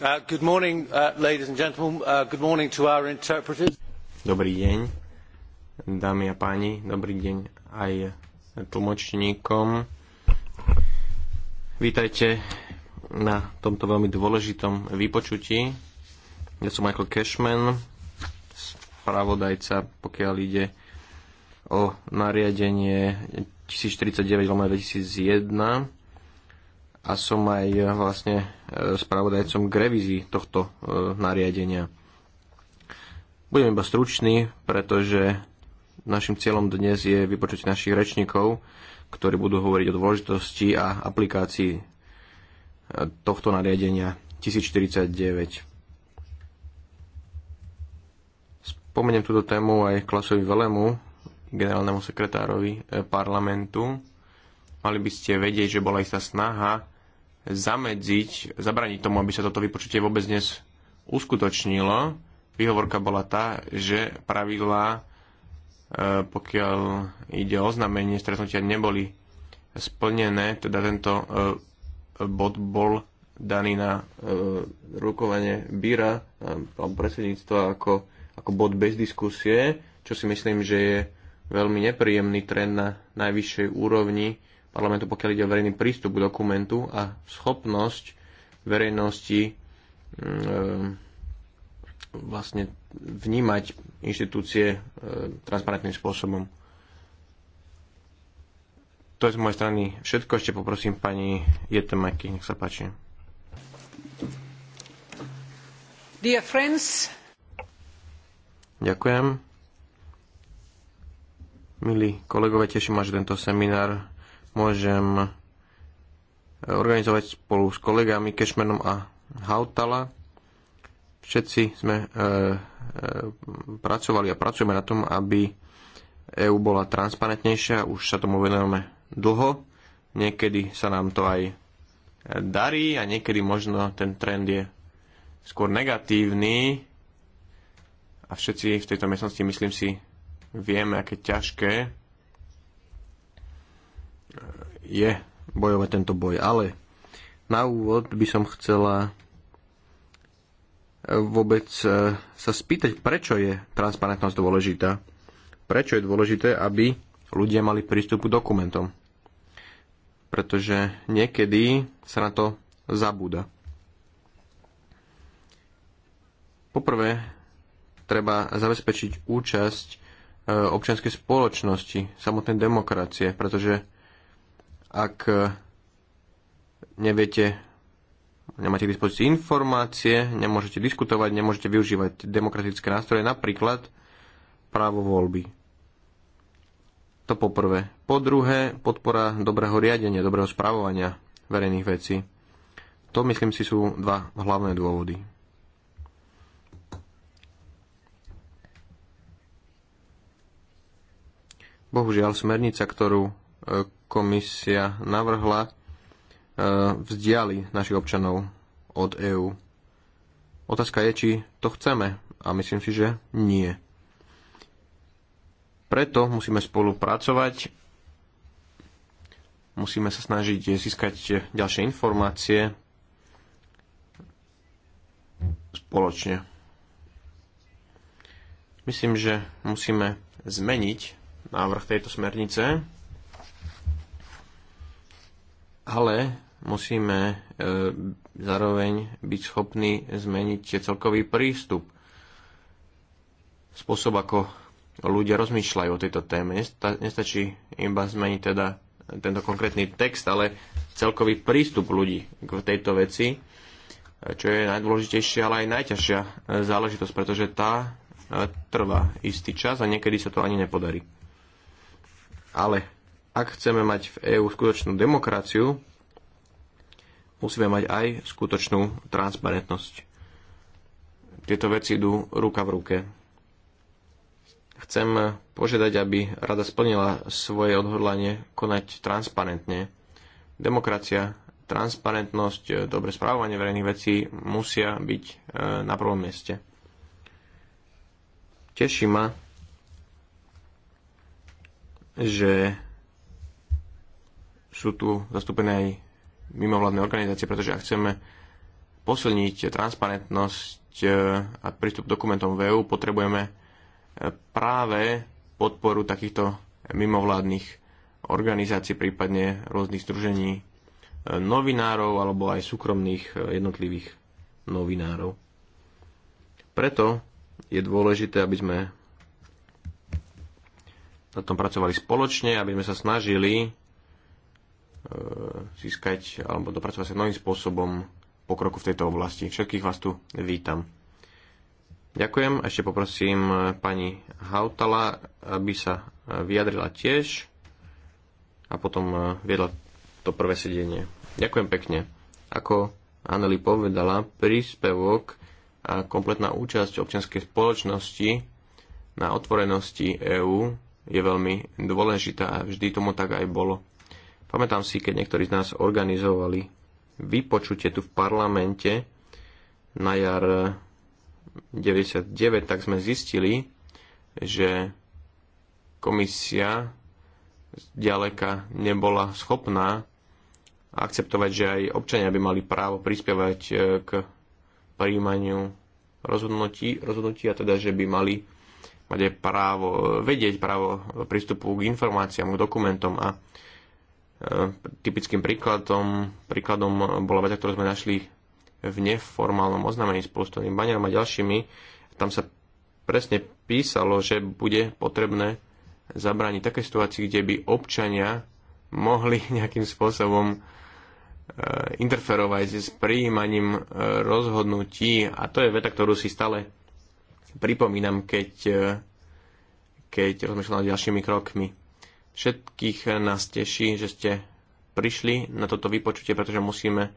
Uh, good morning, uh, ladies and gentlemen. Uh, good morning to our interpreters. Dobrý deň, dámy a páni. Dobrý deň aj tlmočníkom. Vítajte na tomto veľmi dôležitom vypočutí. Ja som Michael Cashman, spravodajca, pokiaľ ide o nariadenie 1049 2001 a som aj e, vlastne e, spravodajcom k revízii tohto e, nariadenia. Budem iba stručný, pretože našim cieľom dnes je vypočuť našich rečníkov, ktorí budú hovoriť o dôležitosti a aplikácii tohto nariadenia 1049. Spomeniem túto tému aj Klasovi Velemu, generálnemu sekretárovi parlamentu. Mali by ste vedieť, že bola istá snaha zamedziť, zabraniť tomu, aby sa toto vypočutie vôbec dnes uskutočnilo. Výhovorka bola tá, že pravidlá, e, pokiaľ ide o znamenie stretnutia, neboli splnené, teda tento e, bod bol daný na e, rukovanie Bíra alebo predsedníctva ako, ako bod bez diskusie, čo si myslím, že je veľmi nepríjemný trend na najvyššej úrovni parlamentu, pokiaľ ide o verejný prístup k dokumentu a schopnosť verejnosti mm, e, vlastne vnímať inštitúcie e, transparentným spôsobom. To je z mojej strany všetko. Ešte poprosím pani Jetemaky, nech sa páči. Dear friends. Ďakujem. Milí kolegovia, teším ma, že tento seminár môžem eh, organizovať spolu s kolegami Kešmenom a Hautala. Všetci sme e, e, pracovali a pracujeme na tom, aby EÚ bola transparentnejšia, už sa tomu venujeme dlho. Niekedy sa nám to aj darí a niekedy možno ten trend je skôr negatívny a všetci v tejto miestnosti, myslím si, vieme, aké ťažké je bojovať tento boj. Ale na úvod by som chcela eh, vôbec eh, sa spýtať, prečo je transparentnosť dôležitá. Prečo je dôležité, aby ľudia mali prístup k dokumentom. Pretože niekedy sa na to zabúda. Poprvé, treba zabezpečiť účasť eh, občianskej spoločnosti, samotnej demokracie, pretože ak e, neviete, nemáte k dispozícii informácie, nemôžete diskutovať, nemôžete využívať demokratické nástroje, napríklad právo voľby. To poprvé. Po druhé, podpora dobrého riadenia, dobrého správovania verejných vecí. To myslím si sú dva hlavné dôvody. Bohužiaľ, smernica, ktorú e, komisia navrhla, e, vzdiali našich občanov od EÚ. Otázka je, či to chceme a myslím si, že nie. Preto musíme spolupracovať, musíme sa snažiť získať ďalšie informácie spoločne. Myslím, že musíme zmeniť návrh tejto smernice ale musíme e, zároveň byť schopní zmeniť celkový prístup, spôsob, ako ľudia rozmýšľajú o tejto téme. Nestačí iba zmeniť teda tento konkrétny text, ale celkový prístup ľudí k tejto veci, e, čo je najdôležitejšia, ale aj najťažšia e, záležitosť, pretože tá trvá istý čas a niekedy sa to ani nepodarí. Ale ak chceme mať v EÚ skutočnú demokraciu, musíme mať aj skutočnú transparentnosť. Tieto veci idú ruka v ruke. Chcem požiadať, aby rada splnila svoje odhodlanie konať transparentne. Demokracia, transparentnosť, dobre správovanie verejných vecí musia byť e, na prvom mieste. Teší ma, že sú tu zastúpené aj mimovládne organizácie, pretože ak chceme posilniť transparentnosť e, a prístup k dokumentom v EU, potrebujeme e, práve podporu takýchto mimovládnych organizácií, prípadne rôznych združení e, novinárov alebo aj súkromných jednotlivých novinárov. Preto je dôležité, aby sme na tom pracovali spoločne, aby sme sa snažili E, získať alebo dopracovať sa novým spôsobom pokroku v tejto oblasti. Všetkých vás tu vítam. Ďakujem. Ešte poprosím e, pani Hautala, aby sa e, vyjadrila tiež a potom viedla to prvé sedenie. Ďakujem pekne. Ako Anneli povedala, príspevok a kompletná účasť občianskej spoločnosti na otvorenosti EÚ je veľmi dôležitá a vždy tomu tak aj bolo. Pamätám si, keď niektorí z nás organizovali vypočutie tu v parlamente na jar 99, tak sme zistili, že komisia ďaleka nebola schopná akceptovať, že aj občania by mali právo prispievať e, k príjmaniu rozhodnutí, a teda že by mali mať aj právo e, vedieť, právo prístupu k informáciám, k dokumentom a Typickým príkladom, príkladom bola veta, ktorú sme našli v neformálnom oznámení spolu s a ďalšími. Tam sa presne písalo, že bude potrebné zabrániť také situácii, kde by občania mohli nejakým spôsobom e, interferovať s prijímaním e, rozhodnutí a to je veta, ktorú si stále pripomínam, keď, e, keď rozmýšľam nad ďalšími krokmi. Všetkých nás teší, že ste prišli na toto vypočutie, pretože musíme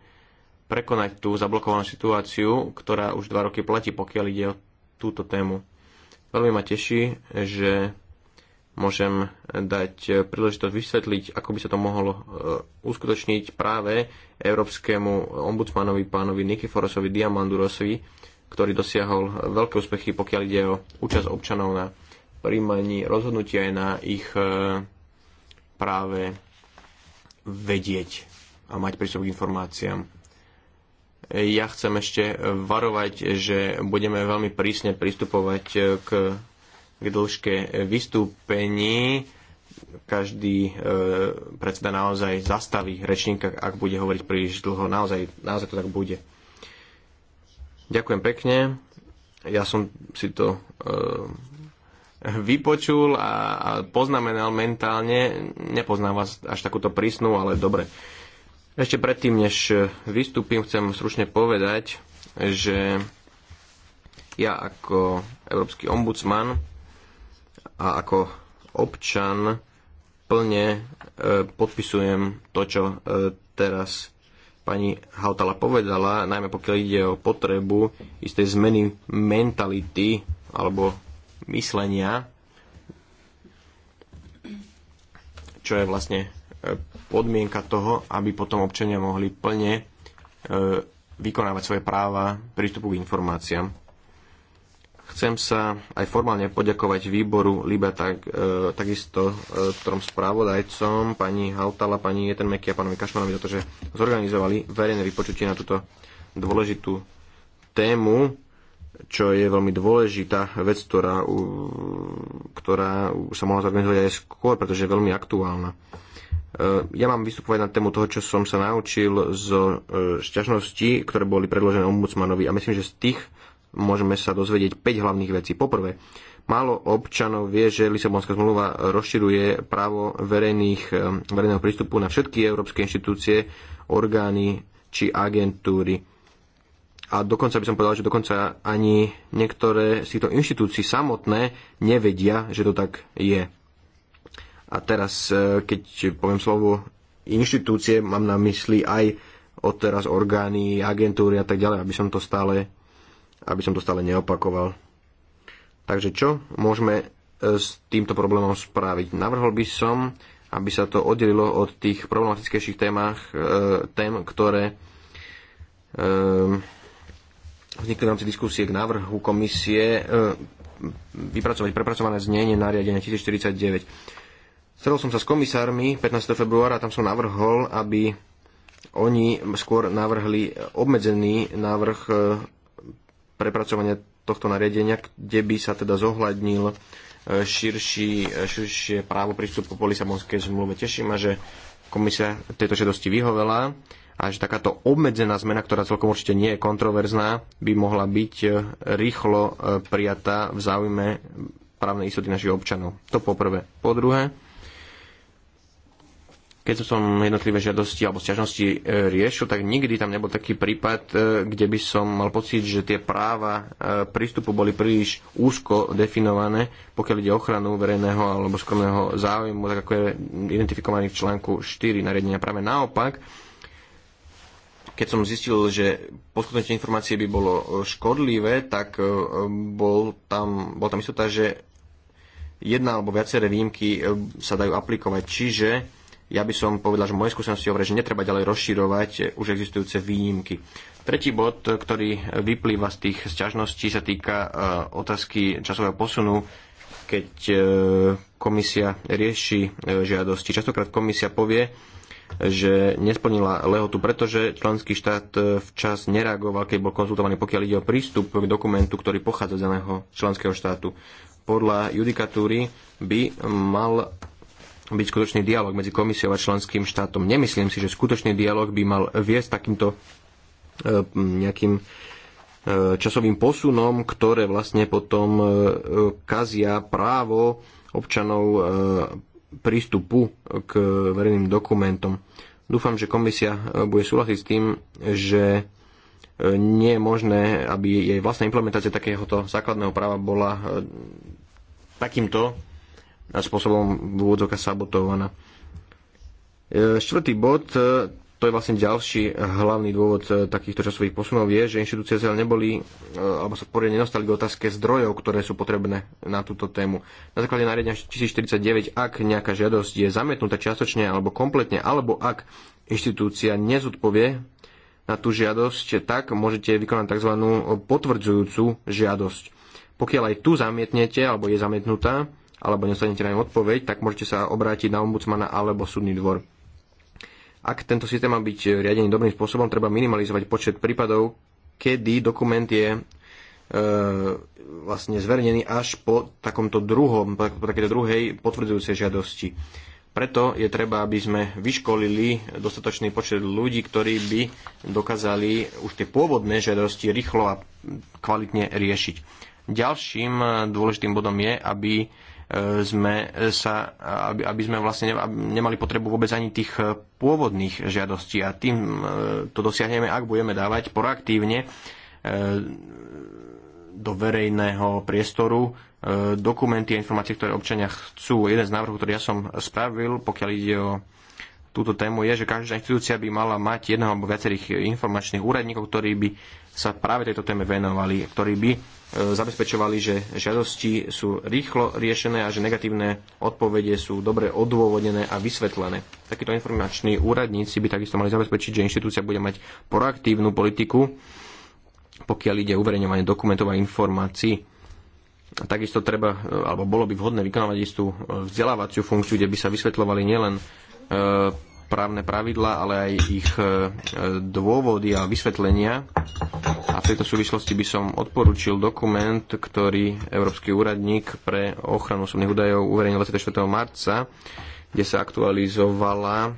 prekonať tú zablokovanú situáciu, ktorá už dva roky platí, pokiaľ ide o túto tému. Veľmi ma teší, že môžem dať príležitosť vysvetliť, ako by sa to mohlo e, uskutočniť práve európskemu ombudsmanovi pánovi Nikiforosovi Diamandurosovi, ktorý dosiahol veľké úspechy, pokiaľ ide o účasť občanov na príjmaní rozhodnutia aj na ich e, práve vedieť a mať prístup k informáciám. Ja chcem ešte varovať, že budeme veľmi prísne pristupovať k, k dĺžke vystúpení. Každý e, predseda naozaj zastaví rečníka, ak bude hovoriť príliš dlho. Naozaj, naozaj to tak bude. Ďakujem pekne. Ja som si to e, vypočul a, a poznamenal mentálne. Nepoznám vás až takúto prísnu, ale dobre. Ešte predtým, než vystúpim, chcem stručne povedať, že ja ako európsky ombudsman a ako občan plne e, podpisujem to, čo e, teraz pani Hautala povedala, najmä pokiaľ ide o potrebu istej zmeny mentality alebo myslenia, čo je vlastne e, podmienka toho, aby potom občania mohli plne e, vykonávať svoje práva prístupu k informáciám. Chcem sa aj formálne poďakovať výboru Liba tak, e, takisto e, trom správodajcom, pani Hautala, pani Jetenmeky a pánovi Kašmanovi za to, že zorganizovali verejné vypočutie na túto dôležitú tému čo je veľmi dôležitá vec, ktorá, ktorá sa mohla zorganizovať aj skôr, pretože je veľmi aktuálna. E, ja mám vystupovať na tému toho, čo som sa naučil zo e, šťažností, ktoré boli predložené ombudsmanovi a myslím, že z tých môžeme sa dozvedieť 5 hlavných vecí. Poprvé, málo občanov vie, že Lisabonská zmluva rozširuje právo verejných, e, verejného prístupu na všetky európske inštitúcie, orgány či agentúry a dokonca by som povedal, že dokonca ani niektoré z týchto inštitúcií samotné nevedia, že to tak je. A teraz, e, keď poviem slovo inštitúcie, mám na mysli aj odteraz orgány, agentúry a tak ďalej, aby som to stále, aby som to stále neopakoval. Takže čo môžeme e, s týmto problémom spraviť? Navrhol by som, aby sa to oddelilo od tých problematickejších témach, e, tém, ktoré vznikli v rámci diskusie k návrhu komisie e, vypracovať prepracované znenie nariadenia 1049. Stretol som sa s komisármi 15. februára a tam som navrhol, aby oni skôr navrhli obmedzený návrh e, prepracovania tohto nariadenia, kde by sa teda zohľadnil e, širší, širšie právo prístupu po Lisabonskej zmluve. Teším ma, že komisia tejto žiadosti vyhovela a že takáto obmedzená zmena, ktorá celkom určite nie je kontroverzná, by mohla byť e, rýchlo e, prijatá v záujme právnej istoty našich občanov. To poprvé. Po druhé, keď som jednotlivé žiadosti alebo sťažnosti e, riešil, tak nikdy tam nebol taký prípad, kde by som mal pocit, že tie práva prístupu boli príliš úzko definované, pokiaľ ide o ochranu verejného alebo skromného záujmu, tak ako je identifikovaný v článku 4 nariadenia. Práve naopak, keď som zistil, že poskytnutie informácie by bolo e, škodlivé, tak e, bol tam, bol tam istota, že jedna alebo viaceré výjimky e, sa dajú aplikovať. Čiže ja by som povedal, že moje skúsenosti hovoria, že netreba ďalej rozširovať už existujúce výnimky. Tretí bod, ktorý vyplýva z tých sťažností, sa týka otázky časového posunu, keď komisia rieši žiadosti. Častokrát komisia povie, že nesplnila lehotu, pretože členský štát e, včas nereagoval, keď bol konzultovaný, pokiaľ ide o prístup k dokumentu, ktorý pochádza z daného členského štátu. Podľa judikatúry by mal byť skutočný dialog medzi komisiou a členským štátom. Nemyslím si, že skutočný dialog by mal viesť takýmto e, nejakým e, časovým posunom, ktoré vlastne potom kazia právo občanov prístupu k verejným dokumentom. Dúfam, že komisia e, bude súhlasiť s tým, že e, nie je možné, aby jej vlastná implementácia takéhoto základného práva bola e, takýmto spôsobom v úvodzovkách sabotovaná. Štvrtý bod, to je vlastne ďalší hlavný dôvod eh, takýchto časových posunov je, že inštitúcie zatiaľ neboli eh, alebo sa poriadne nedostali k otázke zdrojov, ktoré sú potrebné na túto tému. Na základe nariadenia 1049, ak nejaká žiadosť je zametnutá čiastočne alebo kompletne, alebo ak inštitúcia nezodpovie na tú žiadosť, tak môžete vykonať tzv. potvrdzujúcu žiadosť. Pokiaľ aj tu zamietnete alebo je zamietnutá, alebo nedostanete na ňu odpoveď, tak môžete sa obrátiť na ombudsmana alebo súdny dvor. Ak tento systém má byť riadený dobrým spôsobom, treba minimalizovať počet prípadov, kedy dokument je e, vlastne zverejnený až po takomto druhom, po takéto druhej potvrdzujúcej žiadosti. Preto je treba, aby sme vyškolili dostatočný počet ľudí, ktorí by dokázali už tie pôvodné žiadosti rýchlo a kvalitne riešiť. Ďalším e, dôležitým bodom je, aby sme sa, aby, aby sme vlastne nemali potrebu vôbec ani tých e, pôvodných žiadostí a tým e, to dosiahneme, ak budeme dávať proaktívne e, do verejného priestoru dokumenty a informácie, ktoré občania chcú. Jeden z návrhov, ktorý ja som spravil, pokiaľ ide o túto tému je, že každá inštitúcia by mala mať jedného alebo viacerých informačných úradníkov, ktorí by sa práve tejto téme venovali, ktorí by E, zabezpečovali, že žiadosti sú rýchlo riešené a že negatívne odpovede sú dobre odôvodnené a vysvetlené. Takíto informační úradníci by takisto mali zabezpečiť, že inštitúcia bude mať proaktívnu politiku, pokiaľ ide o uverejňovanie dokumentov a informácií. Takisto treba, e, alebo bolo by vhodné vykonávať istú e, vzdelávaciu funkciu, kde by sa vysvetľovali nielen právne pravidlá, ale aj ich e, e, dôvody a vysvetlenia. A v tejto súvislosti by som odporučil dokument, ktorý Európsky úradník pre ochranu osobných údajov uverejnil 24. marca, kde sa aktualizovala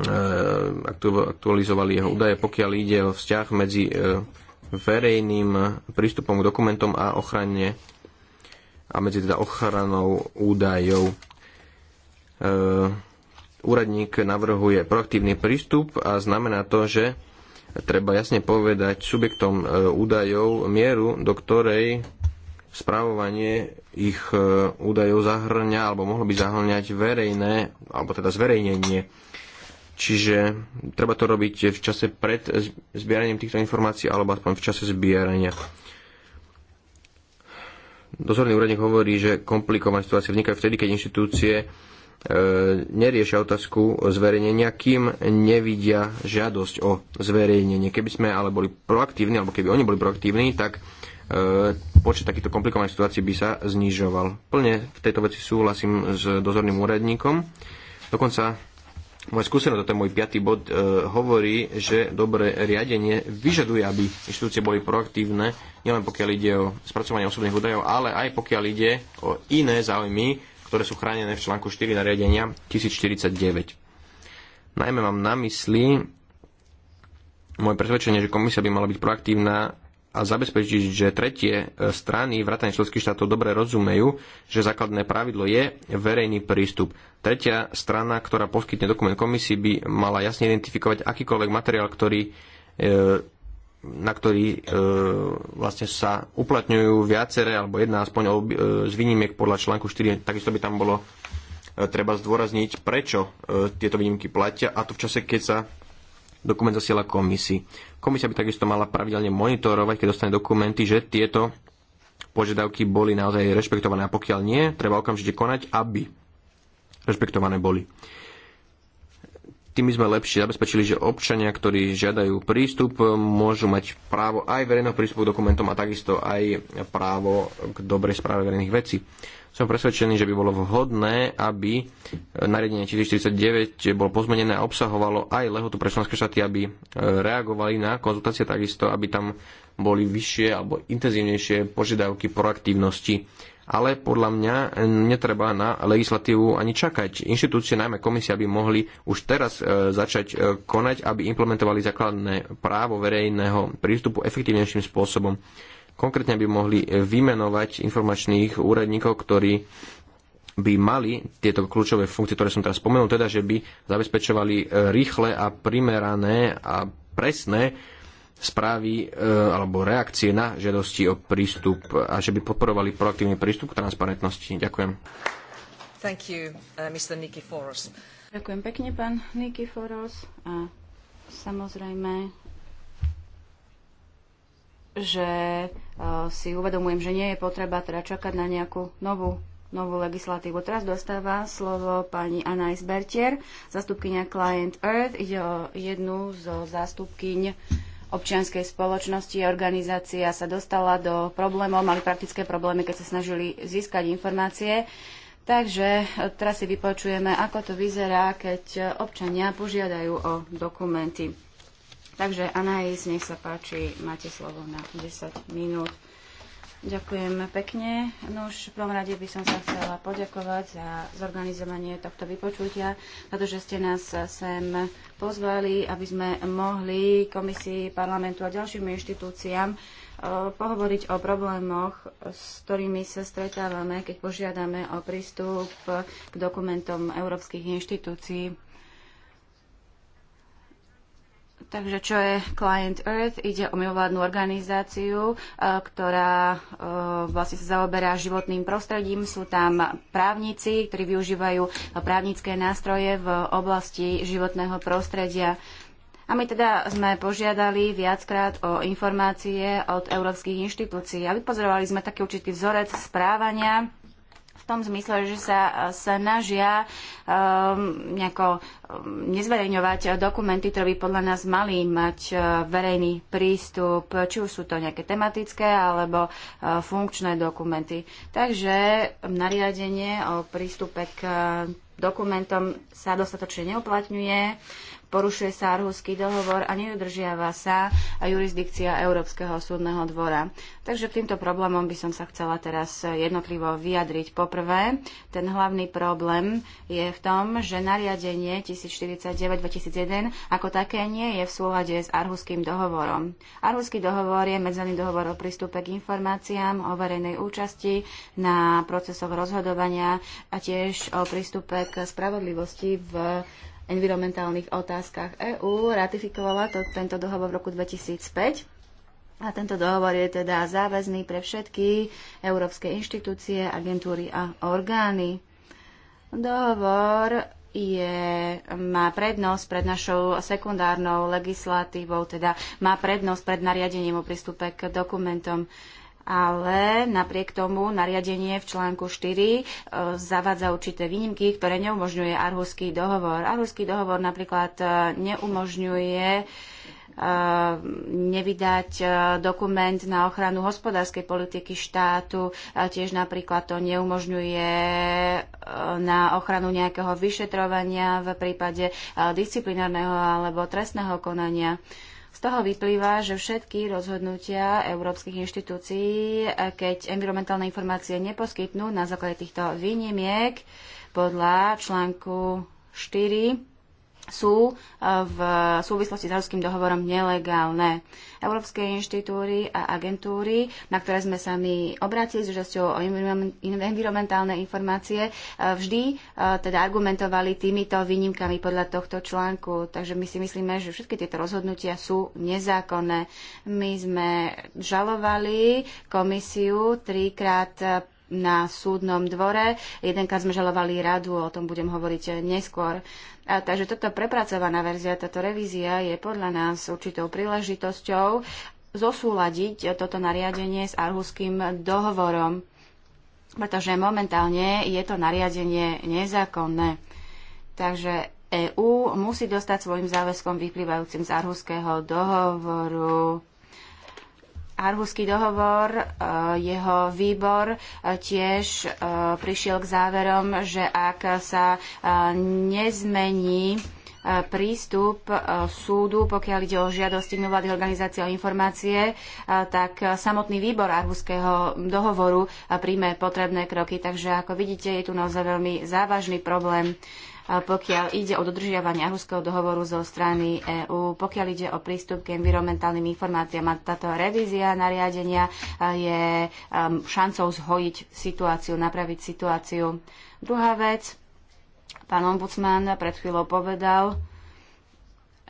e, aktualizovali jeho údaje, pokiaľ ide o vzťah medzi verejným prístupom k dokumentom a ochrane a medzi teda ochranou údajov úradník navrhuje proaktívny prístup a znamená to, že treba jasne povedať subjektom e, údajov mieru, do ktorej správovanie ich e, údajov zahrňa alebo mohlo by zahrňať verejné, alebo teda zverejnenie. Čiže treba to robiť v čase pred zbieraním týchto informácií alebo aspoň v čase zbierania. Dozorný úradník hovorí, že komplikované situácie vznikajú vtedy, keď inštitúcie E, neriešia otázku o zverejnenia, kým nevidia žiadosť o zverejnenie. Keby sme ale boli proaktívni, alebo keby oni boli proaktívni, tak e, počet takýchto komplikovaných situácií by sa znižoval. Plne v tejto veci súhlasím s dozorným úradníkom. Dokonca moja skúsenosť, toto je môj piatý bod, e, hovorí, že dobré riadenie vyžaduje, aby inštitúcie boli proaktívne, nielen pokiaľ ide o spracovanie osobných údajov, ale aj pokiaľ ide o iné záujmy, ktoré sú chránené v článku 4 nariadenia 1049. Najmä mám na mysli moje presvedčenie, že komisia by mala byť proaktívna a zabezpečiť, že tretie e, strany vrátane členských štátov dobre rozumejú, že základné pravidlo je verejný prístup. Tretia strana, ktorá poskytne dokument komisii, by mala jasne identifikovať akýkoľvek materiál, ktorý e, na ktorý e, vlastne sa uplatňujú viaceré, alebo jedna aspoň ob, e, z výnimiek podľa článku 4, takisto by tam bolo e, treba zdôrazniť, prečo e, tieto výnimky platia a to v čase, keď sa dokument zasiela komisii. Komisia by takisto mala pravidelne monitorovať, keď dostane dokumenty, že tieto požiadavky boli naozaj rešpektované a pokiaľ nie, treba okamžite konať, aby rešpektované boli. E, tým by sme lepšie zabezpečili, že občania, ktorí žiadajú prístup, môžu mať právo aj verejného prístupu k dokumentom a takisto aj právo k dobrej správe verejných vecí. Som presvedčený, že by bolo vhodné, aby nariadenie 449 bolo pozmenené a obsahovalo aj lehotu pre členské štáty, aby reagovali na konzultácie takisto, aby tam boli vyššie alebo intenzívnejšie požiadavky proaktívnosti ale podľa mňa eh, netreba na legislatívu ani čakať. Inštitúcie, najmä komisia, by mohli už teraz eh, začať eh, konať, aby implementovali základné právo verejného prístupu efektívnejším spôsobom. Konkrétne by mohli vymenovať informačných úradníkov, ktorí by mali tieto kľúčové funkcie, ktoré som teraz spomenul, teda, že by zabezpečovali rýchle a primerané a presné správy e, alebo reakcie na žiadosti o prístup a že by podporovali proaktívny prístup k transparentnosti. Ďakujem. Thank you, uh, Mr. Nikiforos. Ďakujem pekne, pán Nikiforos. A samozrejme, že uh, si uvedomujem, že nie je potreba teda čakať na nejakú novú novú legislatívu. Teraz dostáva slovo pani Anais Bertier, zastupkynia Client Earth. Ide o jednu zo zástupkyň uh, občianskej spoločnosti a organizácia sa dostala do problémov, mali praktické problémy, keď sa snažili získať informácie. Takže teraz si vypočujeme, ako to vyzerá, keď občania požiadajú o dokumenty. Takže Anais, nech sa páči, máte slovo na 10 minút. Ďakujem pekne. No už v prvom rade by som sa chcela poďakovať za zorganizovanie tohto vypočutia, pretože ste nás sem pozvali, aby sme mohli komisii, parlamentu a ďalším inštitúciám eh, pohovoriť o problémoch, s ktorými sa stretávame, keď požiadame o prístup k dokumentom európskych inštitúcií. Takže čo je Client Earth? Ide o mimovládnu organizáciu, e, ktorá e, vlastne sa zaoberá životným prostredím. Sú tam právnici, ktorí využívajú právnické nástroje v oblasti životného prostredia. A my teda sme požiadali viackrát o informácie od európskych inštitúcií a vypozorovali sme taký určitý vzorec správania tom zmysle, že sa snažia um, nejako ehm, nezverejňovať dokumenty, ktoré by podľa nás mali mať e, verejný prístup, či už sú to nejaké tematické alebo e, funkčné dokumenty. Takže nariadenie o prístupe k dokumentom sa dostatočne neuplatňuje, porušuje sa Arhuský dohovor a nedodržiava sa jurisdikcia Európskeho súdneho dvora. Takže k týmto problémom by som sa chcela teraz jednotlivo vyjadriť. Poprvé, ten hlavný problém je v tom, že nariadenie 1049-2001 ako také nie je v súlade s Arhuským dohovorom. Arhuský dohovor je medzený dohovor o prístupe k informáciám, o verejnej účasti na procesoch rozhodovania a tiež o prístupe k spravodlivosti v environmentálnych otázkach EÚ ratifikovala to, tento dohovor v roku 2005 a tento dohovor je teda záväzný pre všetky európske inštitúcie, agentúry a orgány. Dohovor je, má prednosť pred našou sekundárnou legislatívou, teda má prednosť pred nariadením o prístupe k dokumentom. Ale napriek tomu nariadenie v článku 4 e, zavádza určité výnimky, ktoré neumožňuje Arhuský dohovor. Arhuský dohovor napríklad e, neumožňuje e, Eh, nevydať eh, dokument na ochranu hospodárskej politiky štátu, tiež napríklad to neumožňuje eh, na ochranu nejakého vyšetrovania v prípade disciplinárneho alebo trestného konania. Z toho vyplýva, že všetky rozhodnutia európskych inštitúcií, keď environmentálne informácie neposkytnú na základe týchto výnimiek podľa článku 4 sú eh, v súvislosti s ruským dohovorom nelegálne. Európske inštitúry a agentúry, na ktoré sme sa my obrátili s žiadosťou o environmentálne informácie, eh, vždy eh, teda argumentovali týmito výnimkami podľa tohto článku. Takže my si myslíme, že všetky tieto rozhodnutia sú nezákonné. My sme žalovali komisiu trikrát na súdnom dvore. Jedenkrát sme žalovali radu, o tom budem hovoriť neskôr. A, takže toto prepracovaná verzia, táto revízia je podľa nás určitou príležitosťou zosúladiť toto nariadenie s Arhuským dohovorom, pretože momentálne je to nariadenie nezákonné. Takže EÚ musí dostať svojim záväzkom vyplývajúcim z Arhuského dohovoru Arhusský dohovor, e, jeho výbor e, tiež e, prišiel k záverom, že ak sa nezmení prístup súdu, pokiaľ ide o žiadosti mimovládnych organizácií o informácie, tak samotný výbor Arhuského dohovoru príjme potrebné kroky. Takže ako vidíte, je tu naozaj veľmi závažný problém pokiaľ ide o dodržiavanie Arhuského dohovoru zo strany EÚ, pokiaľ ide o prístup k environmentálnym informáciám. A táto revízia nariadenia je um, šancou zhojiť situáciu, napraviť situáciu. Druhá vec, pán ombudsman pred chvíľou povedal,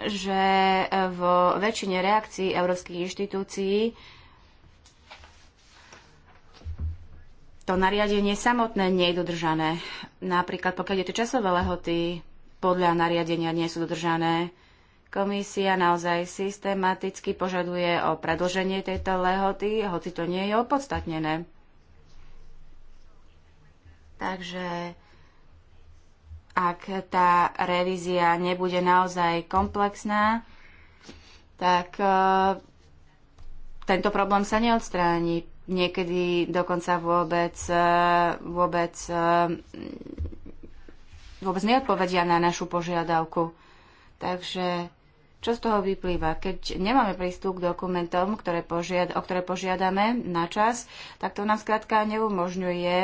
že e, vo väčšine reakcií európskych inštitúcií to nariadenie samotné nie je dodržané. Napríklad pokiaľ je to časové lehoty podľa nariadenia nie sú dodržané, komisia naozaj systematicky požaduje o predlženie tejto lehoty, hoci to nie je opodstatnené. Takže ak tá revízia nebude naozaj komplexná, tak eh, tento problém sa neodstráni niekedy dokonca vôbec, e, vôbec, e, vôbec neodpovedia na našu požiadavku. Takže čo z toho vyplýva? Keď nemáme prístup k dokumentom, ktoré požiad- o ktoré požiadame na čas, tak to nám skrátka neumožňuje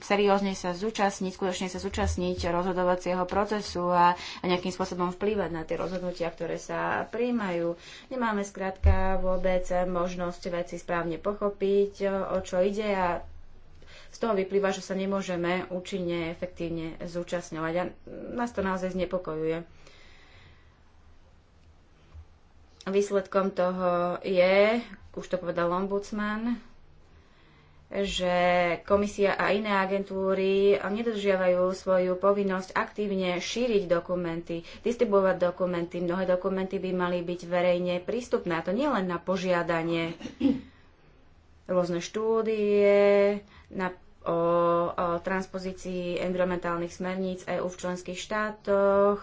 seriózne sa zúčastniť, skutočne sa zúčastniť rozhodovacieho procesu a nejakým spôsobom vplývať na tie rozhodnutia, ktoré sa príjmajú. Nemáme skrátka vôbec možnosť veci správne pochopiť, o čo ide a z toho vyplýva, že sa nemôžeme účinne, efektívne zúčastňovať a nás to naozaj znepokojuje. Výsledkom toho je, už to povedal ombudsman, že komisia a iné agentúry nedodržiavajú svoju povinnosť aktívne šíriť dokumenty, distribuovať dokumenty. Mnohé dokumenty by mali byť verejne prístupné, a to nielen na požiadanie rôzne štúdie na, o, o transpozícii environmentálnych smerníc EU v členských štátoch,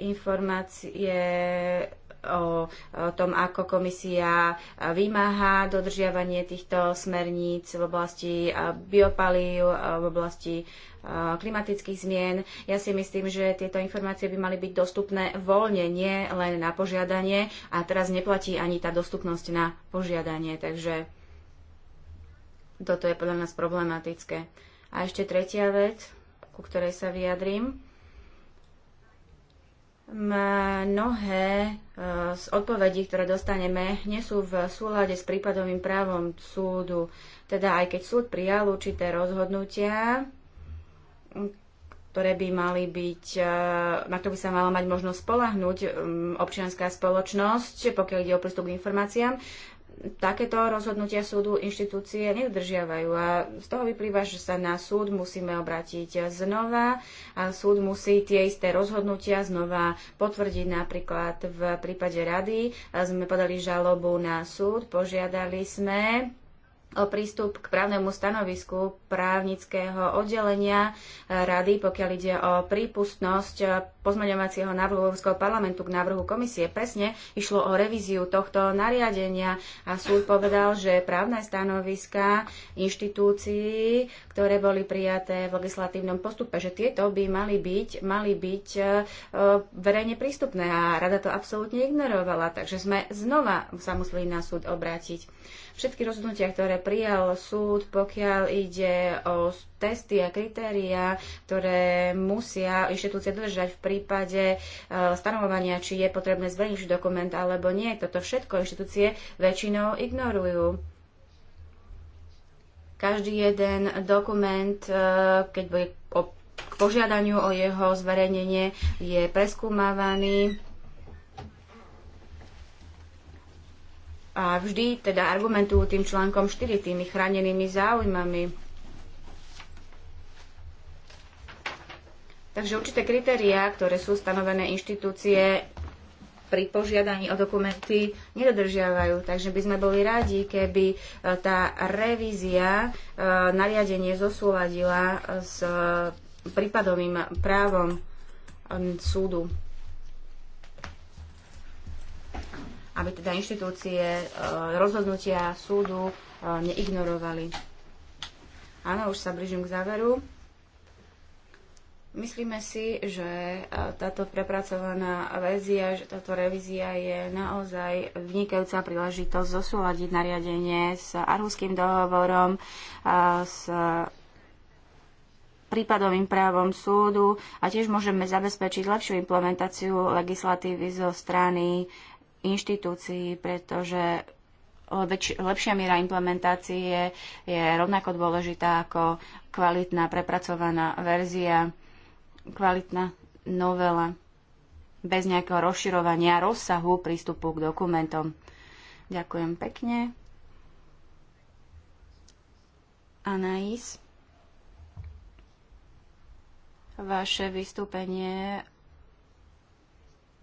informácie o tom, ako komisia vymáha dodržiavanie týchto smerníc v oblasti biopalív, v oblasti klimatických zmien. Ja si myslím, že tieto informácie by mali byť dostupné voľne, nie len na požiadanie. A teraz neplatí ani tá dostupnosť na požiadanie, takže toto je podľa nás problematické. A ešte tretia vec, ku ktorej sa vyjadrím. Mnohé e, z odpovedí, ktoré dostaneme, nie sú v súlade s prípadovým právom súdu. Teda aj keď súd prijal určité rozhodnutia, ktoré by mali byť, e, na to by sa mala mať možnosť spolahnúť občianská spoločnosť, pokiaľ ide o prístup k informáciám, takéto rozhodnutia súdu inštitúcie nedodržiavajú a z toho vyplýva, že sa na súd musíme obrátiť znova a súd musí tie isté rozhodnutia znova potvrdiť. Napríklad v prípade rady sme podali žalobu na súd, požiadali sme o prístup k právnemu stanovisku právnického oddelenia e, rady, pokiaľ ide o prípustnosť e, pozmeňovacieho návrhu Európskeho parlamentu k návrhu komisie. Presne išlo o revíziu tohto nariadenia a súd povedal, že právne stanoviska inštitúcií, ktoré boli prijaté v legislatívnom postupe, že tieto by mali byť, mali byť e, verejne prístupné a rada to absolútne ignorovala. Takže sme znova sa museli na súd obrátiť všetky rozhodnutia, ktoré prijal súd, pokiaľ ide o testy a kritéria, ktoré musia inštitúcie dodržať v prípade e, stanovovania, či je potrebné zverejniť dokument alebo nie. Toto všetko inštitúcie väčšinou ignorujú každý jeden dokument, e, keď bude k požiadaniu o jeho zverejnenie, je preskúmávaný a vždy teda argumentujú tým článkom 4, tými chránenými záujmami. Takže určité kritériá, ktoré sú stanovené inštitúcie pri požiadaní o dokumenty nedodržiavajú. Takže by sme boli radi, keby e, tá revízia e, nariadenie zosúladila s e, prípadovým právom súdu. aby teda inštitúcie e, rozhodnutia súdu e, neignorovali. Áno, už sa blížim k záveru. Myslíme si, že e, táto prepracovaná verzia, že táto revízia je naozaj vynikajúca príležitosť zosúľadiť nariadenie s Arhuským dohovorom, s prípadovým právom súdu a tiež môžeme zabezpečiť lepšiu implementáciu legislatívy zo strany inštitúcií, pretože lepšia miera implementácie je rovnako dôležitá ako kvalitná prepracovaná verzia, kvalitná novela bez nejakého rozširovania rozsahu prístupu k dokumentom. Ďakujem pekne. Anais, vaše vystúpenie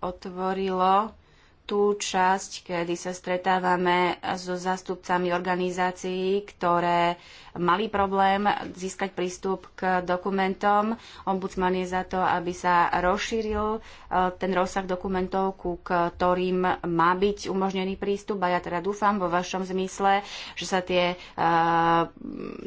otvorilo tú časť, kedy sa stretávame so zástupcami organizácií, ktoré mali problém získať prístup k dokumentom. Ombudsman je za to, aby sa rozšíril e, ten rozsah dokumentov, ku ktorým má byť umožnený prístup. A ja teda dúfam vo vašom zmysle, že sa tie, e,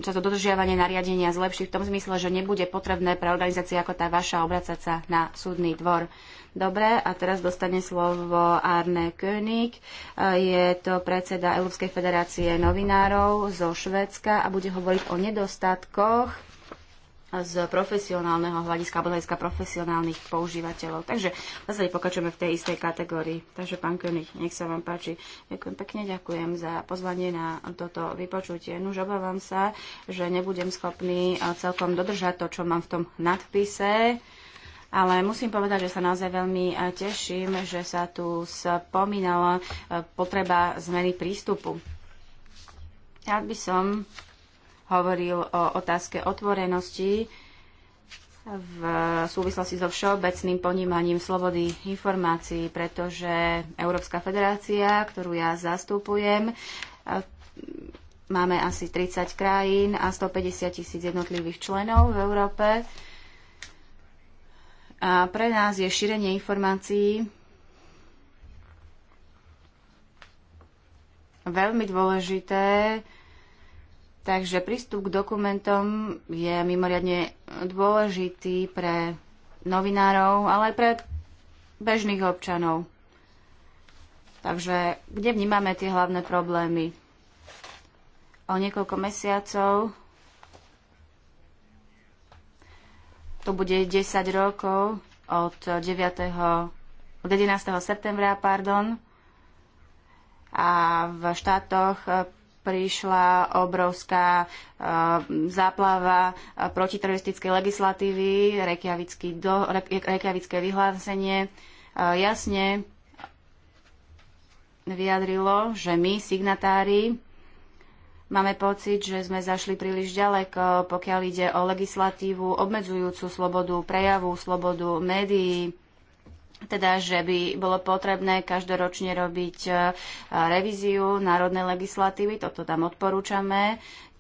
sa to dodržiavanie nariadenia zlepší v tom zmysle, že nebude potrebné pre organizácie ako tá vaša obracať sa na súdny dvor. Dobre, a teraz dostane slovo Arne König. Je to predseda Európskej federácie novinárov zo Švedska a bude hovoriť o nedostatkoch z profesionálneho hľadiska, alebo hľadiska profesionálnych používateľov. Takže zase pokračujeme v tej istej kategórii. Takže pán König, nech sa vám páči. Ďakujem pekne, ďakujem za pozvanie na toto vypočutie. Nuž obávam sa, že nebudem schopný celkom dodržať to, čo mám v tom nadpise. Ale musím povedať, že sa naozaj veľmi e, teším, že sa tu spomínala e, potreba zmeny prístupu. Ja by som hovoril o otázke otvorenosti v súvislosti so všeobecným ponímaním slobody informácií, pretože Európska federácia, ktorú ja zastupujem, e, máme asi 30 krajín a 150 tisíc jednotlivých členov v Európe. A pre nás je šírenie informácií veľmi dôležité, takže prístup k dokumentom je mimoriadne dôležitý pre novinárov, ale aj pre bežných občanov. Takže kde vnímame tie hlavné problémy? O niekoľko mesiacov to bude 10 rokov od 9. od 11. septembra, pardon. A v štátoch prišla obrovská e, záplava e, protiteroristickej legislatívy, rekiavické vyhlásenie e, jasne vyjadrilo, že my, signatári, Máme pocit, že sme zašli príliš ďaleko, pokiaľ ide o legislatívu obmedzujúcu slobodu prejavu, slobodu médií, teda, že by bolo potrebné každoročne robiť e, revíziu národnej legislatívy, toto tam odporúčame,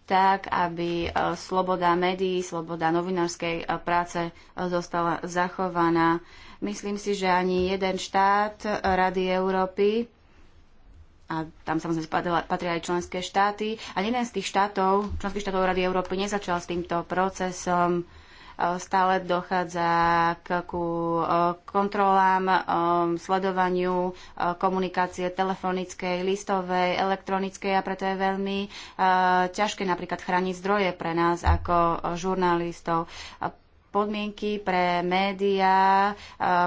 tak, aby e, sloboda médií, sloboda novinárskej e, práce zostala zachovaná. Myslím si, že ani jeden štát Rady Európy a tam samozrejme patria aj členské štáty. A jeden z tých štátov, členských štátov Rady Európy, nezačal s týmto procesom. E, stále dochádza k, ku e, kontrolám, e, sledovaniu komunikácie telefonickej, listovej, elektronickej a preto je veľmi ťažké napríklad chrániť zdroje pre nás ako žurnalistov podmienky pre médiá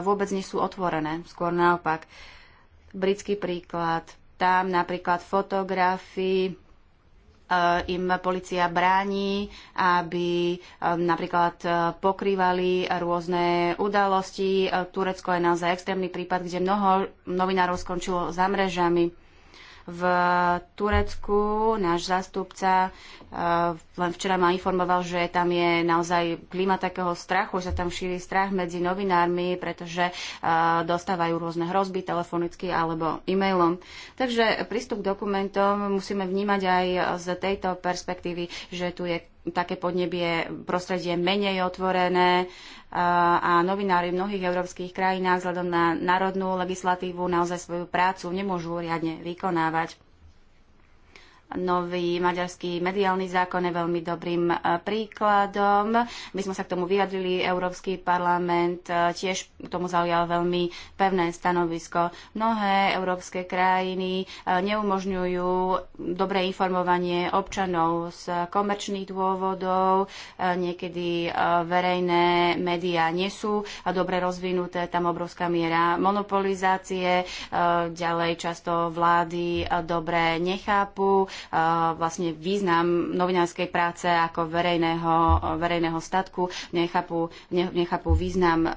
vôbec nie sú otvorené, skôr naopak. Britský príklad tam napríklad fotografy, eh, im policia bráni, aby eh, napríklad eh, pokrývali rôzne udalosti. Turecko je naozaj extrémny prípad, kde mnoho novinárov skončilo za mrežami v Turecku. Náš zástupca eh, len včera ma informoval, že tam je naozaj klíma takého strachu, že tam šíri strach medzi novinármi, pretože eh, dostávajú rôzne hrozby telefonicky alebo e-mailom. Takže prístup k dokumentom musíme vnímať aj z tejto perspektívy, že tu je také podnebie, prostredie menej otvorené a novinári v mnohých európskych krajinách vzhľadom na národnú legislatívu naozaj svoju prácu nemôžu riadne vykonávať. Nový maďarský mediálny zákon je veľmi dobrým e, príkladom. My sme sa k tomu vyjadrili, Európsky parlament e, tiež k tomu zaujal veľmi pevné stanovisko. Mnohé európske krajiny e, neumožňujú dobré informovanie občanov z komerčných dôvodov. Niekedy verejné médiá nie sú dobre rozvinuté, tam obrovská miera monopolizácie, ďalej často vlády dobre nechápu vlastne význam novinárskej práce ako verejného, verejného statku, nechápu, nechápu význam um,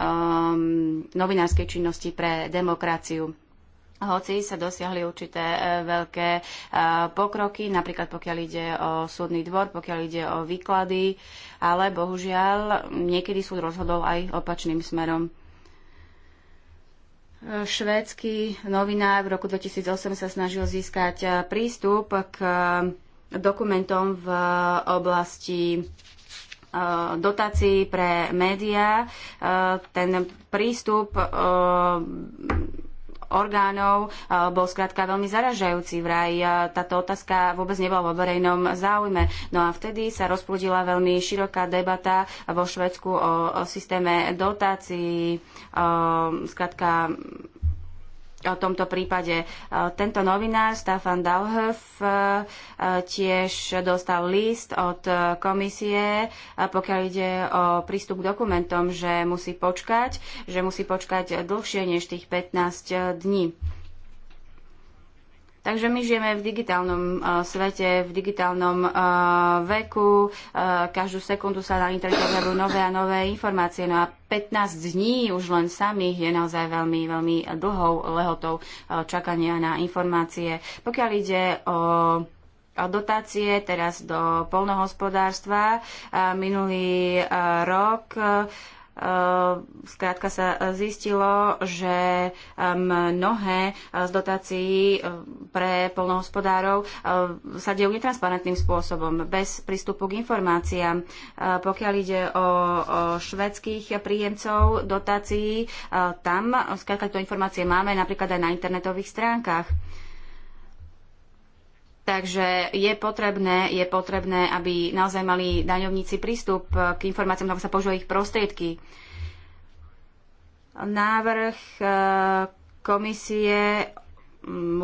novinárskej činnosti pre demokraciu hoci sa dosiahli určité e, veľké e, pokroky, napríklad pokiaľ ide o súdny dvor, pokiaľ ide o výklady, ale bohužiaľ niekedy súd rozhodol aj opačným smerom. Švédsky novinár v roku 2008 sa snažil získať eh, prístup k eh, dokumentom v eh, oblasti dotácií pre médiá. Ten prístup orgánov bol skrátka veľmi zaražajúci. Vraj táto otázka vôbec nebola vo verejnom záujme. No a vtedy sa rozprudila veľmi široká debata vo Švedsku o, o systéme dotácií, skrátka o tomto prípade. E, tento novinár, Stefan Dalhoff, e, e, tiež dostal list od komisie, pokiaľ ide o prístup k dokumentom, že musí počkať, že musí počkať dlhšie než tých 15 dní. Takže my žijeme v digitálnom e, svete, v digitálnom e, veku. E, každú sekundu sa na internete objavujú nové a nové informácie. No a 15 dní už len samých je naozaj veľmi, veľmi dlhou lehotou čakania na informácie. Pokiaľ ide o dotácie teraz do polnohospodárstva. Minulý rok Ehm, skrátka sa e, zistilo, že ehm, mnohé e, z dotácií e, pre polnohospodárov sa dejú netransparentným spôsobom, bez prístupu k informáciám. Pokiaľ ide o švedských príjemcov dotácií, tam skrátka tieto informácie máme napríklad aj na internetových stránkach. Takže je potrebné, je potrebné, aby naozaj mali daňovníci prístup k informáciám, ako sa používajú ich prostriedky. Návrh e, komisie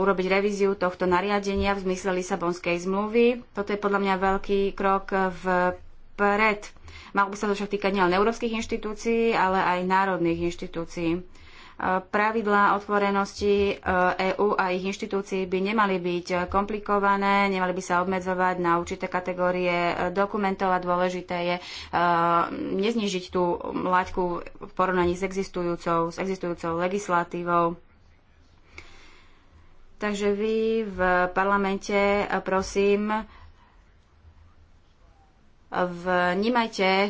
urobiť revíziu tohto nariadenia v zmysle Lisabonskej zmluvy. Toto je podľa mňa veľký krok vpred. Mal by sa to však týkať nielen európskych inštitúcií, ale aj národných inštitúcií pravidlá otvorenosti EÚ e a ich inštitúcií by nemali byť e, komplikované, nemali by sa obmedzovať na určité kategórie e, dokumentov a dôležité je neznižiť tú laťku v porovnaní s existujúcou, s existujúcou legislatívou. Takže vy v parlamente, prosím, Vnímajte e,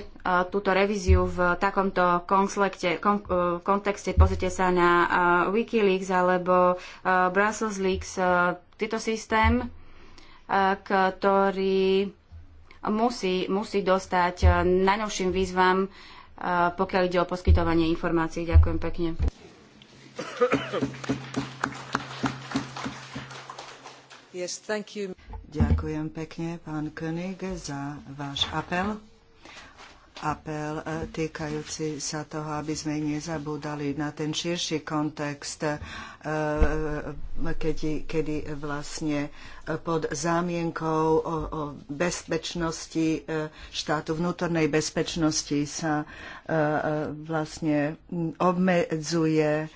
túto revíziu v takomto e, kontexte, pozrite sa na e, Wikileaks alebo Brussels Leaks, tieto systém, ktorý musí, musí dostať najnovším výzvam, pokiaľ ide o poskytovanie informácií. Ďakujem pekne. Yes, thank you. Ďakujem pekne, pán König, za váš apel. Apel e, týkajúci sa toho, aby sme nezabúdali na ten širší kontext, e, e, kedy, kedy vlastne pod zámienkou o, o bezpečnosti štátu, vnútornej bezpečnosti sa vlastne obmedzuje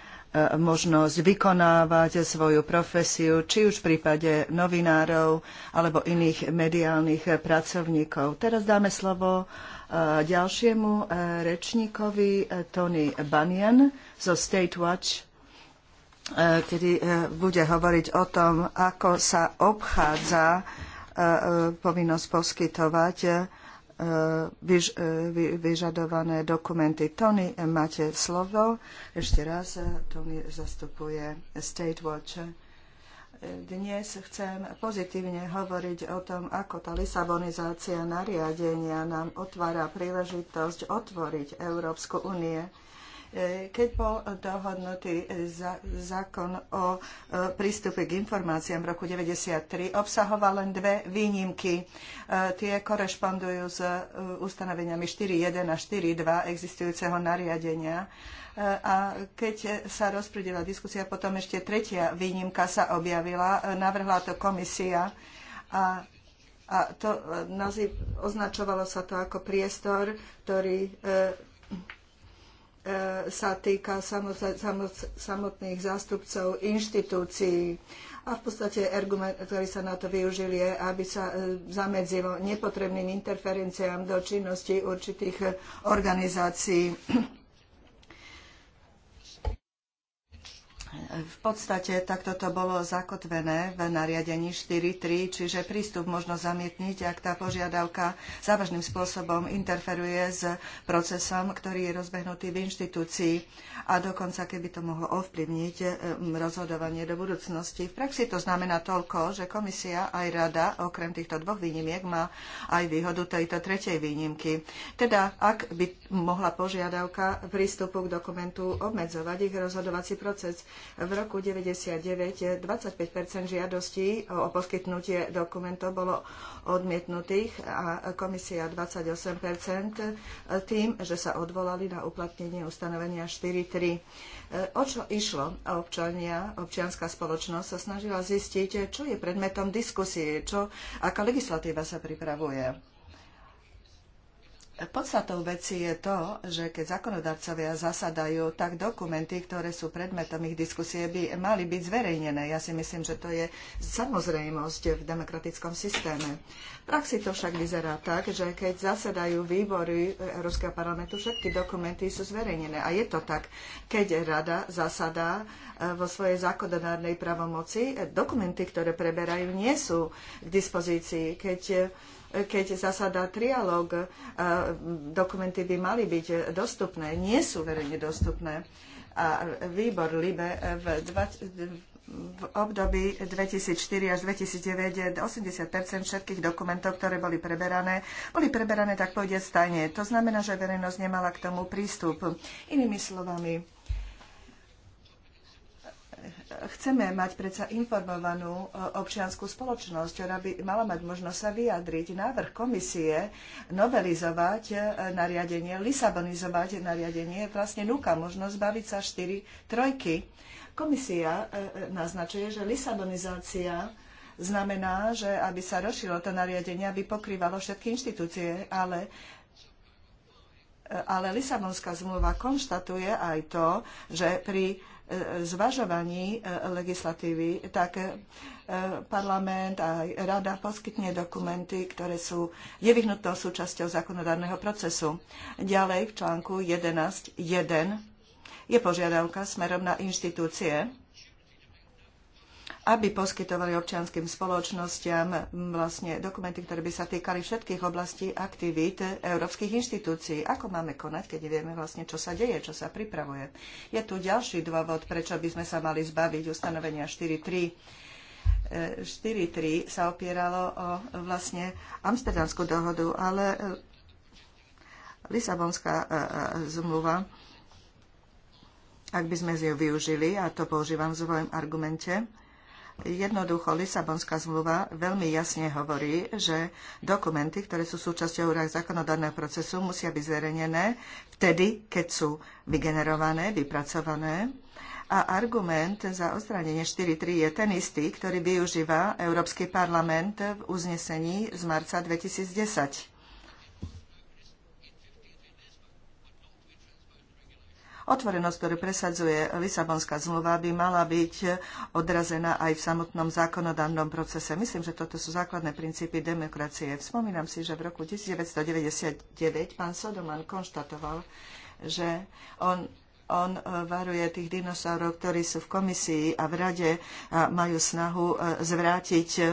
možnosť vykonávať svoju profesiu, či už v prípade novinárov alebo iných mediálnych pracovníkov. Teraz dáme slovo e, ďalšiemu e, rečníkovi e, Tony Bunyan zo State Watch, kedy bude hovoriť o tom, ako sa obchádza povinnosť poskytovať E, e, vyžadované dokumenty. Tony, e, máte slovo. Ešte raz, Tony zastupuje State Watch. Dnes chcem pozitívne hovoriť o tom, ako tá Lisabonizácia nariadenia nám otvára príležitosť otvoriť Európsku únie keď bol dohodnutý zákon o e, prístupe k informáciám v roku 1993, obsahoval len dve výnimky. E, tie korešpondujú s e, ustanoveniami 4.1 a 4.2 existujúceho nariadenia a keď sa rozprudila diskusia, potom ešte tretia výnimka sa objavila, navrhla to komisia a, a to označovalo sa to ako priestor, ktorý e, E, sa týka samotných zástupcov inštitúcií a v podstate argument, ktorý sa na to využil, je, aby sa e, zamedzilo nepotrebným interferenciám do činnosti určitých organizácií. V podstate takto to bolo zakotvené v nariadení 4.3, čiže prístup možno zamietniť, ak tá požiadavka závažným spôsobom interferuje s procesom, ktorý je rozbehnutý v inštitúcii a dokonca keby to mohlo ovplyvniť e, rozhodovanie do budúcnosti. V praxi to znamená toľko, že komisia aj rada okrem týchto dvoch výnimiek má aj výhodu tejto tretej výnimky. Teda ak by mohla požiadavka prístupu k dokumentu obmedzovať ich rozhodovací proces. V roku 1999 25 žiadostí o poskytnutie dokumentov bolo odmietnutých a komisia 28 e, tým, že sa odvolali na uplatnenie ustanovenia 4.3. E, o čo išlo? Občania, občianská spoločnosť sa snažila zistiť, čo je predmetom diskusie, čo, aká legislatíva sa pripravuje Podstatou veci je to, že keď zákonodarcovia zasadajú, tak dokumenty, ktoré sú predmetom ich diskusie, by mali byť zverejnené. Ja si myslím, že to je samozrejmosť v demokratickom systéme. V praxi to však vyzerá tak, že keď zasadajú výbory Európskeho parlamentu, všetky dokumenty sú zverejnené. A je to tak, keď rada zasadá e, vo svojej zákonodárnej pravomoci, e, dokumenty, ktoré preberajú, nie sú k dispozícii. Keď keď zasadá trialóg, e, dokumenty by mali byť dostupné, nie sú verejne dostupné. A výbor LIBE v 20, v období 2004 až 2009 80 všetkých dokumentov, ktoré boli preberané, boli preberané tak povediať stajne. To znamená, že verejnosť nemala k tomu prístup. Inými slovami, chceme mať predsa informovanú e, občianskú spoločnosť, ktorá by mala mať možnosť sa vyjadriť. Návrh komisie novelizovať e, nariadenie, lisabonizovať nariadenie vlastne núka možnosť baviť sa 4 trojky. Komisia e, naznačuje, že lisabonizácia znamená, že aby sa rozšírilo to nariadenie, aby pokrývalo všetky inštitúcie, ale ale Lisabonská zmluva konštatuje aj to, že pri zvažovaní e, legislatívy, tak e, parlament a rada poskytne dokumenty, ktoré sú nevyhnutnou súčasťou zákonodárneho procesu. Ďalej v článku 11.1 je požiadavka smerom na inštitúcie, aby poskytovali občianským spoločnosťam vlastne dokumenty, ktoré by sa týkali všetkých oblastí aktivít európskych inštitúcií. Ako máme konať, keď nevieme vlastne, čo sa deje, čo sa pripravuje. Je tu ďalší dôvod, prečo by sme sa mali zbaviť ustanovenia 4.3 4.3 e, sa opieralo o vlastne Amsterdamskú dohodu, ale e, Lisabonská e, zmluva, ak by sme ju využili, a to používam v svojom argumente, Jednoducho, Lisabonská zmluva veľmi jasne hovorí, že dokumenty, ktoré sú súčasťou zákonodárneho procesu, musia byť zverejnené vtedy, keď sú vygenerované, vypracované. A argument za odstránenie 4.3 je ten istý, ktorý využíva Európsky parlament v uznesení z marca 2010 Otvorenosť, ktorú presadzuje Lisabonská zmluva, by mala byť odrazená aj v samotnom zákonodannom procese. Myslím, že toto sú základné princípy demokracie. Vspomínam si, že v roku 1999 pán Sodoman konštatoval, že on on e, varuje tých dinosaurov, ktorí sú v komisii a v rade a majú snahu e, zvrátiť e,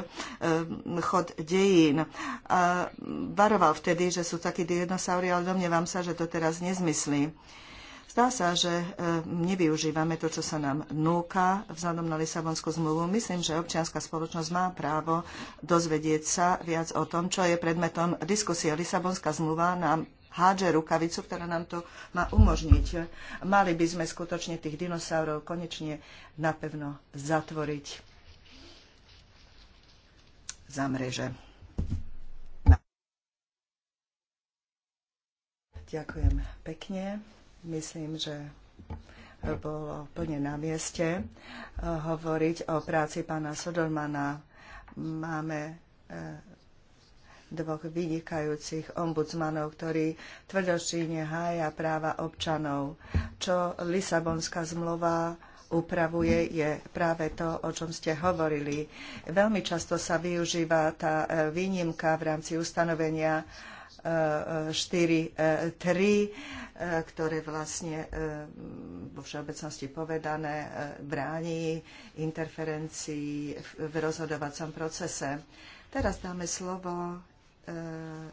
chod dejín. A varoval vtedy, že sú takí dinosauri, ale domnievam sa, že to teraz nezmyslí. Zdá sa, že e, nevyužívame to, čo sa nám núka vzhľadom na Lisabonskú zmluvu. Myslím, že občianská spoločnosť má právo dozvedieť sa viac o tom, čo je predmetom diskusie. Lisabonská zmluva nám hádže rukavicu, ktorá nám to má umožniť. Mali by sme skutočne tých dinosaurov konečne napevno zatvoriť za mreže. Ďakujem pekne. Myslím, že bolo plne na mieste eh, hovoriť o práci pána Sodormana. Máme eh, dvoch vynikajúcich ombudsmanov, ktorí tvrdošíne hája práva občanov. Čo Lisabonská zmluva upravuje, je práve to, o čom ste hovorili. Veľmi často sa využíva tá eh, výnimka v rámci ustanovenia 4.3, e, ktoré vlastne e, vo všeobecnosti povedané e, bráni interferencii v rozhodovacom procese. Teraz dáme slovo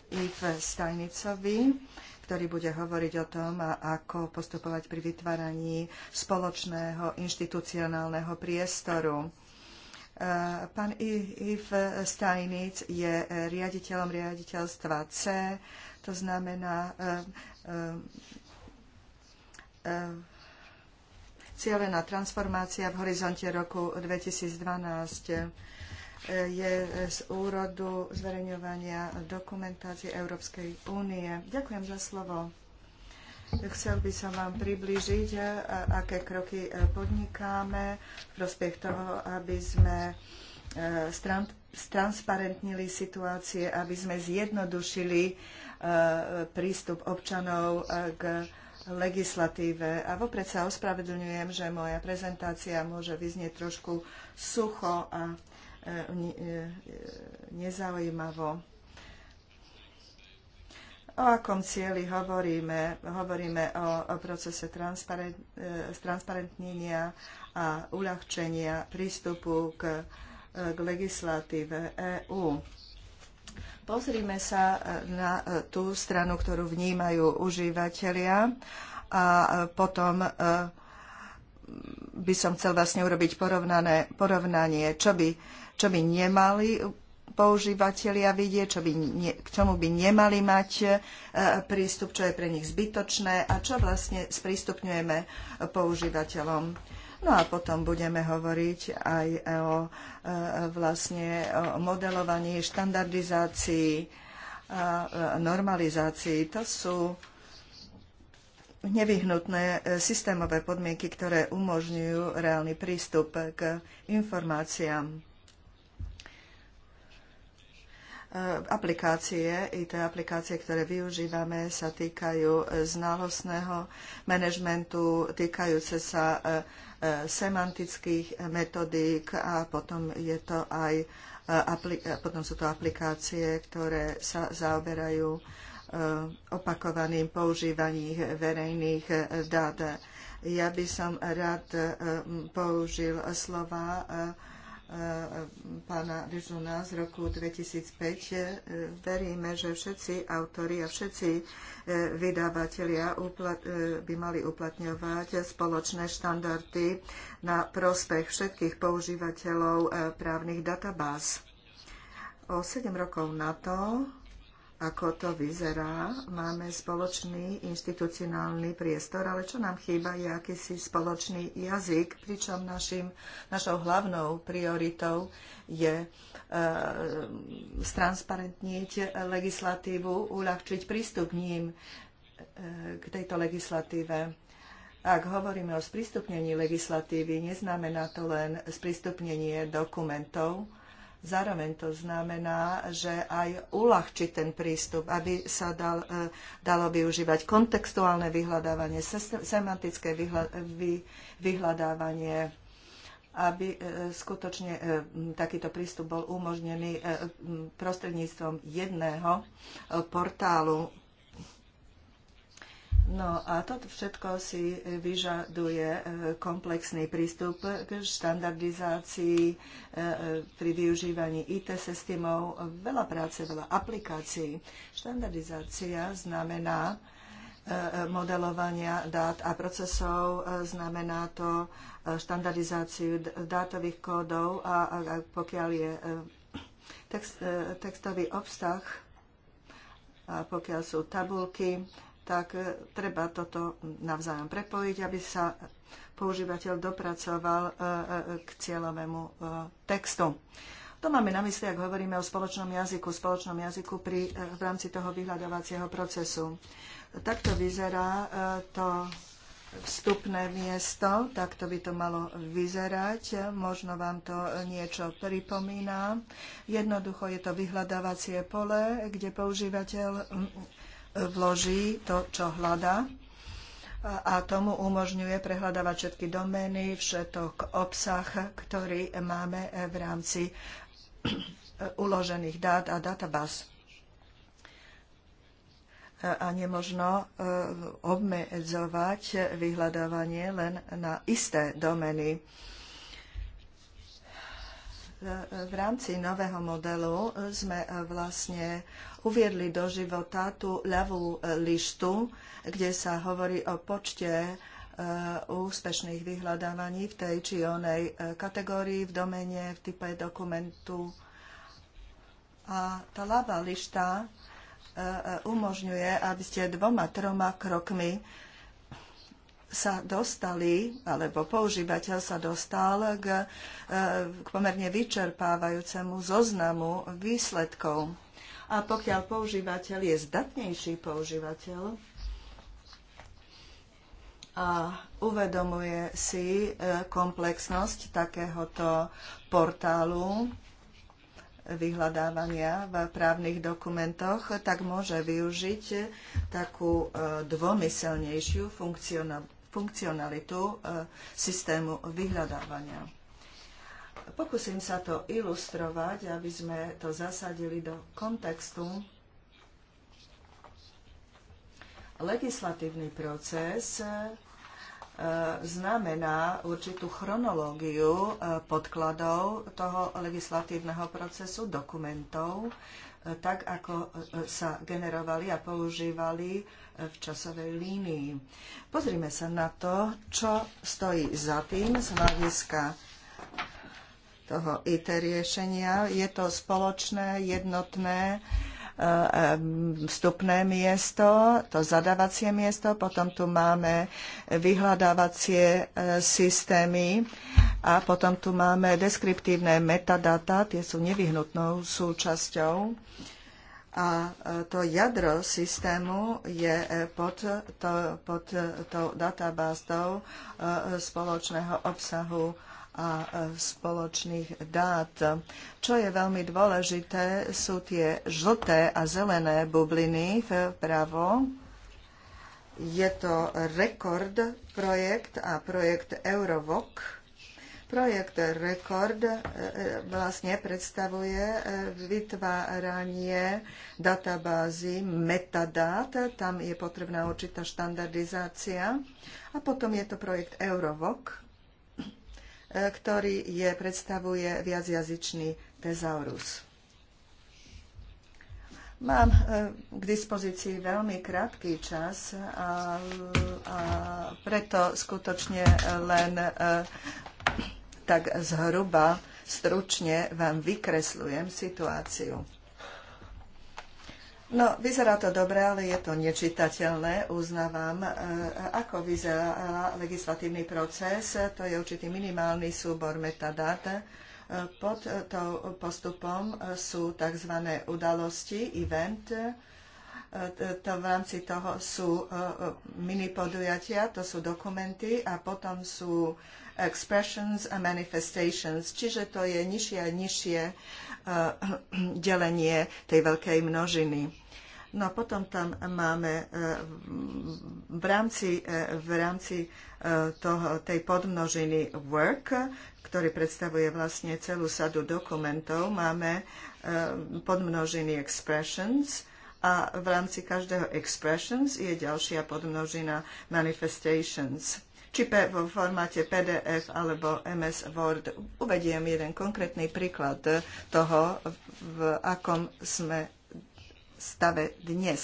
Iv Stajnicovi, ktorý bude hovoriť o tom, ako postupovať pri vytváraní spoločného inštitucionálneho priestoru Eh, pán Yves Steinitz je eh, riaditeľom riaditeľstva C, to znamená eh, cieľená transformácia v horizonte roku 2012 je z úrodu zverejňovania dokumentácie Európskej únie. Ďakujem za slovo. Chcel by som vám priblížiť, e, aké kroky e, podnikáme v prospech toho, aby sme e, stransparentnili situácie, aby sme zjednodušili prístup občanov k legislatíve. A vopred sa ospravedlňujem, že moja prezentácia môže vyznieť trošku sucho a nezaujímavo. O akom cieli hovoríme? Hovoríme o, o procese e, transparentnenia a uľahčenia prístupu k, e, k legislatíve EÚ. Pozrime sa e, na tú stranu, ktorú vnímajú užívateľia a potom by som chcel vlastne urobiť porovnanie, čo by, čo by nemali používateľia vidie, čo by ne, k čomu by nemali mať e, prístup, čo je pre nich zbytočné a čo vlastne sprístupňujeme používateľom. No a potom budeme hovoriť aj o e, vlastne o modelovaní, štandardizácii, a e, normalizácii. To sú nevyhnutné systémové podmienky, ktoré umožňujú reálny prístup k informáciám. Eh, aplikácie, IT aplikácie, ktoré využívame, sa týkajú eh, znalostného manažmentu, týkajúce sa eh, semantických metodík a potom, je to aj, potom sú to aplikácie, ktoré sa zaoberajú opakovaným používaním verejných dát. Ja by som rád použil slova E, e, pána Dežuna z roku 2005. E, veríme, že všetci autori a všetci vydavatelia by mali uplatňovať spoločné štandardy na prospech všetkých používateľov právnych databáz. O 7 rokov na to ako to vyzerá. Máme spoločný inštitucionálny priestor, ale čo nám chýba je akýsi spoločný jazyk, pričom našim, našou hlavnou prioritou je e, stransparentniť legislatívu, uľahčiť prístup k ním, e, k tejto legislatíve. Ak hovoríme o sprístupnení legislatívy, neznamená to len sprístupnenie dokumentov, Zároveň to znamená, že aj uľahčí ten prístup, aby sa dal, e, dalo využívať kontextuálne vyhľadávanie, semantické vyhľadávanie aby e, skutočne e, takýto prístup bol umožnený prostredníctvom jedného portálu No a toto všetko si vyžaduje e, komplexný prístup k štandardizácii e, e, pri využívaní IT systémov, veľa práce, veľa aplikácií. Štandardizácia znamená modelovania dát a procesov, znamená to štandardizáciu dátových kódov a, pokiaľ je text, textový obsah, a pokiaľ sú tabulky, tak e, treba toto navzájom prepojiť, aby sa používateľ dopracoval e, e, k cieľovému textu. To máme na mysli, ak hovoríme o spoločnom jazyku, spoločnom jazyku pri, v rámci toho vyhľadávacieho procesu. Takto vyzerá to vstupné miesto, takto by to malo vyzerať. Možno vám to niečo pripomína. Jednoducho je to vyhľadávacie pole, kde používateľ vloží to, čo hľadá a tomu umožňuje prehľadávať všetky domény, všetok obsah, ktorý máme v rámci uložených dát a databáz. A nemožno eh, obmedzovať vyhľadávanie len na isté domény v rámci nového modelu sme vlastne uviedli do života tú ľavú e, lištu, kde sa hovorí o počte e, úspešných vyhľadávaní v tej či onej e, kategórii, v domene, v type dokumentu. A tá ľavá lišta umožňuje, aby ste dvoma, troma krokmi sa dostali, alebo používateľ sa dostal k, e, k pomerne vyčerpávajúcemu zoznamu výsledkov. A pokiaľ používateľ je zdatnejší používateľ a uvedomuje si e, komplexnosť takéhoto portálu, vyhľadávania v právnych dokumentoch, tak môže využiť takú e, dvomyselnejšiu funkcionalitu e, systému vyhľadávania. Pokúsim sa to ilustrovať, aby sme to zasadili do kontextu. Legislatívny proces e, znamená určitú chronológiu e, podkladov toho legislatívneho procesu, dokumentov, tak ako sa generovali a používali v časovej línii. Pozrime sa na to, čo stojí za tým z hľadiska toho IT riešenia. Je to spoločné, jednotné, eh, vstupné miesto, to zadávacie miesto, potom tu máme vyhľadávacie eh, systémy a potom tu máme deskriptívne metadata, tie sú nevyhnutnou súčasťou a e, to jadro systému je e, pod, to, pod tou databázou e, spoločného obsahu a spoločných dát. Čo je veľmi dôležité, sú tie žlté a zelené bubliny vpravo. Je to rekord projekt a projekt Eurovok Projekt Rekord e, e, vlastne predstavuje e, vytváranie databázy metadát, tam je potrebná určitá štandardizácia. A potom je to projekt Eurovok, ktorý je, predstavuje viacjazyčný tezaurus. Mám k dispozícii veľmi krátky čas a, a preto skutočne len tak zhruba stručne vám vykreslujem situáciu. No, vyzerá to dobre, ale je to nečitateľné, uznávam. E, ako vyzerá legislatívny proces, to je určitý minimálny súbor metadát. E, pod tou postupom sú tzv. udalosti, event. E, to v rámci toho sú mini podujatia, to sú dokumenty a potom sú expressions a manifestations, čiže to je nižšie a nižšie eh, delenie tej veľkej množiny. No a potom tam máme eh, v rámci, eh, v rámci toho, tej podmnožiny work, ktorý predstavuje vlastne celú sadu dokumentov, máme podmnožiny expressions, a v rámci každého expressions je ďalšia podmnožina manifestations či vo formáte PDF alebo MS Word. Uvediem jeden konkrétny príklad toho, v akom sme stave dnes.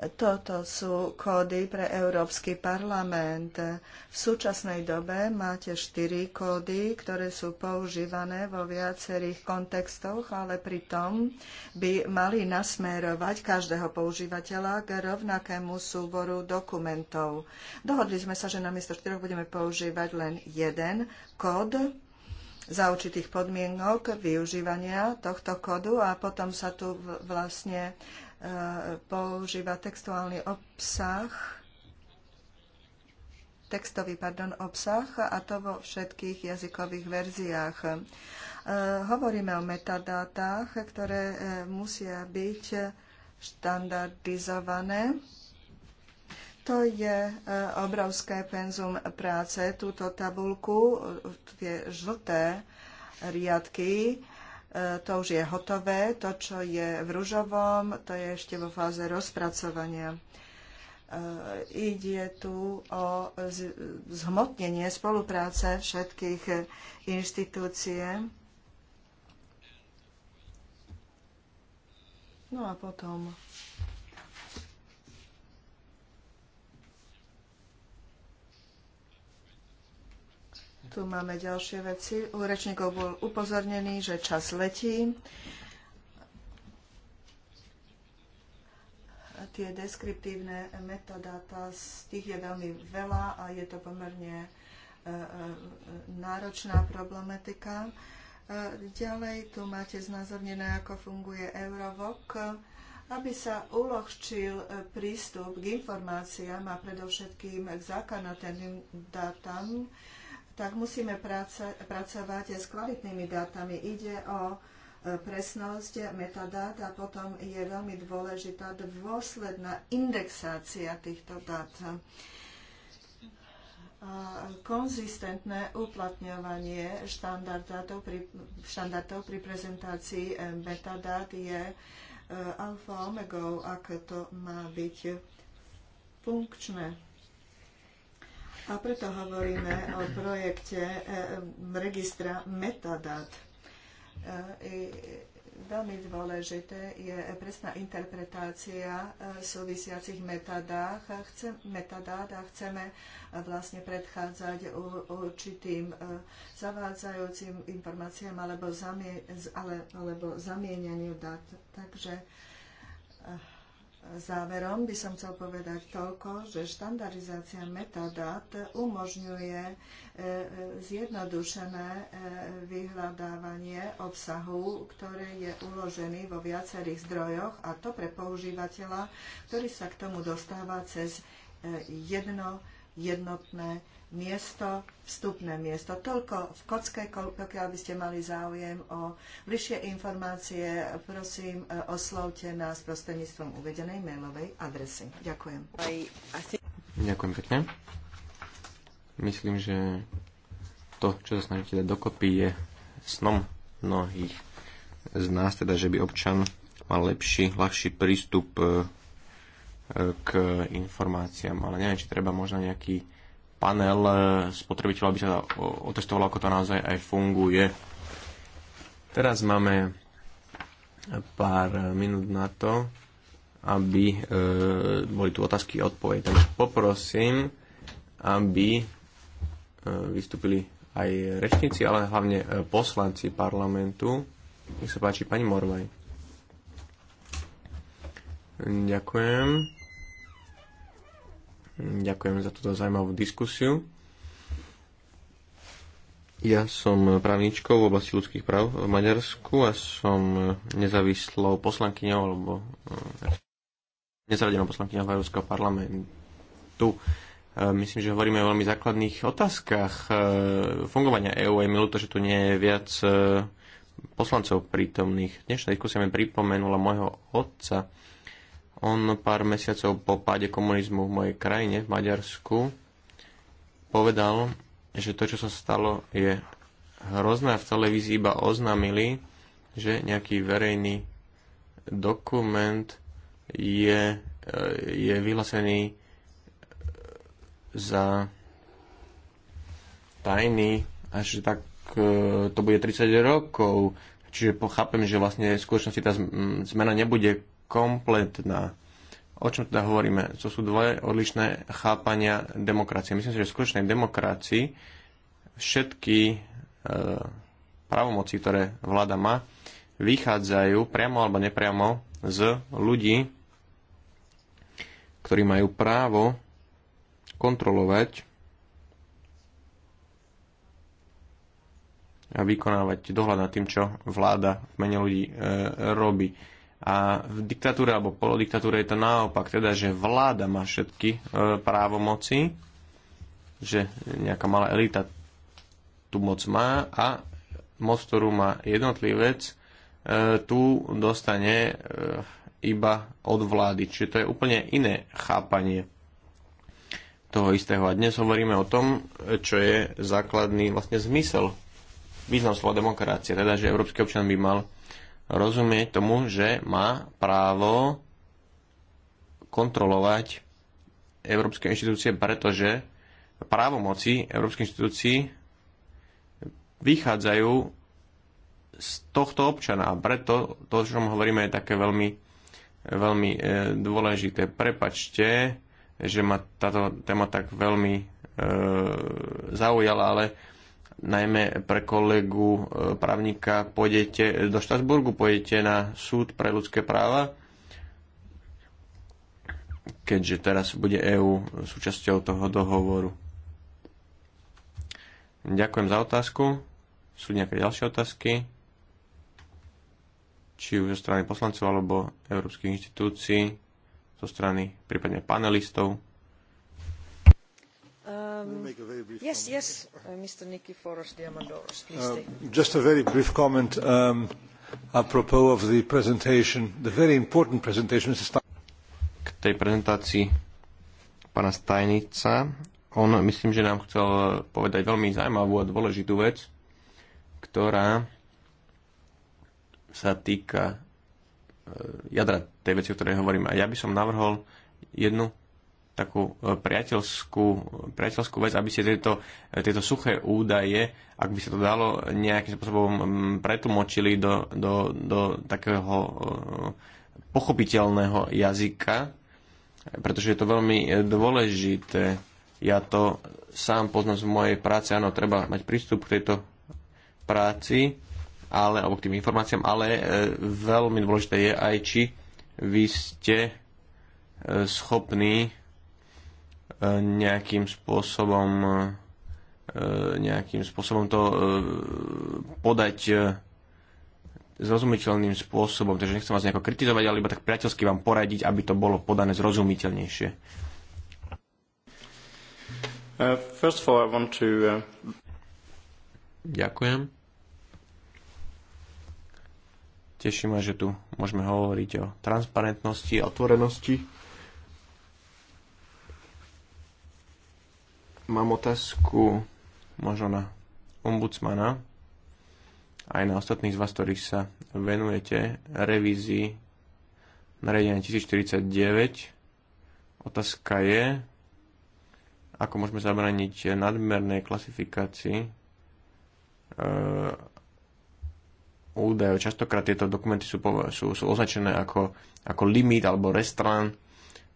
Toto sú kódy pre Európsky parlament. V súčasnej dobe máte štyri kódy, ktoré sú používané vo viacerých kontextoch, ale pritom by mali nasmerovať každého používateľa k rovnakému súboru dokumentov. Dohodli sme sa, že namiesto štyroch budeme používať len jeden kód za určitých podmienok využívania tohto kódu a potom sa tu vlastne používa textuálny obsah, textový pardon, obsah a to vo všetkých jazykových verziách. E, hovoríme o metadátach, ktoré e, musia byť štandardizované. To je e, obrovské penzum práce. Túto tabulku, tie žlté riadky, E, to už je hotové. To, čo je v ružovom, to je ešte vo fáze rozpracovania. E, ide tu o zhmotnenie spolupráce všetkých inštitúcie. No a potom Tu máme ďalšie veci. U rečníkov bol upozornený, že čas letí. Tie deskriptívne metadáta, z tých je veľmi veľa a je to pomerne e, e, náročná problematika. E, ďalej tu máte znázornené, ako funguje Eurovok. Aby sa uľahčil prístup k informáciám a predovšetkým k zakanaterným datám, tak musíme práca, pracovať s kvalitnými dátami. Ide o e, presnosť metadát a potom je veľmi dôležitá dôsledná indexácia týchto dát a konzistentné uplatňovanie štandardov pri, štandardov pri prezentácii e, metadát je e, alfa omegou, ak to má byť funkčné. A preto hovoríme o projekte e, registra metadát. E, veľmi dôležité je presná interpretácia e, súvisiacich metadách. Chcem, metadát a chceme vlastne predchádzať určitým zavádzajúcim informáciám alebo, zamie, ale, alebo zamieneniu dát. Takže Záverom by som chcel povedať toľko, že štandardizácia metadát umožňuje e, e, zjednodušené e, vyhľadávanie obsahu, ktorý je uložený vo viacerých zdrojoch a to pre používateľa, ktorý sa k tomu dostáva cez jedno jednotné miesto, vstupné miesto. Toľko v kocke, pokiaľ by ste mali záujem o bližšie informácie, prosím, e, oslovte nás prostredníctvom uvedenej mailovej adresy. Ďakujem. Ďakujem pekne. Myslím, že to, čo sa snažíte dať dokopy, je snom mnohých z nás, teda, že by občan mal lepší, ľahší prístup e, e, k informáciám, ale neviem, či treba možno nejaký panel e, spotrebiteľa, aby sa e, otestovalo, ako to naozaj aj funguje. Teraz máme pár minút na to, aby e, boli tu otázky a odpovede. Takže poprosím, aby e, vystúpili aj rečníci, ale hlavne e, poslanci parlamentu. Nech sa páči, pani Morvaj. Ďakujem. Ďakujem za túto zaujímavú diskusiu. Ja som právničkou v oblasti ľudských práv v Maďarsku a som nezávislou poslankyňou alebo eh, nezradenou poslankyňou Európskeho parlamentu. Eh, myslím, že hovoríme o veľmi základných otázkach eh, fungovania EÚ. Je mi že tu nie je viac poslancov prítomných. Dnešná diskusia mi pripomenula môjho otca, on pár mesiacov po páde komunizmu v mojej krajine, v Maďarsku, povedal, že to, čo sa stalo, je hrozné a v televízii iba oznámili, že nejaký verejný dokument je, e, je vyhlásený e, za tajný, až tak e, to bude 30 rokov. Čiže pochápem, že vlastne v skutočnosti tá zmena nebude kompletná. O čom teda hovoríme? To sú dve odlišné chápania demokracie. Myslím si, že v skutočnej demokracii všetky e, pravomoci, ktoré vláda má, vychádzajú priamo alebo nepriamo z ľudí, ktorí majú právo kontrolovať a vykonávať dohľad nad tým, čo vláda v mene ľudí e, robí. A v diktatúre alebo polodiktatúre je to naopak, teda, že vláda má všetky e, právomoci, že nejaká malá elita tú moc má a moc, ktorú má jednotlivec, e, tu dostane e, iba od vlády. Čiže to je úplne iné chápanie toho istého. A dnes hovoríme o tom, čo je základný vlastne zmysel, význam slova demokracie, teda, že európsky občan by mal rozumieť tomu, že má právo kontrolovať európske inštitúcie, pretože právomoci európskych inštitúcií vychádzajú z tohto občana. A preto to, o čom hovoríme, je také veľmi, veľmi e, dôležité. Prepačte, že ma táto téma tak veľmi e, zaujala, ale najmä pre kolegu e, právnika, pôjdete do Štrasburgu, pôjdete na súd pre ľudské práva, keďže teraz bude EÚ súčasťou toho dohovoru. Ďakujem za otázku. Sú nejaké ďalšie otázky? Či už zo strany poslancov alebo európskych inštitúcií, zo strany prípadne panelistov? Um, yes, yes, uh, Mr. Nikiforos Diamandouros, please. Uh, just a very brief comment um, apropos of the presentation, the very important presentation. Mr. K tej prezentácii pána Stajnica, on myslím, že nám chcel povedať veľmi zaujímavú a dôležitú vec, ktorá sa týka uh, jadra tej veci, o ktorej hovorím. A ja by som navrhol jednu takú e, priateľskú, priateľskú vec, aby ste tieto, e, tieto suché údaje, ak by sa to dalo, nejakým spôsobom pretlmočili do, do, do takého e, pochopiteľného jazyka, pretože je to veľmi dôležité. Ja to sám poznám z mojej práce, áno, treba mať prístup k tejto práci, ale, alebo k tým informáciám, ale veľmi dôležité je aj, či vy ste schopní nejakým spôsobom e, nejakým spôsobom to e, podať e, zrozumiteľným spôsobom. Takže nechcem vás nejako kritizovať, ale iba tak priateľsky vám poradiť, aby to bolo podané zrozumiteľnejšie. Uh, first of all, I want to, uh... Ďakujem. Teší ma, že tu môžeme hovoriť o transparentnosti a otvorenosti Mám otázku možno na ombudsmana, aj na ostatných z vás, ktorých sa venujete revízii nariadenia 1049. Otázka je, ako môžeme zabraniť nadmernej klasifikácii e, údajov. Častokrát tieto dokumenty sú, sú, sú označené ako, ako limit alebo restran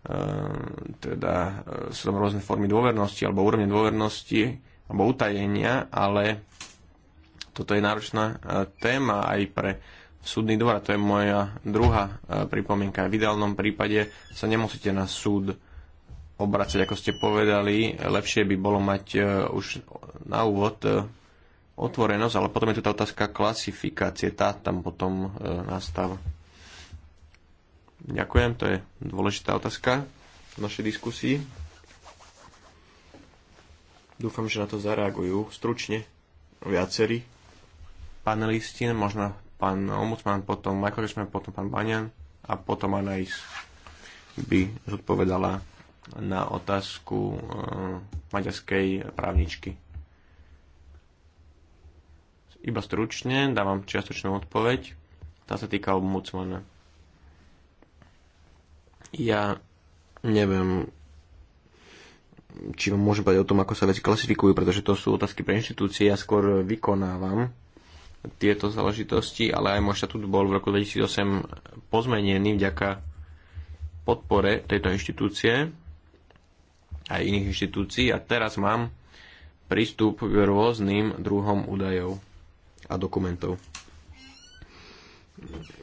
Ehm, teda e, sú tam rôzne formy dôvernosti alebo úrovne dôvernosti alebo utajenia, ale toto je náročná e, téma aj pre súdny dvor a to je moja druhá e, pripomienka. V ideálnom prípade sa nemusíte na súd obracať, ako ste povedali. Lepšie by bolo mať už na úvod otvorenosť, ale potom je tu tá otázka klasifikácie, tá tam potom nastáva. Ďakujem, to je dôležitá otázka v našej diskusii. Dúfam, že na to zareagujú stručne viacerí panelisti, možno pán Omucman, potom Michael Richman, potom pán Banian a potom Anais by zodpovedala na otázku e, maďarskej právničky. Iba stručne dávam čiastočnú odpoveď. Tá sa týka ombudsmana. Ja neviem, či vám môžem povedať o tom, ako sa veci klasifikujú, pretože to sú otázky pre inštitúcie. Ja skôr vykonávam tieto záležitosti, ale aj môj štatút bol v roku 2008 pozmenený vďaka podpore tejto inštitúcie aj iných inštitúcií a teraz mám prístup k rôznym druhom údajov a dokumentov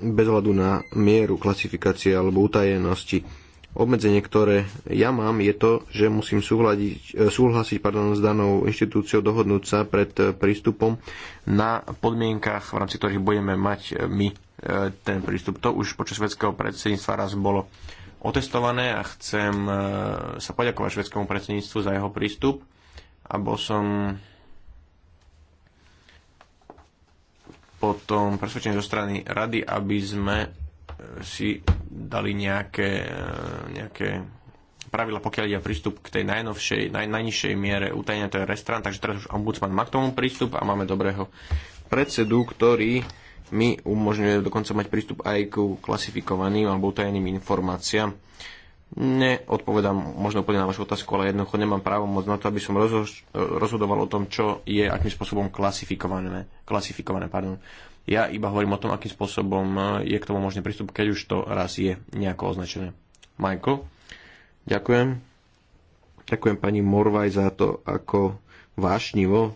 bez hľadu na mieru klasifikácie alebo utajenosti. Obmedzenie, ktoré ja mám, je to, že musím e, súhlasiť pardon, s danou inštitúciou, dohodnúť sa pred e, prístupom na podmienkach, v rámci ktorých budeme mať e, my ten prístup. To už počas švedského predsedníctva raz bolo otestované a chcem sa poďakovať švedskému predsedníctvu za jeho prístup a bol som potom presvedčenie zo strany rady, aby sme e, si dali nejaké, e, nejaké pravidla, pokiaľ ide prístup k tej najnovšej, naj, najnižšej miere utajenia, to je restaurant, takže teraz už ombudsman má k tomu prístup a máme dobrého predsedu, ktorý mi umožňuje dokonca mať prístup aj ku klasifikovaným alebo utajeným informáciám. Uh, neodpovedám možno úplne na vašu otázku, ale jednoducho nemám právo moc na to, aby som rozhodoval o tom, čo je akým spôsobom klasifikované. klasifikované pardon. Ja iba hovorím o tom, akým spôsobom e, je k tomu možný prístup, keď už to raz je nejako označené. Michael, ďakujem. Ďakujem pani Morvaj za to, ako vášnivo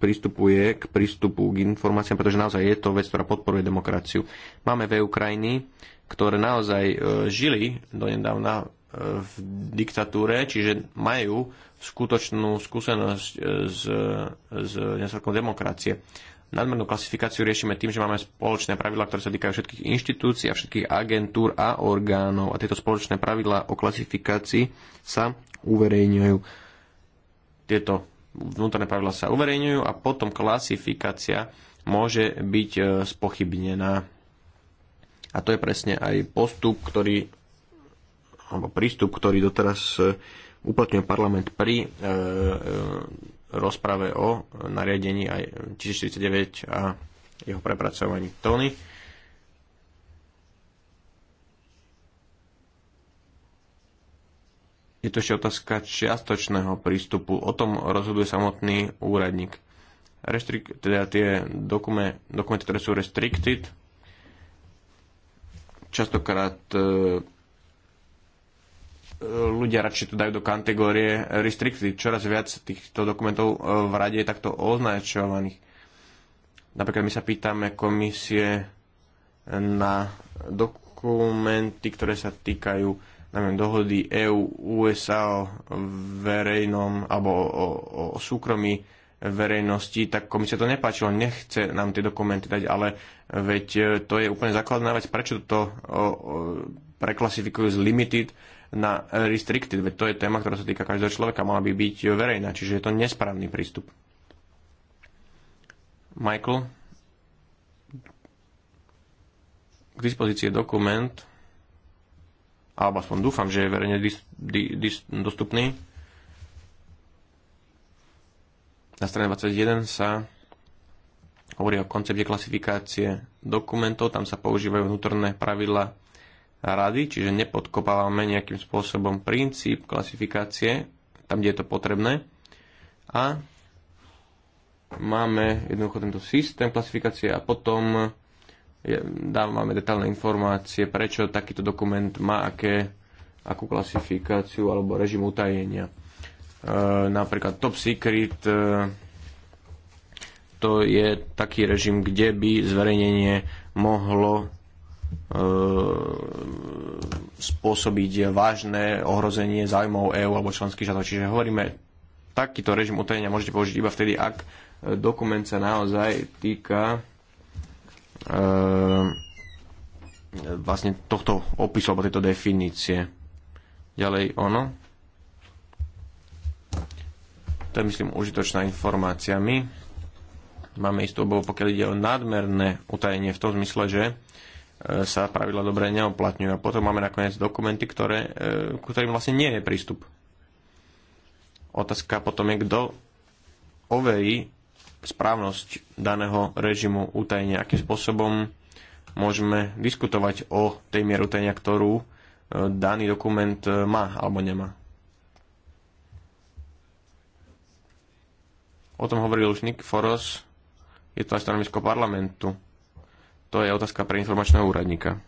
pristupuje k prístupu k informáciám, pretože naozaj je to vec, ktorá podporuje demokraciu. Máme v e Ukrajiny krajiny, ktoré naozaj e, žili donedávna e, v diktatúre, čiže majú skutočnú skúsenosť s, s nesvorkom demokracie. Nadmernú klasifikáciu riešime tým, že máme spoločné pravidlá, ktoré sa týkajú všetkých inštitúcií a všetkých agentúr a orgánov. A tieto spoločné pravidlá o klasifikácii sa uverejňujú. Tieto vnútorné pravidlá sa uverejňujú a potom klasifikácia môže byť e, spochybnená a to je presne aj postup, ktorý, alebo prístup, ktorý doteraz e, uplatňuje parlament pri e, e, rozprave o nariadení aj 1049 a jeho prepracovaní. tóny. Je to ešte otázka čiastočného prístupu. O tom rozhoduje samotný úradník. Restrik, teda tie dokumenty, ktoré sú restricted, Častokrát e, e, ľudia radšej to dajú do kategórie restricted. Čoraz viac týchto dokumentov e, v rade je takto označovaných. Napríklad my sa pýtame komisie na dokumenty, ktoré sa týkajú neviem, dohody EU-USA o verejnom alebo o, o, o súkromí verejnosti, tak komisia to nepáčilo, nechce nám tie dokumenty dať, ale Veď e, to je úplne základná vec, prečo to preklasifikujú z limited na restricted, veď to je téma, ktorá sa týka každého človeka, mala by byť verejná, čiže je to nesprávny prístup. Michael, k dispozícii je dokument, alebo aspoň dúfam, že je verejne dis, di, dis, dostupný. Na strane 21 sa hovorí o koncepte klasifikácie dokumentov, tam sa používajú vnútorné pravidla rady, čiže nepodkopávame nejakým spôsobom princíp klasifikácie, tam, kde je to potrebné. A máme jednoducho tento systém klasifikácie a potom dávame detailné informácie, prečo takýto dokument má aké, akú klasifikáciu alebo režim utajenia. E, napríklad top secret e, to je taký režim, kde by zverejnenie mohlo e, spôsobiť vážne ohrozenie zájmov EÚ alebo členských štátov. Čiže hovoríme, takýto režim utajenia môžete použiť iba vtedy, ak e, dokument sa naozaj týka e, vlastne tohto opisu alebo tejto definície. Ďalej ono. To je, myslím, užitočná informácia. My máme istú obavu, pokiaľ ide o nadmerné utajenie v tom zmysle, že e, sa pravidla dobre neoplatňujú. A potom máme nakoniec dokumenty, ktoré, e, ktorým vlastne nie je prístup. Otázka potom je, kto overí správnosť daného režimu utajenia, akým spôsobom môžeme diskutovať o tej mieru utajenia, ktorú e, daný dokument má alebo nemá. O tom hovoril už Nick Foros je to aj stanovisko parlamentu. To je otázka pre informačného úradníka.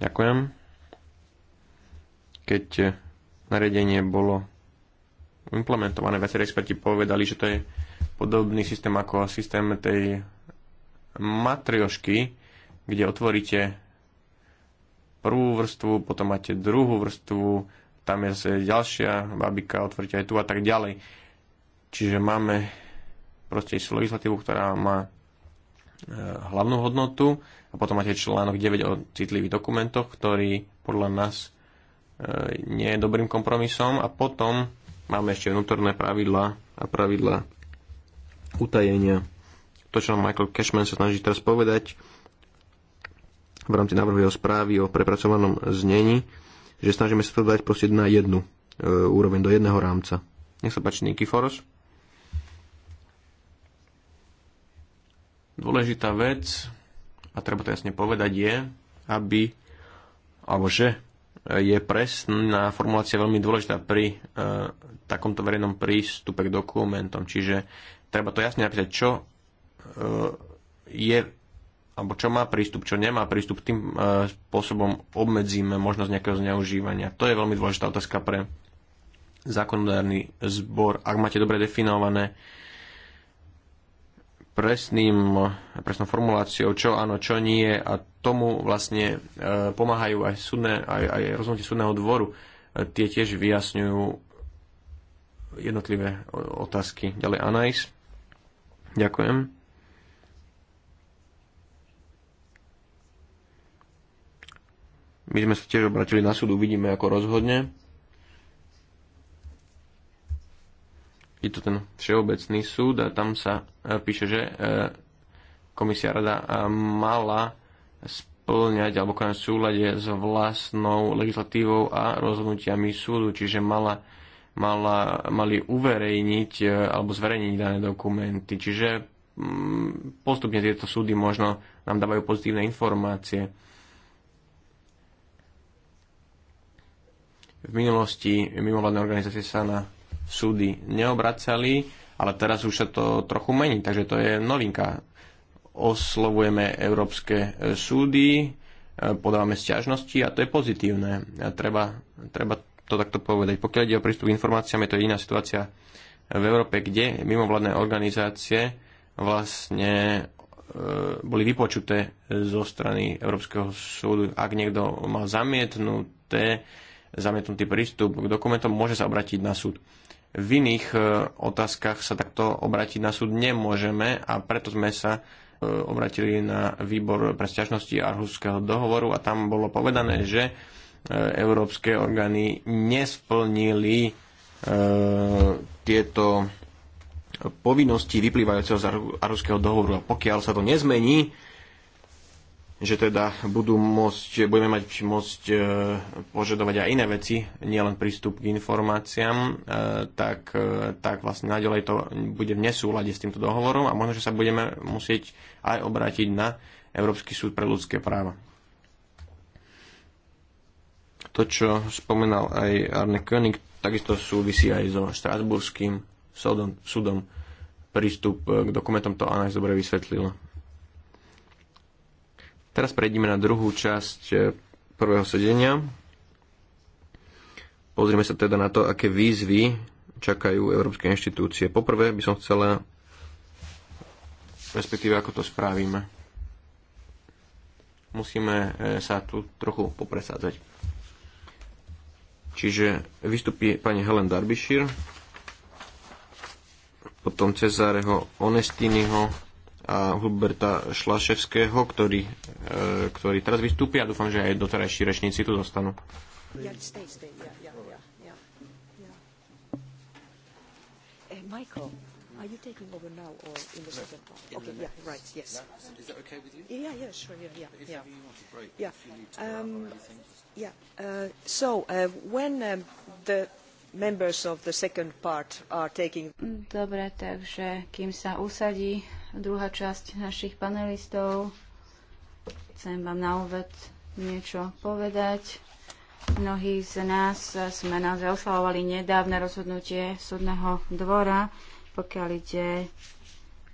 Ďakujem. Keď nariadenie bolo implementované, viacerí experti povedali, že to je podobný systém ako systém tej matriošky, kde otvoríte prvú vrstvu, potom máte druhú vrstvu, tam je zase ďalšia babika, otvoríte aj tu a tak ďalej. Čiže máme proste ísť legislatívu, ktorá má e, hlavnú hodnotu a potom máte článok 9 o citlivých dokumentoch, ktorý podľa nás e, nie je dobrým kompromisom a potom máme ešte vnútorné pravidla a pravidla utajenia. To, čo Michael Cashman sa snaží teraz povedať v rámci návrhu jeho správy o prepracovanom znení, že snažíme sa to dať proste na jednu e, úroveň, do jedného rámca. Nech sa páči, Nikiforos. Dôležitá vec, a treba to jasne povedať, je, aby, alebo že je presná formulácia veľmi dôležitá pri e, takomto verejnom prístupe k dokumentom. Čiže treba to jasne napísať, čo e, je alebo čo má prístup, čo nemá prístup, tým e, spôsobom obmedzíme možnosť nejakého zneužívania. To je veľmi dôležitá otázka pre zákonodárny zbor. Ak máte dobre definované presným, presnou formuláciou, čo áno, čo nie a tomu vlastne e, pomáhajú aj, súdne, aj, aj rozhodnutie súdneho dvoru. E, tie tiež vyjasňujú jednotlivé otázky. Ďalej Anais. Ďakujem. My sme sa tiež obratili na súd, uvidíme ako rozhodne. je to ten všeobecný súd a tam sa e, píše, že e, komisia rada e, mala splňať alebo konať v súlade s vlastnou legislatívou a rozhodnutiami súdu, čiže mala, mala, mali uverejniť alebo zverejniť dané dokumenty. Čiže mm, postupne tieto súdy možno nám dávajú pozitívne informácie. V minulosti mimovládne organizácie sa na súdy neobracali, ale teraz už sa to trochu mení, takže to je novinka. Oslovujeme európske e, súdy, e, podávame stiažnosti a to je pozitívne. A treba, treba to takto povedať. Pokiaľ ide o prístup k informáciám, je to iná situácia v Európe, kde mimovládne organizácie vlastne e, boli vypočuté zo strany Európskeho súdu. Ak niekto mal zamietnuté, zamietnutý prístup k dokumentom, môže sa obrátiť na súd v iných e, otázkach sa takto obrátiť na súd nemôžeme a preto sme sa e, obratili na výbor pre sťažnosti Arhuského dohovoru a tam bolo povedané, že e, európske orgány nesplnili tieto povinnosti vyplývajúceho z Arhuského dohovoru. A pokiaľ sa to nezmení, že teda budú môcť, budeme mať môcť e, požadovať aj iné veci, nielen prístup k informáciám, e, tak, e, tak vlastne naďalej to bude v nesúlade s týmto dohovorom a možno, že sa budeme musieť aj obrátiť na Európsky súd pre ľudské práva. To, čo spomenal aj Arne König, takisto súvisí aj so Štrásburským súdom, súdom prístup k dokumentom, to Anna dobre vysvetlila. Teraz prejdeme na druhú časť e, prvého sedenia. pozrieme sa teda na to, aké výzvy čakajú európske inštitúcie. Poprvé by som chcela, respektíve ako to spravíme. Musíme e, sa tu trochu popresádzať. Čiže vystupí pani Helen Darbyshire, potom Cezareho Onestiniho, a Huberta Šlaševského, ktorý, e, ktorý teraz vystúpi a Dúfam, že aj doterajší rečníci tu zostanú. Eh, Michael, are you taking over now or in the second part? No, okay, no, yeah, no. right, yes. Is that okay with you? Yeah, yeah, sure, yeah, yeah. If yeah. you want to break, yeah. if you need to um, or anything. Yeah, uh, so uh, when um, the members of the second part are taking... Dobre, takže kým sa usadí druhá časť našich panelistov. Chcem vám na úvod niečo povedať. Mnohí z nás sme naozaj oslavovali nedávne rozhodnutie súdneho dvora, pokiaľ ide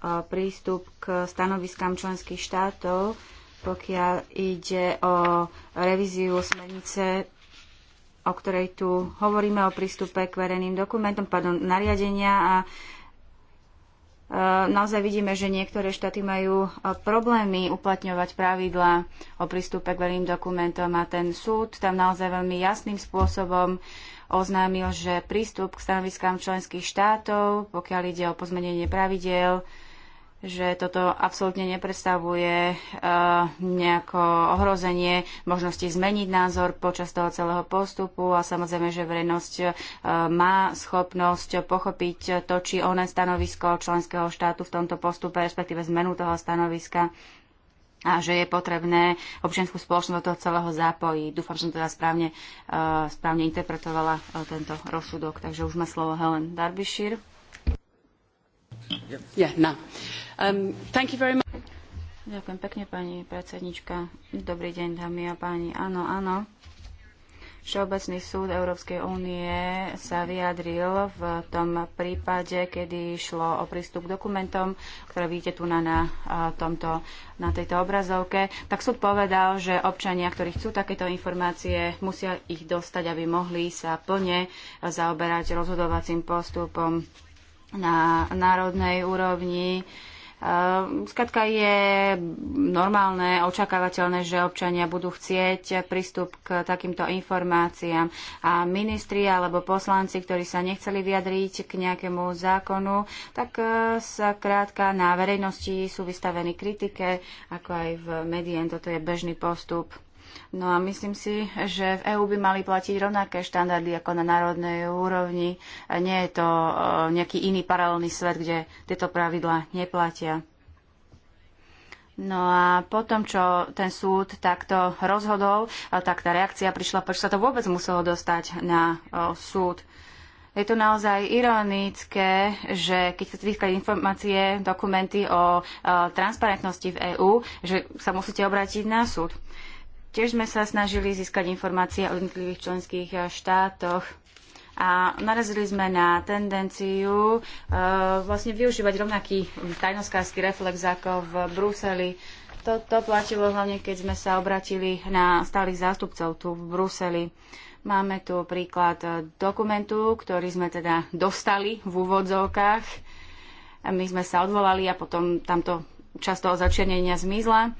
o prístup k stanoviskám členských štátov, pokiaľ ide o revíziu smernice o ktorej tu hovoríme, o prístupe k verejným dokumentom, pardon, nariadenia a naozaj vidíme, že niektoré štáty majú e, problémy uplatňovať pravidlá o prístupe k verejným dokumentom a ten súd tam naozaj veľmi jasným spôsobom oznámil, že prístup k stanoviskám členských štátov, pokiaľ ide o pozmenenie pravidel, že toto absolútne nepredstavuje eh, nejako ohrozenie možnosti zmeniť názor počas toho celého postupu a samozrejme, že verejnosť eh, má schopnosť pochopiť to, či oné stanovisko členského štátu v tomto postupe, respektíve zmenu toho stanoviska a že je potrebné občianskú spoločnosť do toho celého zapojiť. Dúfam, že som teda správne, eh, správne interpretovala tento rozsudok. Takže už má slovo Helen Darbyshire. Um, Ďakujem pekne, pani predsednička. Dobrý deň, dámy a páni. Áno, áno. Všeobecný súd Európskej únie sa vyjadril v tom prípade, kedy išlo o prístup k dokumentom, ktoré vidíte tu na, na, tomto, na tejto obrazovke. Tak súd povedal, že občania, ktorí chcú takéto informácie, musia ich dostať, aby mohli sa plne zaoberať rozhodovacím postupom na národnej úrovni. Ehm, Skladka je normálne, očakávateľné, že občania budú chcieť prístup k takýmto informáciám a ministri alebo poslanci, ktorí sa nechceli vyjadriť k nejakému zákonu, tak e, sa krátka na verejnosti sú vystavení kritike, ako aj v médiách. Toto je bežný postup. No a myslím si, že v EÚ by mali platiť rovnaké štandardy ako na národnej úrovni. Nie je to e, nejaký iný paralelný svet, kde tieto pravidlá neplatia. No a potom, čo ten súd takto rozhodol, tak tá reakcia prišla, prečo sa to vôbec muselo dostať na e, súd. Je to naozaj ironické, že keď sa týka informácie, dokumenty o e, transparentnosti v EÚ, že sa musíte obrátiť na súd. Tiež sme sa snažili získať informácie o jednotlivých členských eh, štátoch a narazili sme na tendenciu uh, vlastne využívať rovnaký tajnoskársky reflex ako v Bruseli. Toto platilo hlavne, keď sme sa obratili na stálych zástupcov tu v Bruseli. Máme tu príklad eh, dokumentu, ktorý sme teda dostali v úvodzovkách. My sme sa odvolali a potom tamto často začernenia zmizla.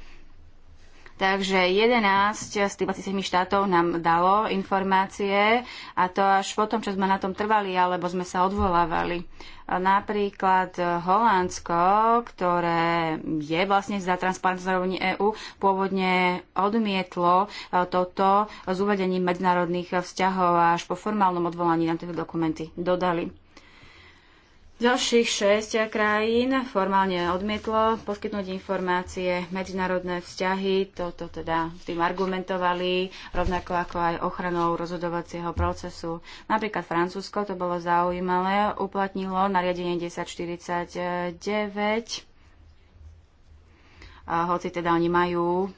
Takže 11 z tých 27 štátov nám dalo informácie a to až po tom, čo sme na tom trvali alebo sme sa odvolávali. Napríklad Holandsko, ktoré je vlastne za transparentnosť zároveň EÚ, pôvodne odmietlo e, toto s uvedením medzinárodných vzťahov až po formálnom odvolaní nám tieto dokumenty dodali. Ďalších šesť krajín formálne odmietlo poskytnúť informácie, medzinárodné vzťahy, toto teda tým argumentovali, rovnako ako aj ochranou rozhodovacieho procesu. Napríklad Francúzsko, to bolo zaujímavé, uplatnilo nariadenie 1049, a hoci teda oni majú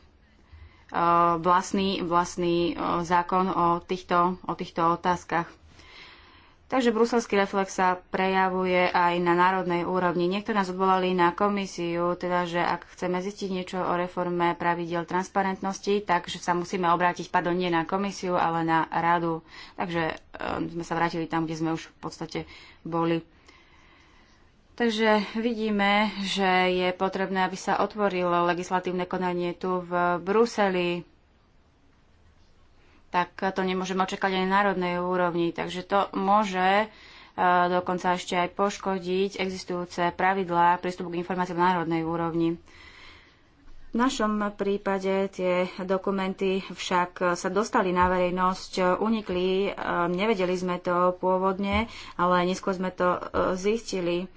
e, vlastný, vlastný e, zákon o týchto, o týchto otázkach. Takže bruselský reflex sa prejavuje aj na národnej úrovni. Niektorí nás odvolali na komisiu, teda že ak chceme zistiť niečo o reforme pravidel transparentnosti, takže sa musíme obrátiť, pardon, nie na komisiu, ale na radu. Takže e, sme sa vrátili tam, kde sme už v podstate boli. Takže vidíme, že je potrebné, aby sa otvorilo legislatívne konanie tu v Bruseli tak to nemôžeme očakávať aj na národnej úrovni. Takže to môže e, dokonca ešte aj poškodiť existujúce pravidlá prístupu k informáciám na národnej úrovni. V našom prípade tie dokumenty však sa dostali na verejnosť, unikli, e, nevedeli sme to pôvodne, ale neskôr sme to e, zistili.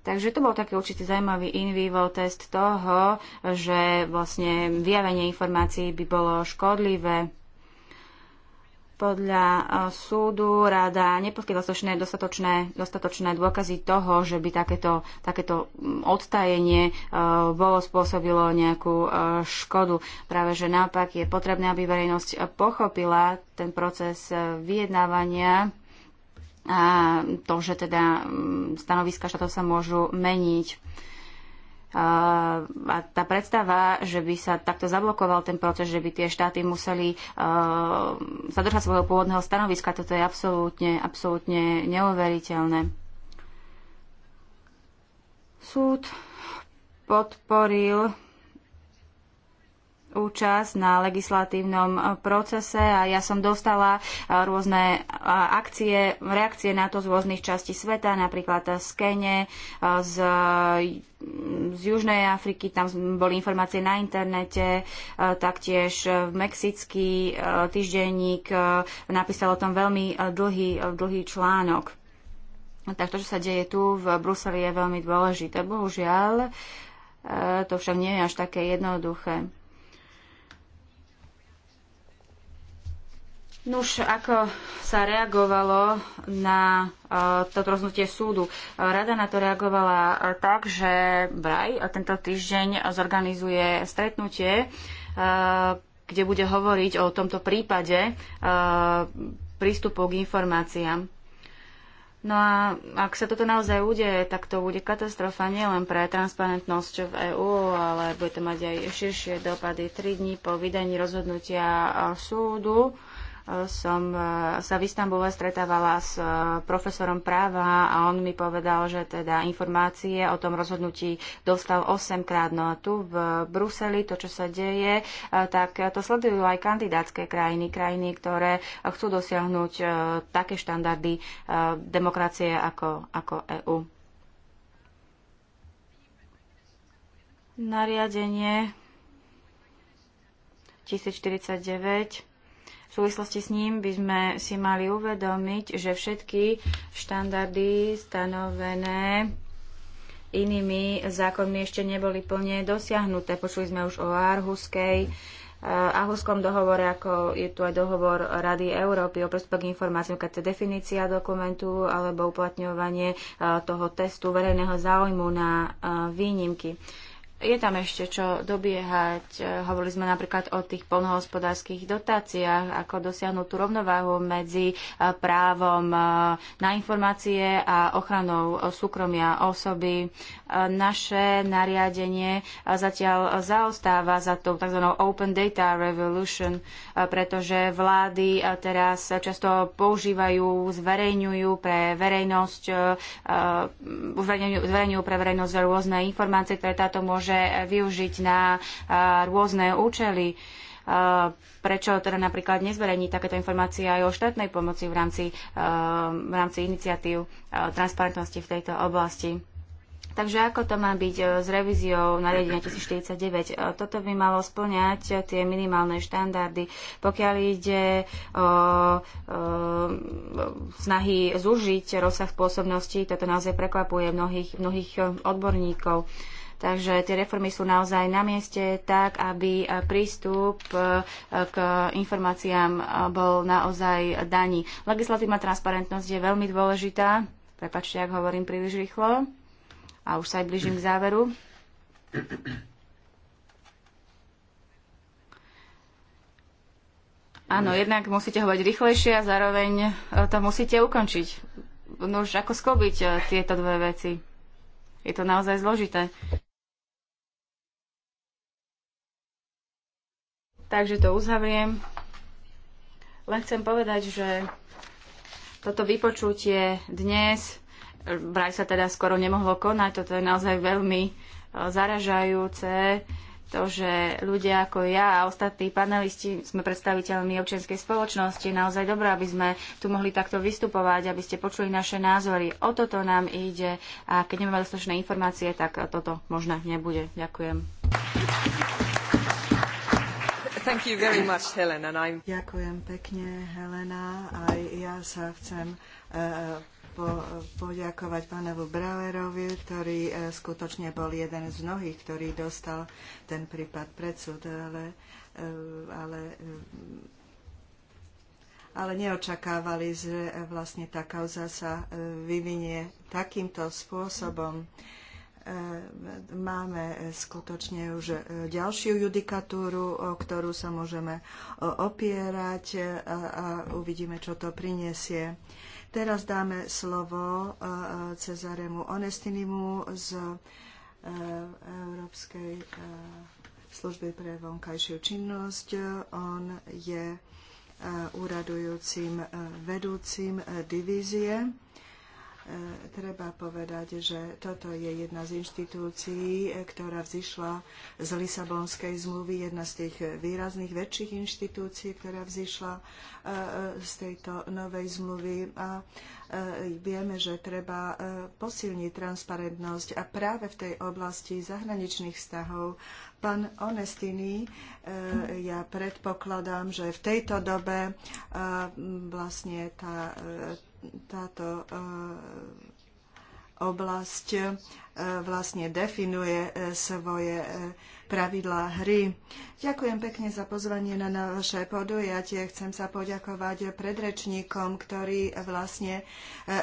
Takže to bol taký určitý zaujímavý in vivo test toho, že vlastne vyjavenie informácií by bolo škodlivé podľa e, súdu rada neposkytla dostatočné, dostatočné, dostatočné dôkazy toho, že by takéto, takéto odtajenie e, bolo spôsobilo nejakú e, škodu. Práve že naopak je potrebné, aby verejnosť pochopila ten proces vyjednávania a to, že teda stanoviska štátov sa môžu meniť a tá predstava, že by sa takto zablokoval ten proces, že by tie štáty museli uh, zadržať svojho pôvodného stanoviska, toto je absolútne, absolútne neuveriteľné. Súd podporil účasť na legislatívnom procese a ja som dostala eh, rôzne eh, akcie, reakcie na to z rôznych častí sveta, napríklad z Kene, eh, z, z Južnej Afriky, tam boli informácie na internete, taktiež mexický týždenník napísal o tom veľmi dlhý, dlhý článok. Tak to, čo sa deje tu v Bruseli, je veľmi dôležité. Bohužiaľ, to však nie je až také jednoduché. Nuž, ako sa reagovalo na uh, toto rozhodnutie súdu? E, rada na to reagovala uh, tak, že Braj tento týždeň zorganizuje stretnutie, uh, kde bude hovoriť o tomto prípade uh, prístupu k informáciám. No a ak sa toto naozaj udeje, tak to bude katastrofa nielen pre transparentnosť v EÚ, ale bude to mať aj širšie dopady. Tri dní po vydaní rozhodnutia súdu som e, sa v Istambule stretávala s e, profesorom práva a on mi povedal, že teda informácie o tom rozhodnutí dostal 8 krát. No a tu v Bruseli to, čo sa deje, e, tak to sledujú aj kandidátske krajiny, krajiny, ktoré chcú dosiahnuť také štandardy demokracie ako, ako EÚ. Nariadenie 1049 v súvislosti s ním by sme si mali uvedomiť, že všetky štandardy stanovené inými zákonmi ešte neboli plne dosiahnuté. Počuli sme už o Arhuskej, eh, Ahuskom dohovore, ako je tu aj dohovor Rady Európy o prístupe k informáciám, keď to definícia dokumentu alebo uplatňovanie eh, toho testu verejného záujmu na eh, výnimky je tam ešte čo dobiehať. E, hovorili sme napríklad o tých polnohospodárských dotáciách, ako dosiahnuť tú rovnováhu medzi e, právom e, na informácie a ochranou súkromia osoby. Naše nariadenie zatiaľ zaostáva za tou tzv. Open Data Revolution, pretože vlády teraz často používajú, zverejňujú pre verejnosť, zverejňujú pre verejnosť rôzne informácie, ktoré táto môže môže využiť na rôzne účely. Prečo teda napríklad nezverejní takéto informácie aj o štátnej pomoci v rámci, v rámci iniciatív transparentnosti v tejto oblasti? Takže ako to má byť e, s revíziou nariadenia 1049? E, toto by malo splňať tie minimálne štandardy. Pokiaľ ide o, o e, snahy zúžiť rozsah pôsobnosti, toto naozaj prekvapuje mnohých, mnohých odborníkov. Takže tie reformy sú naozaj na mieste tak, aby e, prístup e, k informáciám e, bol naozaj daní. Legislatívna transparentnosť je veľmi dôležitá. Prepačte, ak hovorím príliš rýchlo. A už sa aj blížim k záveru. Áno, jednak musíte hovať rýchlejšie a zároveň to musíte ukončiť. No už ako skobiť tieto dve veci? Je to naozaj zložité. takže to uzavriem. Len chcem povedať, že toto vypočutie dnes vraj sa teda skoro nemohlo konať. Toto je naozaj veľmi e, zaražajúce. To, že ľudia ako ja a ostatní panelisti sme predstaviteľmi občianskej spoločnosti, je naozaj dobré, aby sme tu mohli takto vystupovať, aby ste počuli naše názory. O toto nám ide a keď nemáme dostatočné informácie, tak toto možno nebude. Ďakujem much, Helen, Ďakujem pekne, Helena. Aj ja sa chcem eh, po, poďakovať pánovu Brauerovi, ktorý eh, skutočne bol jeden z mnohých, ktorý dostal ten prípad predsud, ale, eh, ale, ale neočakávali, že vlastne tá kauza sa vyvinie takýmto spôsobom. Mm. E, máme e, skutočne už e, ďalšiu judikatúru, o ktorú sa môžeme opierať a uvidíme, čo to prinesie. Teraz dáme slovo Cezaremu Onestinimu z Európskej služby pre vonkajšiu činnosť. On je úradujúcim vedúcim divízie treba povedať, že toto je jedna z inštitúcií, ktorá vzýšla z Lisabonskej zmluvy, jedna z tých výrazných väčších inštitúcií, ktorá vzýšla e, e, z tejto novej zmluvy. A e, vieme, že treba posilniť transparentnosť a práve v tej oblasti zahraničných vzťahov Pán Onestini, ja predpokladám, že v tejto dobe vlastne tá, táto eh, oblasť eh, vlastne definuje eh, svoje pravidlá hry. Ďakujem pekne za pozvanie na naše podujatie. Chcem sa poďakovať predrečníkom, ktorí vlastne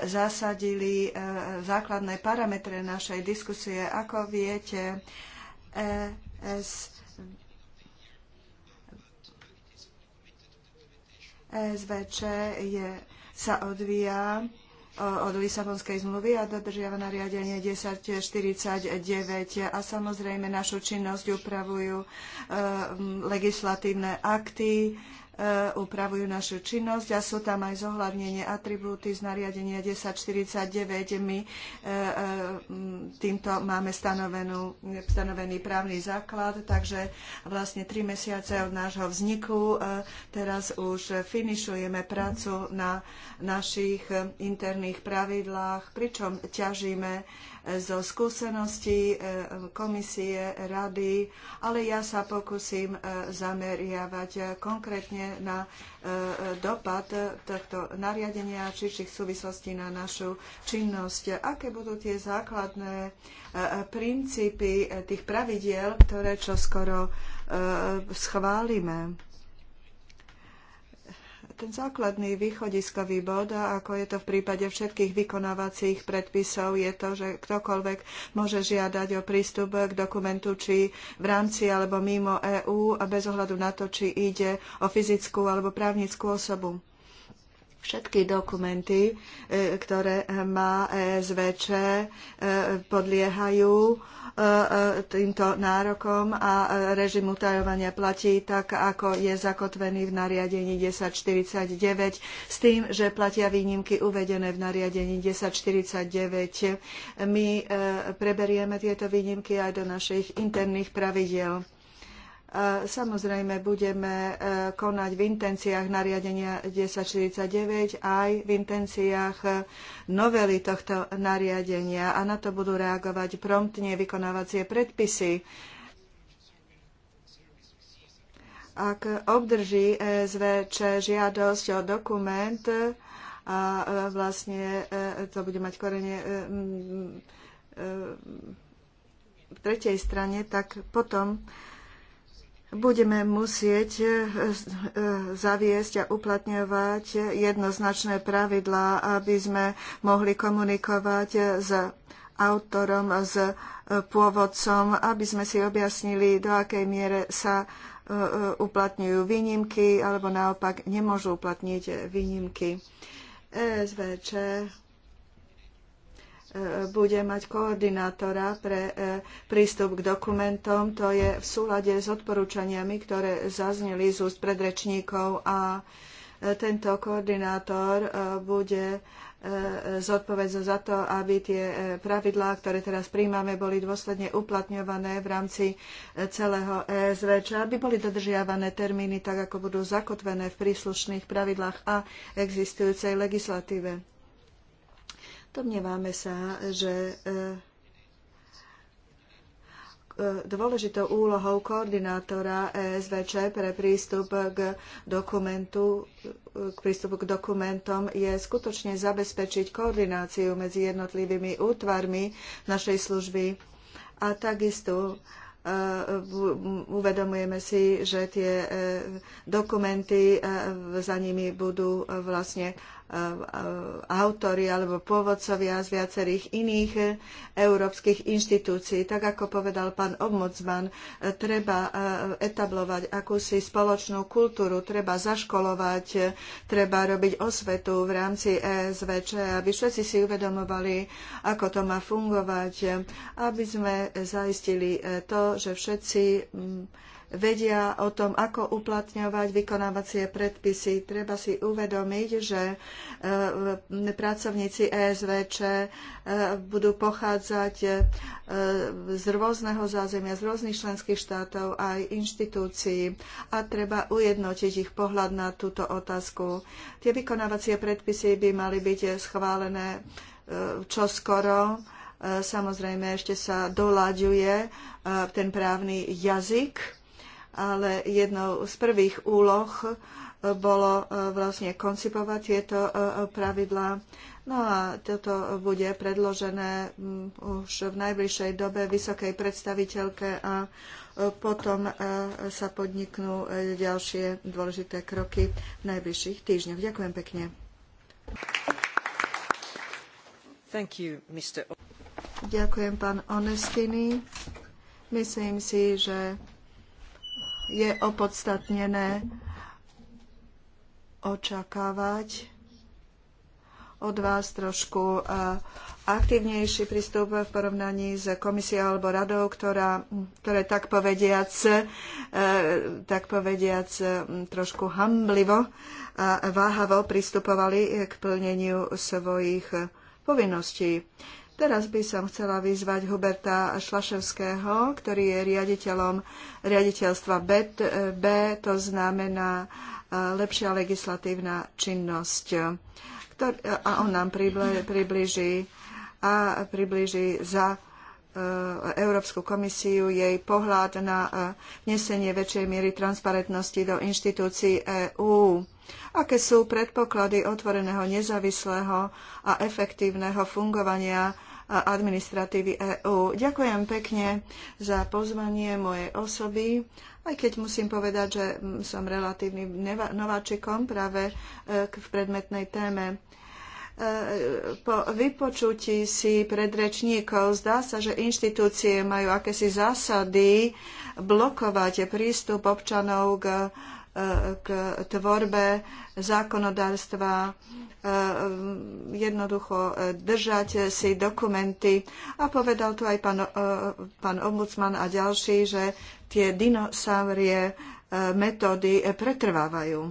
zasadili základné parametre našej diskusie. Ako viete, ESVČ je sa odvíja e, od Lisabonskej zmluvy a dodržiava nariadenie 1049 a samozrejme našu činnosť upravujú e, legislatívne akty, E, upravujú našu činnosť a sú tam aj zohľadnenie atribúty z nariadenia 1049. My e, e, týmto máme stanovenú, stanovený právny základ, takže vlastne tri mesiace od nášho vzniku teraz už finišujeme prácu na našich interných pravidlách, pričom ťažíme zo skúseností e, komisie, rady, ale ja sa pokúsim e, zameriavať e, konkrétne na dopad tohto nariadenia či v súvislostí na našu činnosť. Aké budú tie základné princípy tých pravidiel, ktoré čoskoro schválime? ten základný východiskový bod, a ako je to v prípade všetkých vykonávacích predpisov, je to, že ktokoľvek môže žiadať o prístup k dokumentu, či v rámci alebo mimo EÚ, a bez ohľadu na to, či ide o fyzickú alebo právnickú osobu. Všetky dokumenty, e, ktoré má ESVČ, e, podliehajú e, týmto nárokom a režim utajovania platí tak, ako je zakotvený v nariadení 1049, s tým, že platia výnimky uvedené v nariadení 1049. My preberieme tieto výnimky aj do našich interných pravidiel samozrejme budeme e, konať v intenciách nariadenia 1049 aj v intenciách e, novely tohto nariadenia a na to budú reagovať promptne vykonávacie predpisy. Ak obdrží e SVČ žiadosť o dokument a vlastne to bude mať korene v tretej strane, tak potom budeme musieť e, e, zaviesť a uplatňovať jednoznačné pravidlá, aby sme mohli komunikovať s autorom, s e, pôvodcom, aby sme si objasnili, do akej miere sa uplatňujú výnimky alebo naopak nemôžu uplatniť výnimky. ESVČ bude mať koordinátora pre e, prístup k dokumentom. To je v súlade s odporúčaniami, ktoré zazneli z úst predrečníkov a e, tento koordinátor e, bude zodpovedný za to, aby tie pravidlá, ktoré teraz príjmame, boli dôsledne uplatňované v rámci celého ESVČ, aby boli dodržiavané termíny tak, ako budú zakotvené v príslušných pravidlách a existujúcej legislatíve. Domnievame sa, že e, e, dôležitou úlohou koordinátora ESVČ pre prístup k dokumentu e, k prístupu k dokumentom je skutočne zabezpečiť koordináciu medzi jednotlivými útvarmi našej služby a takisto uvedomujeme si, že tie dokumenty za nimi budú vlastne Eh, autori alebo pôvodcovia z viacerých iných eh, európskych inštitúcií. Tak ako povedal pán obmocman, eh, treba etablovať akúsi spoločnú kultúru, treba zaškolovať, treba robiť osvetu v rámci ESVČ, aby všetci si uvedomovali, ako to má fungovať, aby sme zaistili to, že všetci mm, vedia o tom, ako uplatňovať vykonávacie predpisy. Treba si uvedomiť, že e, pracovníci ESVČ e, budú pochádzať e, z rôzneho zázemia, z rôznych členských štátov aj inštitúcií a treba ujednotiť ich pohľad na túto otázku. Tie vykonávacie predpisy by mali byť schválené čoskoro samozrejme ešte sa doľaďuje ten právny jazyk ale jednou z prvých úloh e, bolo e, vlastne koncipovať tieto e, pravidlá. No a toto bude predložené už v najbližšej dobe vysokej predstaviteľke a potom sa podniknú ďalšie dôležité kroky v najbližších týždňoch. Ďakujem pekne. You, Ďakujem, pán Myslím si, že je opodstatnené očakávať od vás trošku e, aktívnejší prístup v porovnaní s komisiou alebo radou, ktorá, ktoré tak povediac, e, tak povediac e, trošku hamblivo a váhavo pristupovali k plneniu svojich povinností. Teraz by som chcela vyzvať Huberta Šlaševského, ktorý je riaditeľom riaditeľstva B, B, to znamená e, lepšia legislatívna činnosť. Ktorý, a on nám približí, a približí za e, Európsku komisiu jej pohľad na e, vnesenie väčšej miery transparentnosti do inštitúcií EÚ. Aké sú predpoklady otvoreného, nezávislého a efektívneho fungovania administratívy EÚ. Ďakujem pekne za pozvanie mojej osoby, aj keď musím povedať, že mm, som relatívnym nováčikom práve e, v predmetnej téme. E, po vypočutí si predrečníkov zdá sa, že inštitúcie majú akési zásady blokovať prístup občanov k k tvorbe zákonodárstva, e, jednoducho držať si dokumenty. A povedal tu aj pán, e, pán ombudsman a ďalší, že tie dinosaurie e, metódy pretrvávajú.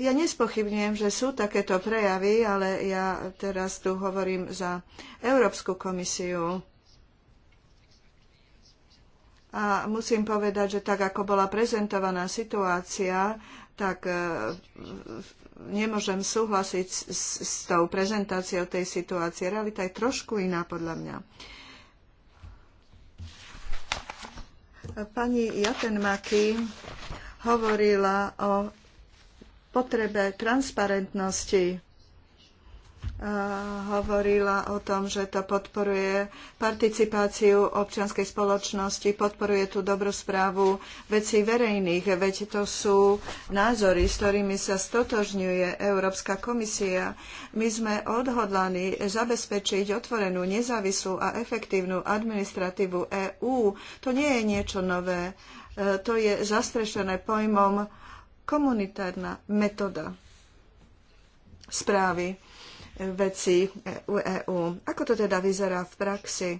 Ja nespochybňujem, že sú takéto prejavy, ale ja teraz tu hovorím za Európsku komisiu a musím povedať, že tak ako bola prezentovaná situácia, tak e, nemôžem súhlasiť s, s tou prezentáciou tej situácie. Realita je trošku iná podľa mňa. Pani Jatenmaki hovorila o potrebe transparentnosti Eh, hovorila o tom, že to podporuje participáciu občianskej spoločnosti, podporuje tú dobrú správu vecí verejných. Veď to sú názory, s ktorými sa stotožňuje Európska komisia. My sme odhodlaní zabezpečiť otvorenú, nezávislú a efektívnu administratívu EÚ. To nie je niečo nové. Eh, to je zastrešené pojmom komunitárna metóda správy veci u EÚ. Ako to teda vyzerá v praxi?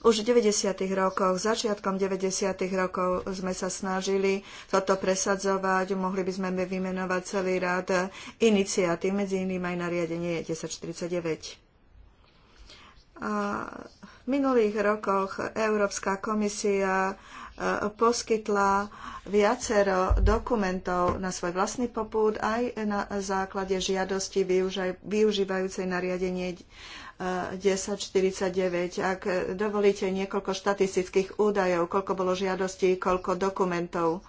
Už v 90. rokoch, začiatkom 90. rokov sme sa snažili toto presadzovať. Mohli by sme vymenovať celý rád iniciatív, medzi iným aj nariadenie 1049. A v minulých rokoch Európska komisia poskytla viacero dokumentov na svoj vlastný popút aj na základe žiadosti využívajúcej nariadenie 1049. E, Ak dovolíte niekoľko štatistických údajov, koľko bolo žiadostí, koľko dokumentov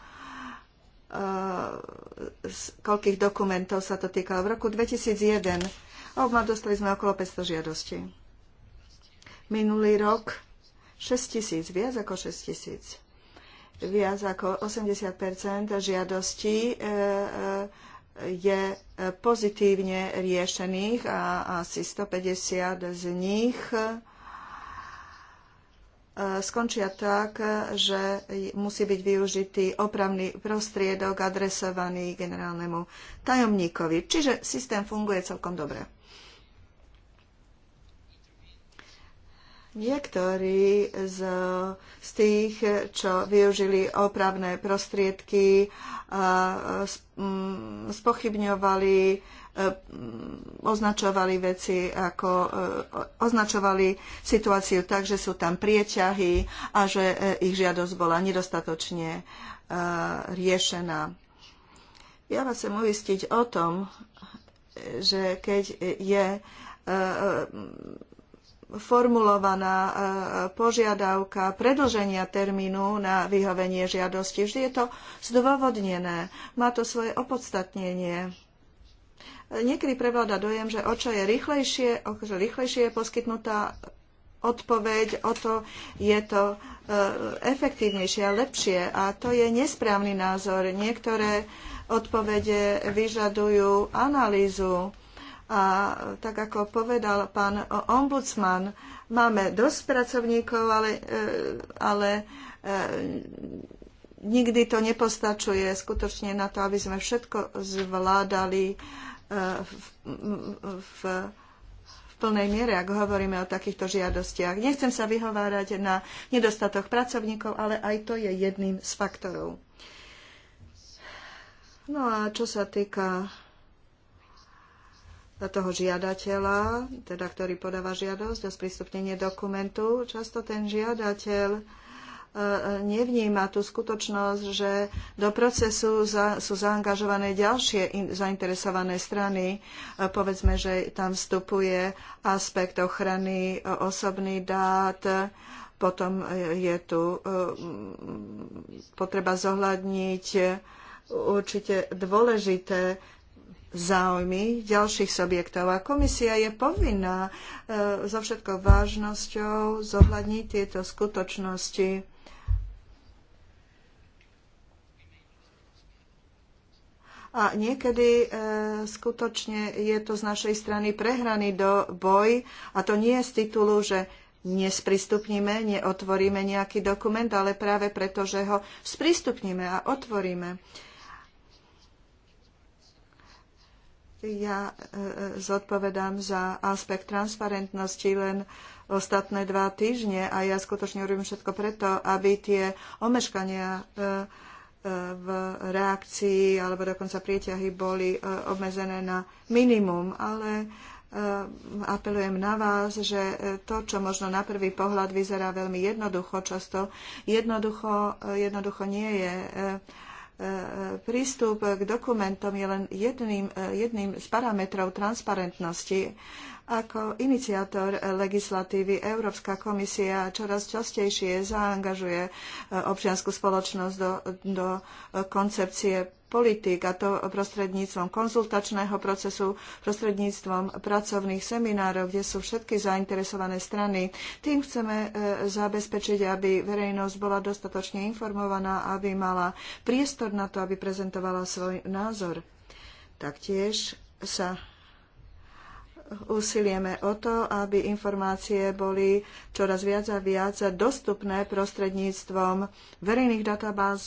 z e, koľkých dokumentov sa to týkalo. V roku 2001 dostali sme okolo 500 žiadostí. Minulý rok 6 tisíc, viac ako 6 tisíc. Viac ako 80 žiadostí e, e, je pozitívne riešených a asi 150 z nich e, skončia tak, že musí byť využitý opravný prostriedok adresovaný generálnemu tajomníkovi. Čiže systém funguje celkom dobre. Niektorí z, z tých, čo využili opravné prostriedky, mm, spochybňovali, e, mm, označovali veci ako e, označovali situáciu tak, že sú tam prieťahy a že e, ich žiadosť bola nedostatočne riešená. Ja vás chcem uistiť o tom, že keď je formulovaná e, požiadavka predlženia termínu na vyhovenie žiadosti. Vždy je to zdôvodnené, má to svoje opodstatnenie. Niekedy prevláda dojem, že o čo je rýchlejšie, o čo rýchlejšie je poskytnutá odpoveď, o to je to e, efektívnejšie a lepšie. A to je nesprávny názor. Niektoré odpovede vyžadujú analýzu a tak ako povedal pán ombudsman, máme dosť pracovníkov, ale, eh, ale eh, nikdy to nepostačuje skutočne na to, aby sme všetko zvládali eh, v, v, v plnej miere, ak hovoríme o takýchto žiadostiach. Nechcem sa vyhovárať na nedostatok pracovníkov, ale aj to je jedným z faktorov. No a čo sa týka toho žiadateľa, teda ktorý podáva žiadosť o sprístupnenie dokumentu, často ten žiadateľ e, nevníma tú skutočnosť, že do procesu za, sú zaangažované ďalšie in, zainteresované strany. E, povedzme, že tam vstupuje aspekt ochrany e, osobných dát, potom je tu potreba zohľadniť určite dôležité záujmy ďalších subjektov. A komisia je povinná e, so všetkou vážnosťou zohľadniť tieto skutočnosti. A niekedy e, skutočne je to z našej strany prehraný do boj a to nie je z titulu, že nesprístupníme, neotvoríme nejaký dokument, ale práve preto, že ho sprístupníme a otvoríme. E, Ja e, zodpovedám za aspekt transparentnosti len ostatné dva týždne a ja skutočne robím všetko preto, aby tie omeškania e, e, v reakcii alebo dokonca prieťahy boli obmedzené na minimum, ale apelujem na vás, že to, čo možno na prvý pohľad vyzerá veľmi jednoducho, často jednoducho, jednoducho nie je prístup k dokumentom je len jedným, jedným z parametrov transparentnosti ako iniciátor legislatívy Európska komisia čoraz častejšie zaangažuje e, občiansku spoločnosť do, do koncepcie politik, a to prostredníctvom konzultačného procesu, prostredníctvom pracovných seminárov, kde sú všetky zainteresované strany. Tým chceme e, zabezpečiť, aby verejnosť bola dostatočne informovaná, aby mala priestor na to, aby prezentovala svoj názor. Taktiež sa usilieme o to, aby informácie boli čoraz viac a viac dostupné prostredníctvom verejných databáz.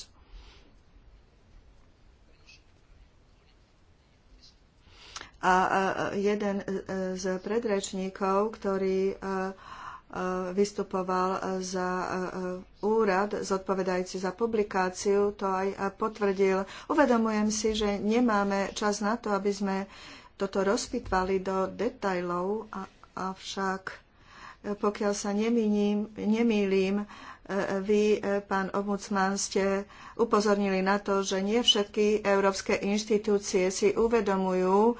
A jeden z predrečníkov, ktorý vystupoval za úrad zodpovedajúci za publikáciu, to aj potvrdil. Uvedomujem si, že nemáme čas na to, aby sme toto rozpitvali do detajlov, a, avšak e, pokiaľ sa nemýlim, nemýlim vy, e, pán obmucman, ste upozornili na to, že nie všetky európske inštitúcie si uvedomujú,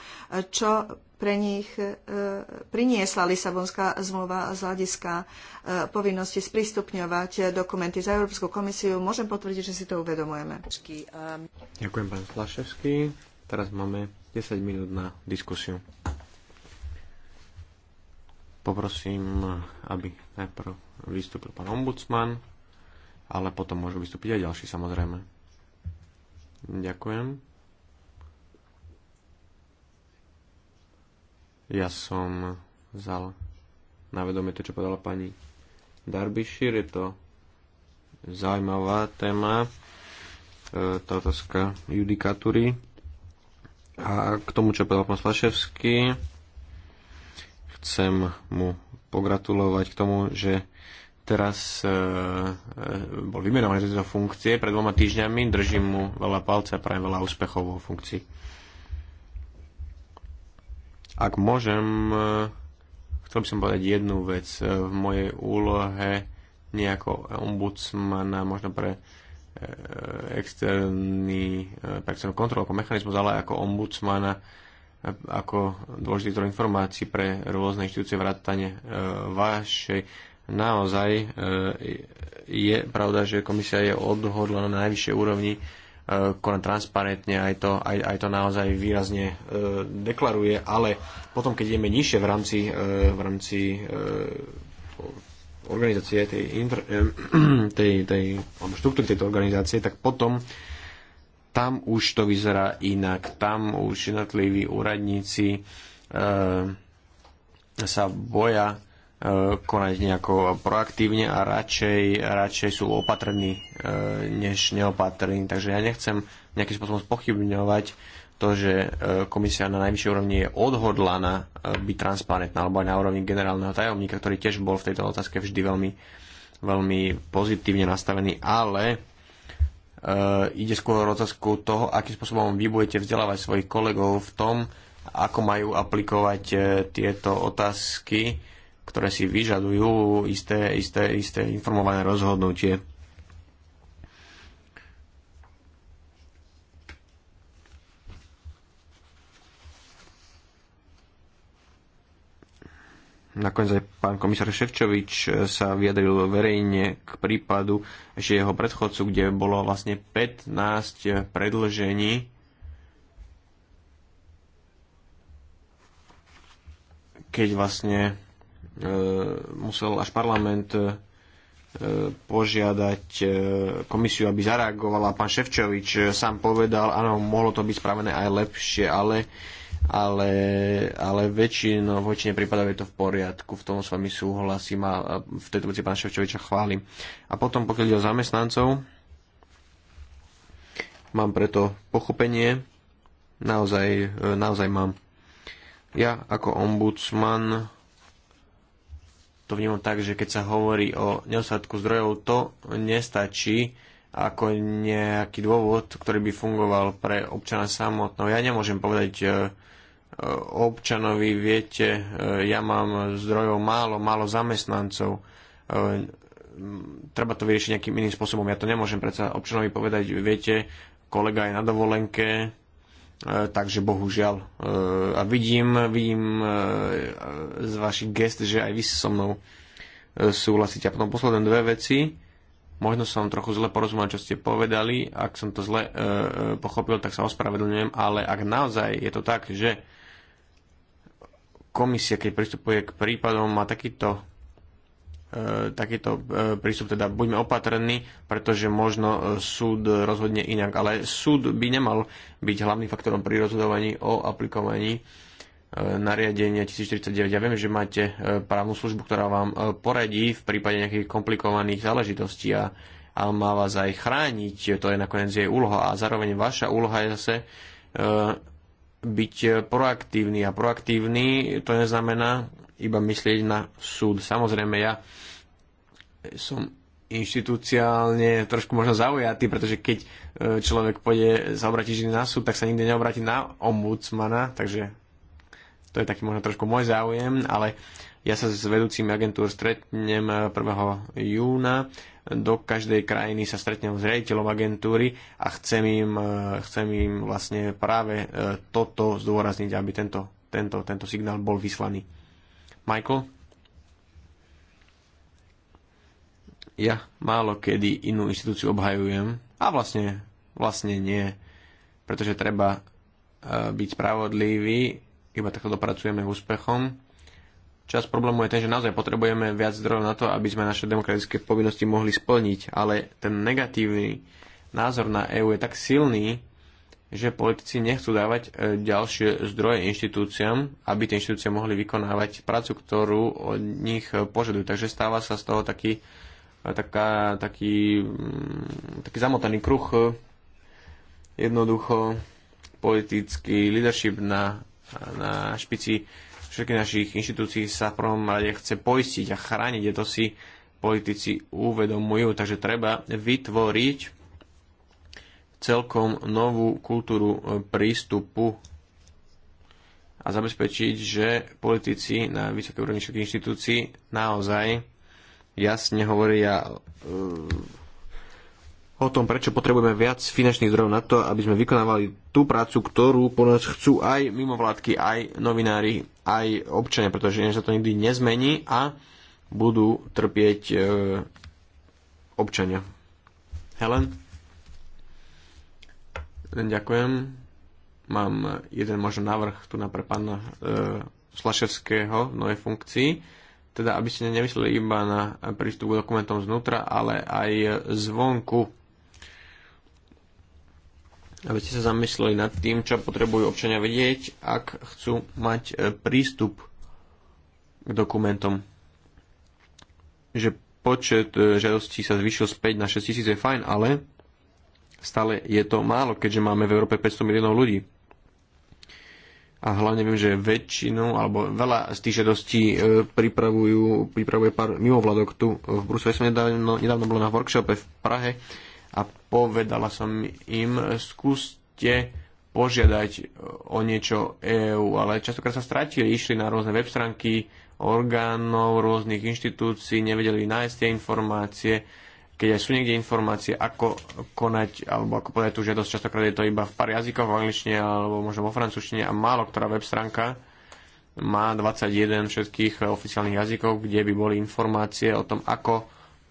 čo pre nich e, priniesla Lisabonská zmluva z hľadiska povinnosti sprístupňovať dokumenty za Európsku komisiu. Môžem potvrdiť, že si to uvedomujeme. Ďakujem, pán Flaševský. Teraz máme 10 minút na diskusiu. Poprosím, aby najprv vystúpil pán ombudsman, ale potom môžu vystúpiť aj ďalší samozrejme. Ďakujem. Ja som vzal na vedomie to, čo povedala pani Darbyšir. Je to zaujímavá téma, e, tá otázka judikatúry a k tomu, čo povedal pán Slaševský, chcem mu pogratulovať k tomu, že teraz e, e bol vymenovaný do funkcie pred dvoma týždňami. Držím mu veľa palca a prajem veľa úspechov vo funkcii. Ak môžem, e, chcel by som povedať jednu vec. E, v mojej úlohe nejako ombudsmana, možno pre e, E, externý, e, personal control ako mechanizmus, ale ako ombudsmana, e, ako dôležitý zdroj informácií pre rôzne inštitúcie vrátane vašej. Naozaj je pravda, že komisia je odhodla na najvyššej úrovni konať transparentne, aj to, aj, aj to naozaj výrazne e, deklaruje, ale potom, keď ideme nižšie v rámci, e, v rámci e, organizácie, tej, infra, tej, tej alebo štruktúry tejto organizácie, tak potom tam už to vyzerá inak. Tam už jednotliví úradníci e, sa boja e, konať nejako proaktívne a radšej, radšej sú opatrní e, než neopatrní. Takže ja nechcem nejakým spôsobom spochybňovať to, že e, komisia na najvyššej úrovni je odhodlaná e, byť transparentná, alebo aj na úrovni generálneho tajomníka, ktorý tiež bol v tejto otázke vždy veľmi, veľmi pozitívne nastavený, ale e, ide skôr o otázku toho, akým spôsobom vy budete vzdelávať svojich kolegov v tom, ako majú aplikovať e, tieto otázky, ktoré si vyžadujú isté, isté, isté informované rozhodnutie Nakoniec aj pán komisár Ševčovič eh, sa vyjadril verejne k prípadu ešte jeho predchodcu, kde bolo vlastne 15 eh, predlžení keď vlastne e, musel až parlament e, požiadať e, komisiu, aby zareagovala. Pán Ševčovič sám povedal, áno, mohlo to byť spravené aj lepšie, ale e, ale, ale väčšinou, v väčšine prípadov je to v poriadku, v tom s vami súhlasím a v tejto veci pána Ševčoviča chválim. A potom, pokiaľ ide o zamestnancov, mám preto pochopenie, naozaj, e, naozaj mám. Ja ako ombudsman to vnímam tak, že keď sa hovorí o nedostatku zdrojov, to nestačí ako nejaký dôvod, ktorý by fungoval pre občana samotného. Ja nemôžem povedať, e, občanovi, viete, e, ja mám zdrojov málo, málo zamestnancov, e, treba to vyriešiť nejakým iným spôsobom. Ja to nemôžem predsa občanovi povedať, viete, kolega je na dovolenke, e, takže bohužiaľ. A vidím, vidím z vašich gest, že aj vy so mnou súhlasíte. A potom posledné dve veci. Možno som trochu zle porozumel, čo ste povedali. Ak som to zle pochopil, tak sa ospravedlňujem. Ale ak naozaj je to tak, že komisia, keď pristupuje k prípadom, má takýto e, takýto e, prístup, teda buďme opatrní, pretože možno e, súd rozhodne inak. Ale súd by nemal byť hlavným faktorom pri rozhodovaní o aplikovaní nariadenia 1049. Ja viem, že máte právnu službu, ktorá vám poradí v prípade nejakých komplikovaných záležitostí a, a má vás aj chrániť. To je nakoniec jej úloha a zároveň vaša úloha je zase byť e, proaktívny a proaktívny to neznamená iba myslieť na súd. Samozrejme, ja som inštitúciálne trošku možno zaujatý, pretože keď e, človek pôjde sa obrátiť na súd, tak sa nikdy neobráti na ombudsmana, takže to je taký možno trošku môj záujem, ale ja sa s vedúcimi agentúr stretnem 1. E, júna do každej krajiny sa stretnem s riaditeľom agentúry a chcem im, e, chcem im vlastne práve e, toto zdôrazniť, aby tento, tento, tento signál bol vyslaný. Michael? Ja málo kedy inú inštitúciu obhajujem a vlastne, vlastne nie, pretože treba e, byť spravodlivý, iba takto dopracujeme úspechom Čas problému je ten, že naozaj potrebujeme viac zdrojov na to, aby sme naše demokratické povinnosti mohli splniť, ale ten negatívny názor na EÚ je tak silný, že politici nechcú dávať e, ďalšie zdroje inštitúciám, aby tie inštitúcie mohli vykonávať prácu, ktorú od nich e, požadujú. Takže stáva sa z toho taký, e, taká, taký, mm, taký zamotaný kruh. Jednoducho politický leadership na, na špici všetkých našich inštitúcií sa v prvom rade chce poistiť a chrániť. Je to si politici uvedomujú, takže treba vytvoriť celkom novú kultúru e, prístupu a zabezpečiť, že politici na vysokej úrovni všetkých inštitúcií naozaj jasne hovoria e, o tom, prečo potrebujeme viac finančných zdrojov na to, aby sme vykonávali tú prácu, ktorú po nás chcú aj mimovládky, aj novinári, aj občania, pretože sa to nikdy nezmení a budú trpieť e, občania. Helen? Ďakujem. Mám jeden možno návrh tu na pre pána e, Slaševského v novej funkcii teda aby ste nemysleli iba na prístup k dokumentom znútra, ale aj zvonku aby ste sa zamysleli nad tým, čo potrebujú občania vedieť, ak chcú mať e, prístup k dokumentom. Že počet e, žiadostí sa zvyšil z 5 na 6 tisíc je fajn, ale stále je to málo, keďže máme v Európe 500 miliónov ľudí. A hlavne viem, že väčšinu alebo veľa z tých žiadostí e, pripravujú, pripravuje pár mimovládok tu v Bruseli. Som nedávno, nedávno bol na workshope v Prahe, a povedala som im, skúste požiadať e, o niečo EÚ, ale častokrát sa stratili, išli na rôzne web stránky orgánov, rôznych inštitúcií, nevedeli nájsť tie informácie, keď aj sú niekde informácie, ako konať alebo ako podať tú žiadosť, častokrát je to iba v pár jazykoch, v angličtine alebo možno vo francúzštine a málo ktorá web stránka má 21 všetkých oficiálnych jazykov, kde by boli informácie o tom, ako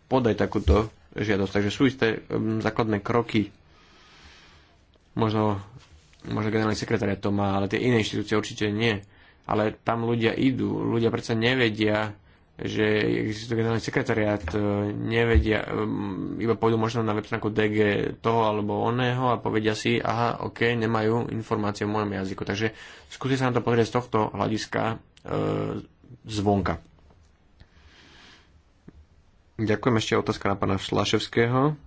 podať takúto žiadosť. Takže sú isté um, základné kroky. Možno, možno generálny sekretariat to má, ale tie iné inštitúcie určite nie. Ale tam ľudia idú. Ľudia predsa nevedia, že existuje generálny sekretariat, e, nevedia, um, iba pôjdu možno na web stránku DG toho alebo oného a povedia si, aha, ok, nemajú informácie o mojom jazyku. Takže skúste sa na to pozrieť z tohto hľadiska e, zvonka. Ďakujem. Ešte otázka na pána Šlaševského.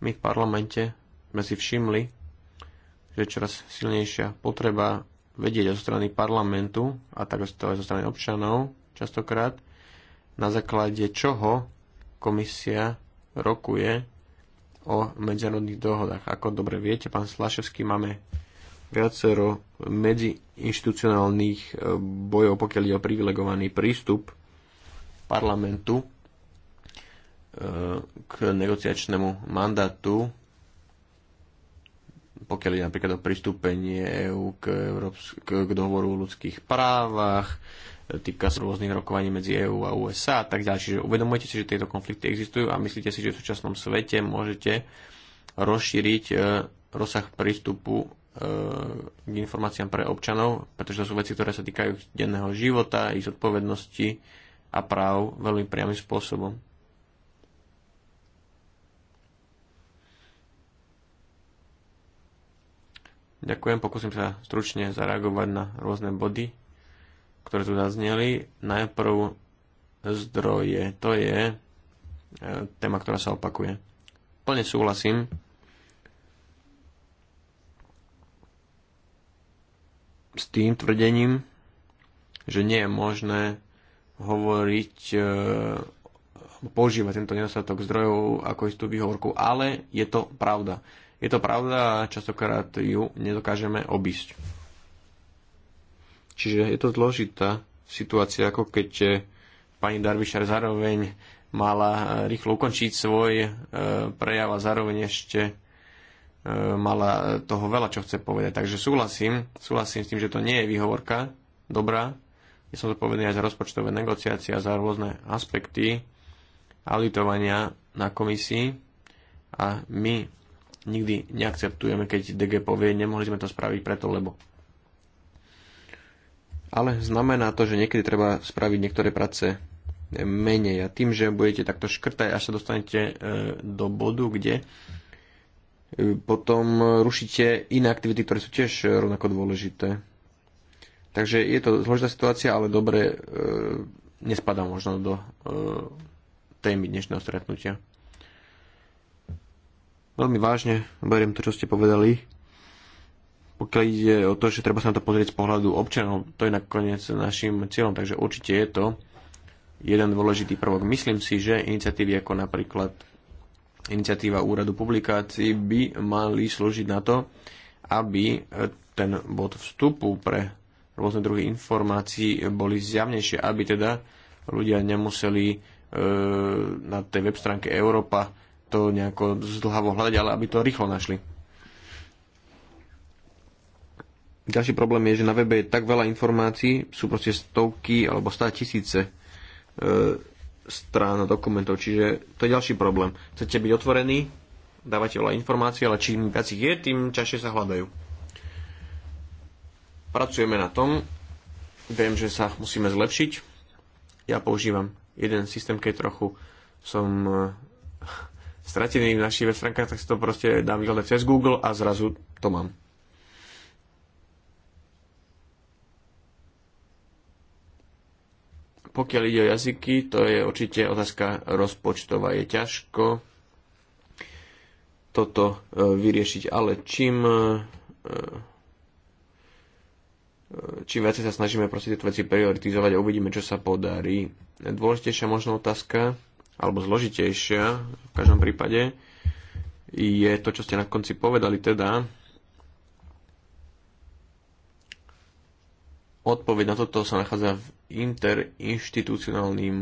My v parlamente sme si všimli, že čoraz silnejšia potreba vedieť zo strany parlamentu a takisto aj zo strany občanov častokrát, na základe čoho komisia rokuje o medzinárodných dohodách. Ako dobre viete, pán Slaševský, máme viacero medzi inštitucionálnych eh, bojov, pokiaľ je o privilegovaný prístup parlamentu eh, k negociačnému mandátu, pokiaľ je napríklad o pristúpenie EÚ k, Európs- k, k dohovoru o ľudských právach, eh, týka sa rôznych rokovaní medzi EÚ a USA a tak ďalej. Čiže uvedomujete si, že tieto konflikty existujú a myslíte si, že v súčasnom svete môžete rozšíriť rozsah prístupu k informáciám pre občanov, pretože to sú veci, ktoré sa týkajú denného života, ich zodpovednosti a práv veľmi priamým spôsobom. Ďakujem, pokúsim sa stručne zareagovať na rôzne body, ktoré tu zazneli. Najprv zdroje, to je e, téma, ktorá sa opakuje. Plne súhlasím s tým tvrdením, že nie je možné hovoriť, e, používať tento nedostatok zdrojov ako istú výhovorku, ale je to pravda. Je to pravda a častokrát ju nedokážeme obísť. Čiže je to zložitá situácia, ako keď e, pani Darvišar zároveň mala e, rýchlo ukončiť svoj e, prejav a zároveň ešte mala toho veľa, čo chce povedať. Takže súhlasím, súhlasím s tým, že to nie je výhovorka dobrá. Ja som povedal aj za rozpočtové negociácie a za rôzne aspekty auditovania na komisii a my nikdy neakceptujeme, keď DG povie, nemohli sme to spraviť preto, lebo ale znamená to, že niekedy treba spraviť niektoré práce menej a tým, že budete takto škrtať, až sa dostanete e, do bodu, kde potom rušíte iné aktivity, ktoré sú tiež e, rovnako dôležité. Takže je to zložitá situácia, ale dobre e, nespadá možno do e, témy dnešného stretnutia. Veľmi vážne beriem to, čo ste povedali. Pokiaľ ide o to, že treba sa na to pozrieť z pohľadu občanov, to je nakoniec našim cieľom, takže určite je to jeden dôležitý prvok. Myslím si, že iniciatívy ako napríklad iniciatíva úradu publikácií by mali slúžiť na to, aby e, ten bod vstupu pre rôzne druhy informácií boli zjavnejšie, aby teda ľudia nemuseli e, na tej web stránke Európa to nejako zdlhavo hľadať, ale aby to rýchlo našli. Ďalší problém je, že na webe je tak veľa informácií, sú proste stovky alebo stá tisíce e, strán dokumentov, čiže to je ďalší problém. Chcete byť otvorení, dávate veľa informácií, ale čím viac ich je, tým ťažšie sa hľadajú. Pracujeme na tom, viem, že sa musíme zlepšiť. Ja používam jeden systém, keď trochu som eh, stratený v našich web stránkach, tak si to proste dám vyhľadať cez Google a zrazu to mám. Pokiaľ ide o jazyky, to je určite otázka rozpočtová. Je ťažko toto e, vyriešiť, ale čím e, e, čím viac sa snažíme proste tieto veci prioritizovať a uvidíme, čo sa podarí. Dôležitejšia možná otázka, alebo zložitejšia v každom prípade, je to, čo ste na konci povedali, teda odpoveď na toto sa nachádza v interinstitucionálnym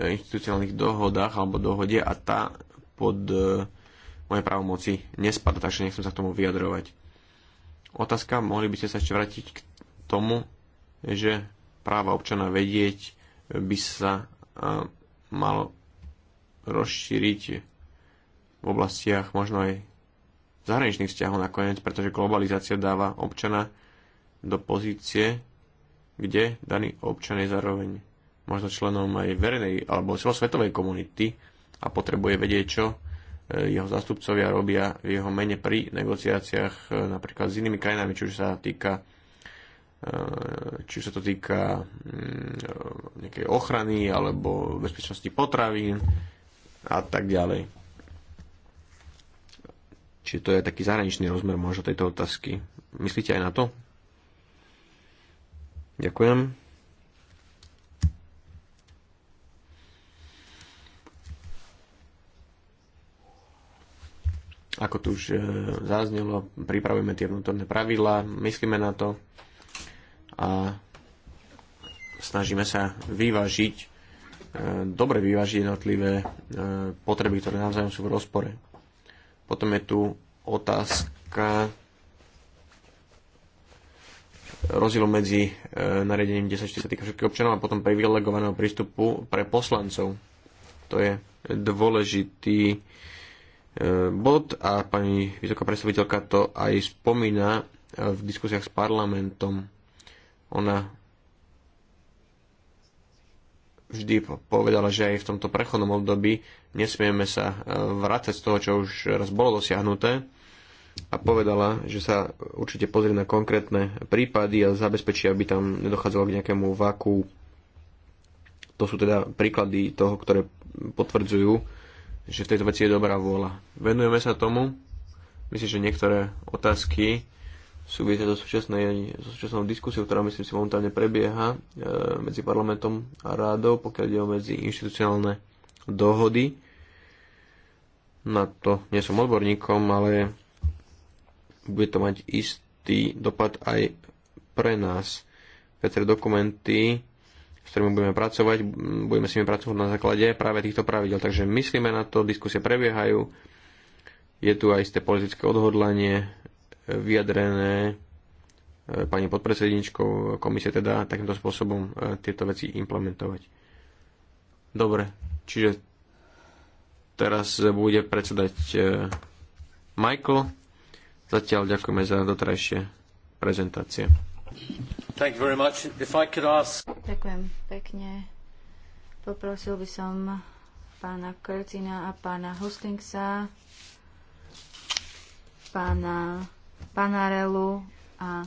eh, inštitucionálnych dohodách alebo dohode a tá pod eh, moje právomoci nespadá, takže nechcem sa k tomu vyjadrovať. Otázka, mohli by ste sa ešte vrátiť k tomu, že práva občana vedieť by sa eh, malo rozšíriť v oblastiach možno aj zahraničných vzťahov nakoniec, pretože globalizácia dáva občana do pozície, kde daný občan je zároveň možno členom aj verejnej alebo celosvetovej komunity a potrebuje vedieť, čo e, jeho zástupcovia robia v jeho mene pri negociáciách e, napríklad s inými krajinami, či už sa týka e, či sa to týka mm, nejakej ochrany alebo bezpečnosti potravín a tak ďalej. Čiže to je taký zahraničný rozmer možno tejto otázky. Myslíte aj na to? Ďakujem. Ako tu už e, zaznelo, pripravujeme tie vnútorné pravidlá, myslíme na to a snažíme sa vyvážiť, e, dobre vyvážiť jednotlivé e, potreby, ktoré navzájom sú v rozpore. Potom je tu otázka rozdielom medzi e, nariadením čo sa týka všetkých občanov a potom privilegovaného prístupu pre poslancov. To je dôležitý e, bod a pani vysoká predstaviteľka to aj spomína e, v diskusiách s parlamentom. Ona vždy povedala, že aj v tomto prechodnom období nesmieme sa vrácať z toho, čo už raz bolo dosiahnuté a povedala, že sa určite pozrie na konkrétne prípady a zabezpečí, aby tam nedochádzalo k nejakému vaku. To sú teda príklady toho, ktoré potvrdzujú, že v tejto veci je dobrá vôľa. Venujeme sa tomu. Myslím, že niektoré otázky súvisia so, so súčasnou diskusiou, ktorá myslím si momentálne prebieha e, medzi parlamentom a rádou, pokiaľ ide o medzi inštitucionálne dohody. Na to nie som odborníkom, ale bude to mať istý dopad aj pre nás. Viaceré dokumenty, s ktorými budeme pracovať, budeme s nimi pracovať na základe práve týchto pravidel. Takže myslíme na to, diskusie prebiehajú, je tu aj isté politické odhodlanie e, vyjadrené e, pani podpredsedničkou komisie teda takýmto spôsobom e, tieto veci implementovať. Dobre, čiže teraz bude predsedať Michael. Zatiaľ ďakujeme za doterajšie prezentácie. Ask... Ďakujem pekne. Poprosil by som pána Krcina a pána Hustingsa, pána Panarelu a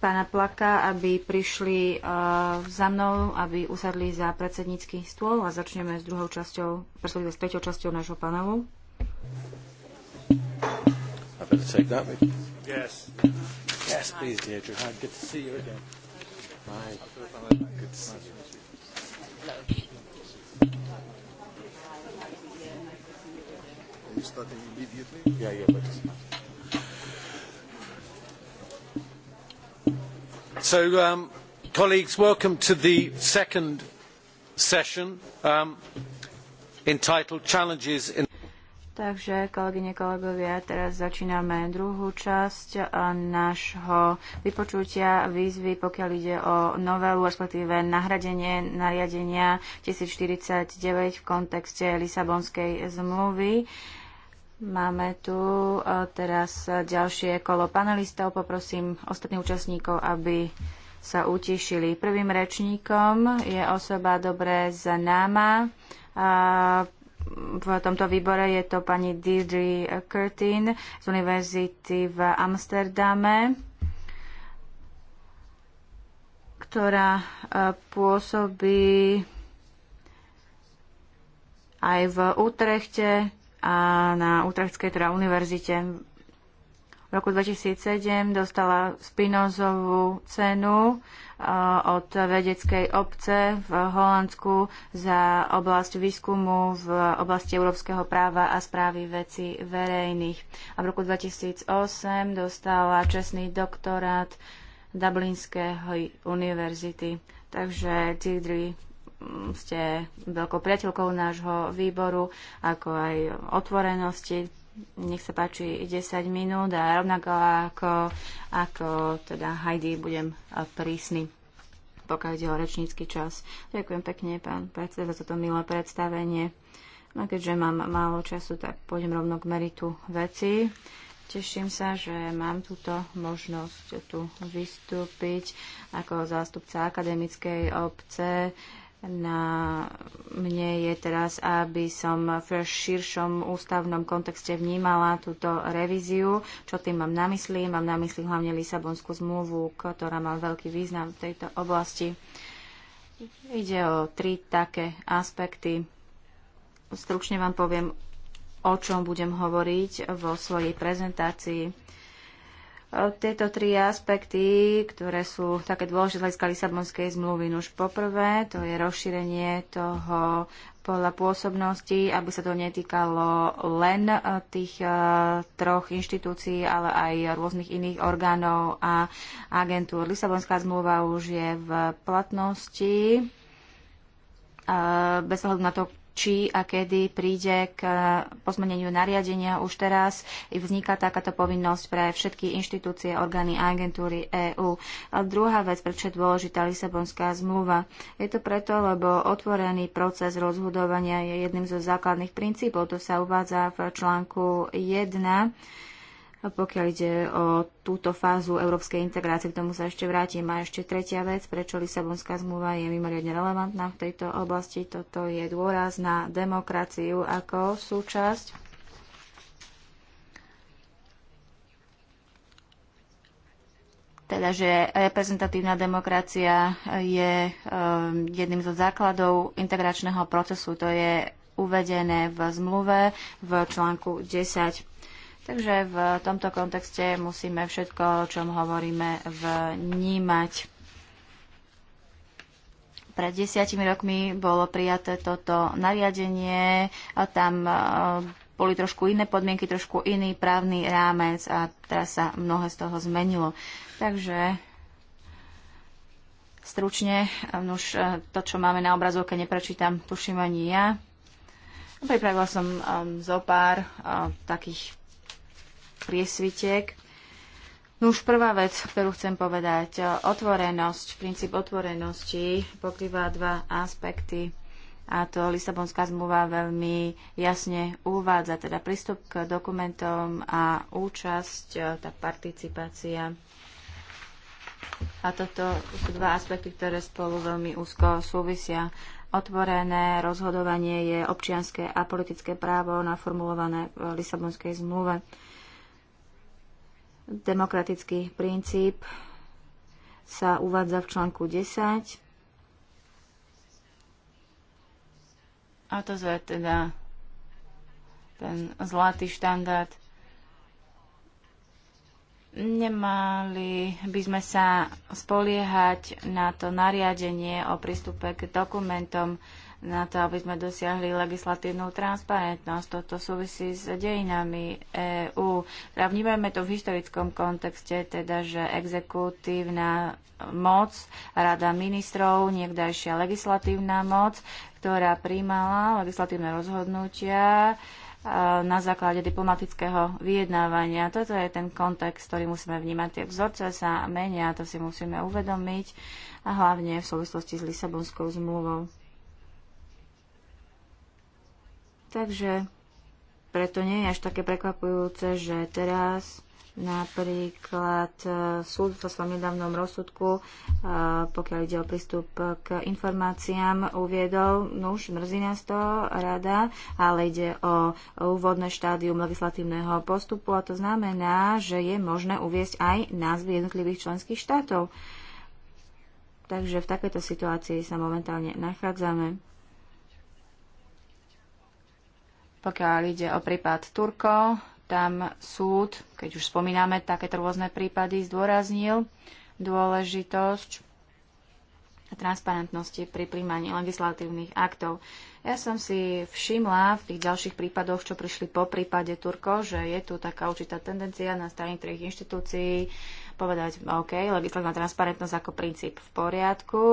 pána Plaka, aby prišli uh, za mnou, aby usadli za predsednícky stôl a začneme s druhou časťou, respektíve s treťou časťou nášho panelu. starting immediately? Yeah, yeah, but it's not. Um, colleagues, welcome to the second session um, entitled Challenges in Takže, kolegyne, kolegovia, teraz začíname druhú časť uh, nášho vypočutia výzvy, pokiaľ ide o novelu, respektíve nahradenie nariadenia 1049 v kontexte Lisabonskej zmluvy. Uh, Máme tu e, teraz ďalšie kolo panelistov. Poprosím ostatných účastníkov, aby sa utišili. Prvým rečníkom je osoba dobre známa. V tomto výbore je to pani Deirdre Curtin z univerzity v Amsterdame ktorá e, pôsobí aj v Utrechte, a na Utrechtskej teda univerzite. V roku 2007 dostala Spinozovú cenu e, od vedeckej obce v Holandsku za oblasť výskumu v oblasti európskeho práva a správy veci verejných. A v roku 2008 dostala čestný doktorát Dublinskej univerzity. Takže Tigri ste veľkou priateľkou nášho výboru, ako aj otvorenosti. Nech sa páči 10 minút a rovnako ako, ako teda Heidi budem eh, prísny pokiaľ ide o rečnícky čas. Ďakujem pekne, pán predseda, za toto milé predstavenie. No keďže mám málo času, tak pôjdem rovno k meritu veci. Teším sa, že mám túto možnosť tu vystúpiť ako zástupca akademickej obce. Na mne je teraz, aby som v širšom ústavnom kontexte vnímala túto revíziu. Čo tým mám na mysli? Mám na mysli hlavne Lisabonskú zmluvu, ktorá má veľký význam v tejto oblasti. Ide o tri také aspekty. Stručne vám poviem, o čom budem hovoriť vo svojej prezentácii tieto tri aspekty, ktoré sú také dôležité z Lisabonskej zmluvy. Už poprvé, to je rozšírenie toho podľa pôsobnosti, aby sa to netýkalo len eh, tých uh, troch inštitúcií, ale aj rôznych iných orgánov a agentúr. Lisabonská zmluva už je v platnosti eh, bez ohľadu na to, či a kedy príde k eh, pozmeneniu nariadenia. Už teraz vzniká takáto povinnosť pre všetky inštitúcie, orgány a agentúry EÚ. A druhá vec, prečo je dôležitá Lisabonská zmluva. Je to preto, lebo otvorený proces rozhodovania je jedným zo základných princípov. To sa uvádza v článku 1 pokiaľ ide o túto fázu európskej integrácie, k tomu sa ešte vrátim. A ešte tretia vec, prečo Lisabonská zmluva je mimoriadne relevantná v tejto oblasti. Toto je dôraz na demokraciu ako súčasť teda že reprezentatívna demokracia je um, jedným zo základov integračného procesu. To je uvedené v zmluve v článku 10 Takže v tomto kontexte musíme všetko, o čom hovoríme, vnímať. Pred desiatimi rokmi bolo prijaté toto nariadenie, a tam e, boli trošku iné podmienky, trošku iný právny rámec a teraz sa mnohé z toho zmenilo. Takže stručne, no už e, to, čo máme na obrazovke, neprečítam, tuším ani ja. Pripravila som um, zo pár uh, takých priesvitek. No už prvá vec, ktorú chcem povedať, otvorenosť, princíp otvorenosti pokrýva dva aspekty a to Lisabonská zmluva veľmi jasne uvádza, teda prístup k dokumentom a účasť, e, tá participácia. A toto sú dva aspekty, ktoré spolu veľmi úzko súvisia. Otvorené rozhodovanie je občianské a politické právo naformulované v Lisabonskej zmluve. Demokratický princíp sa uvádza v článku 10. A to je teda ten zlatý štandard. Nemali by sme sa spoliehať na to nariadenie o prístupe k dokumentom, na to, aby sme dosiahli legislatívnu transparentnosť. Toto súvisí s dejinami EÚ. Teda vnímajme to v historickom kontexte, teda, že exekutívna moc, rada ministrov, niekdajšia legislatívna moc, ktorá príjmala legislatívne rozhodnutia, e, na základe diplomatického vyjednávania. Toto je ten kontext, ktorý musíme vnímať. Tie vzorce sa menia, to si musíme uvedomiť a hlavne v súvislosti s Lisabonskou zmluvou. Takže preto nie je až také prekvapujúce, že teraz napríklad e, súd vo svojom nedávnom rozsudku, e, pokiaľ ide o prístup k informáciám, uviedol, no už mrzí nás to rada, ale ide o úvodné štádium legislatívneho postupu a to znamená, že je možné uviesť aj názvy jednotlivých členských štátov. Takže v takejto situácii sa momentálne nachádzame. Pokiaľ ide o prípad Turko, tam súd, keď už spomíname takéto rôzne prípady, zdôraznil dôležitosť a transparentnosti pri príjmaní legislatívnych aktov. Ja som si všimla v tých ďalších prípadoch, čo prišli po prípade Turko, že je tu taká určitá tendencia na strane niektorých inštitúcií povedať, OK, legislatívna transparentnosť ako princíp v poriadku,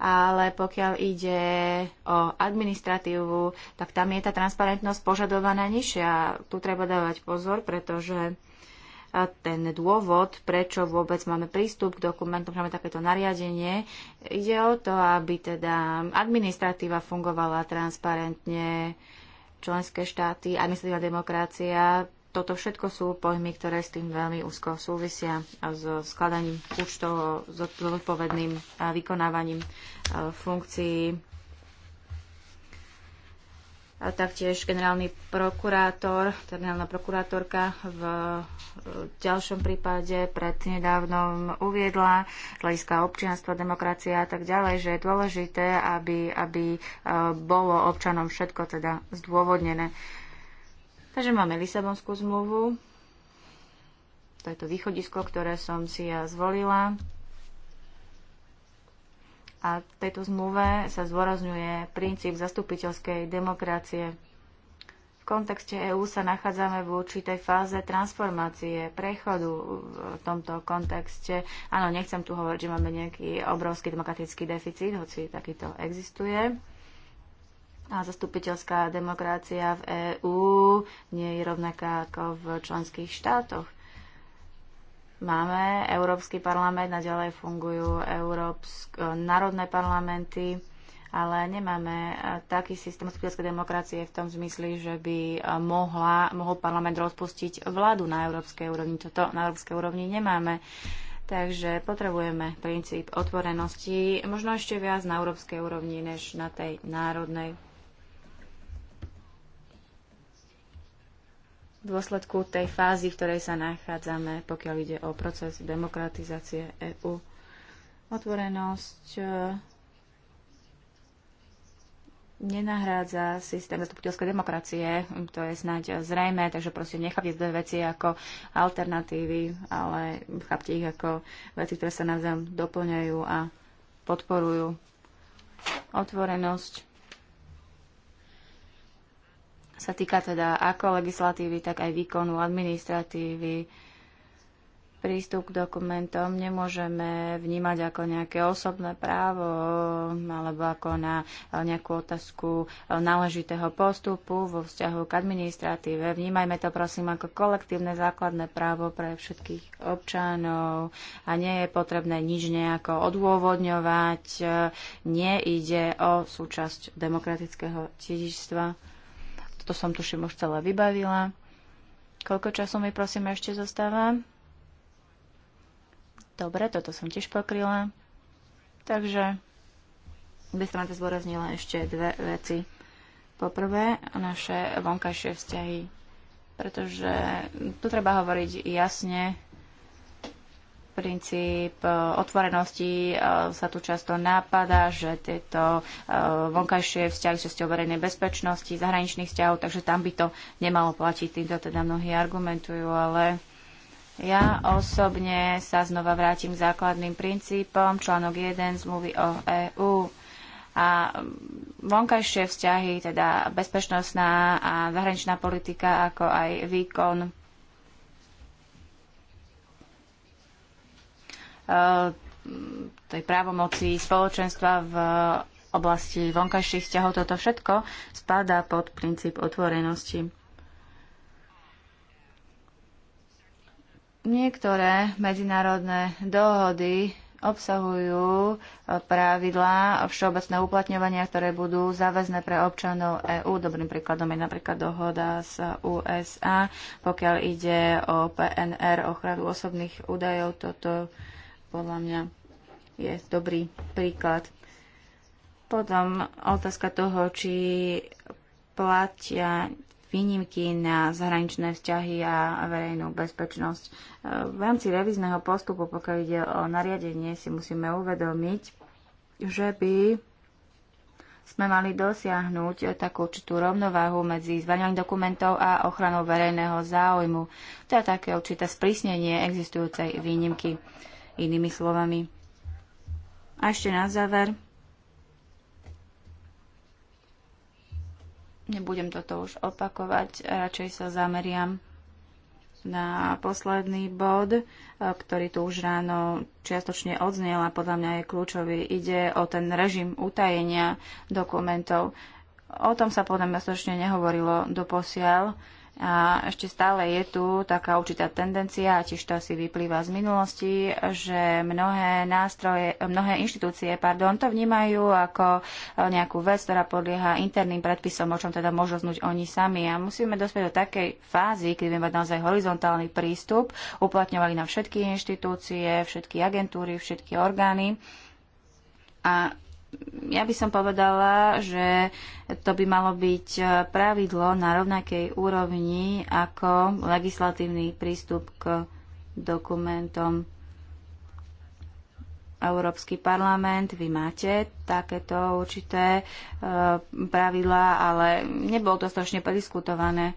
ale pokiaľ ide o administratívu, tak tam je tá transparentnosť požadovaná nižšia. Tu treba dávať pozor, pretože ten dôvod, prečo vôbec máme prístup k dokumentom, máme takéto nariadenie, ide o to, aby teda administratíva fungovala transparentne, členské štáty, administratíva demokracia toto všetko sú pojmy, ktoré s tým veľmi úzko súvisia a so skladaním účtov, s so odpovedným vykonávaním funkcií. A taktiež generálny prokurátor, generálna prokurátorka v e, ďalšom prípade nedávnom uviedla hľadiska občianstva, demokracia a tak ďalej, že je dôležité, aby, aby e, bolo občanom všetko teda zdôvodnené. Takže máme Lisabonskú zmluvu, to je to východisko, ktoré som si ja zvolila. A v tejto zmluve sa zdôrazňuje princíp zastupiteľskej demokracie. V kontexte EÚ sa nachádzame v určitej fáze transformácie, prechodu v tomto kontexte. Áno, nechcem tu hovoriť, že máme nejaký obrovský demokratický deficit, hoci takýto existuje a zastupiteľská demokracia v EÚ nie je rovnaká ako v členských štátoch. Máme Európsky parlament, naďalej fungujú Európsk, eh, národné parlamenty, ale nemáme eh, taký systém zastupiteľskej demokracie v tom zmysle, že by eh, mohla, mohol parlament rozpustiť vládu na európskej úrovni. Toto na európskej úrovni nemáme. Takže potrebujeme princíp otvorenosti možno ešte viac na európskej úrovni než na tej národnej. v dôsledku tej fázy, v ktorej sa nachádzame, pokiaľ ide o proces demokratizácie EÚ. Otvorenosť e, nenahrádza systém zastupiteľskej demokracie, to je snáď zrejme, takže proste nechápte tie veci ako alternatívy, ale chápte ich ako veci, ktoré sa navzájom doplňajú a podporujú. Otvorenosť sa týka teda ako legislatívy, tak aj výkonu administratívy, prístup k dokumentom nemôžeme vnímať ako nejaké osobné právo alebo ako na nejakú otázku náležitého postupu vo vzťahu k administratíve. Vnímajme to prosím ako kolektívne základné právo pre všetkých občanov a nie je potrebné nič nejako odôvodňovať. Nie ide o súčasť demokratického tiežstva. To som tuším už celé vybavila. Koľko času mi prosím ešte zostáva? Dobre, toto som tiež pokryla. Takže by som to zvoraznila ešte dve veci. Poprvé, naše vonkajšie vzťahy. Pretože tu treba hovoriť jasne princíp e, otvorenosti e, sa tu často nápada, že tieto e, vonkajšie vzťahy sú o verejnej bezpečnosti, zahraničných vzťahov, takže tam by to nemalo platiť. Týmto teda mnohí argumentujú, ale ja osobne sa znova vrátim k základným princípom, článok 1 zmluvy o EÚ a mm, vonkajšie vzťahy, teda bezpečnostná a zahraničná politika, ako aj výkon Eh, tej právomoci spoločenstva v oblasti vonkajších vzťahov. Toto všetko spadá pod princíp otvorenosti. Niektoré medzinárodné dohody obsahujú eh, pravidlá všeobecné uplatňovania, ktoré budú záväzné pre občanov EÚ. Dobrým príkladom je napríklad dohoda z USA. Pokiaľ ide o PNR, ochranu osobných údajov, toto podľa mňa je dobrý príklad. Potom otázka toho, či platia výnimky na zahraničné vzťahy a verejnú bezpečnosť. V rámci revízneho postupu, pokiaľ ide o nariadenie, si musíme uvedomiť, že by sme mali dosiahnuť takú určitú rovnováhu medzi zvaňovaním dokumentov a ochranou verejného záujmu. To je také určité sprísnenie existujúcej výnimky inými slovami. A ešte na záver. Nebudem toto už opakovať, radšej sa zameriam na posledný bod, e, ktorý tu už ráno čiastočne odznel a podľa mňa je kľúčový. Ide o ten režim utajenia dokumentov. O tom sa podľa mňa skutočne nehovorilo posiaľ. A ešte stále je tu taká určitá tendencia, a tiež to asi vyplýva z minulosti, že mnohé nástroje, mnohé inštitúcie, pardon, to vnímajú ako e, nejakú vec, ktorá podlieha interným predpisom, o čom teda môžu znúť oni sami. A musíme dospieť do takej fázy, kedy by mať naozaj horizontálny prístup, uplatňovali na všetky inštitúcie, všetky agentúry, všetky orgány. A ja by som povedala, že to by malo byť e, pravidlo na rovnakej úrovni ako legislatívny prístup k dokumentom. Európsky parlament, vy máte takéto určité e, pravidlá, ale nebolo to strašne prediskutované.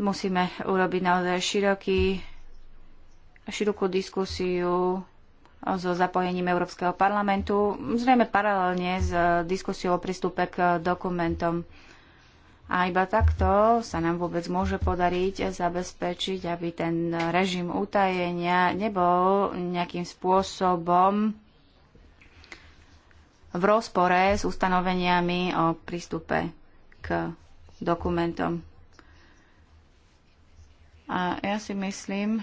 Musíme urobiť naozaj široký, širokú diskusiu so zapojením Európskeho parlamentu, zrejme paralelne s diskusiou o prístupe k dokumentom. A iba takto sa nám vôbec môže podariť zabezpečiť, aby ten režim utajenia nebol nejakým spôsobom v rozpore s ustanoveniami o prístupe k dokumentom. A ja si myslím,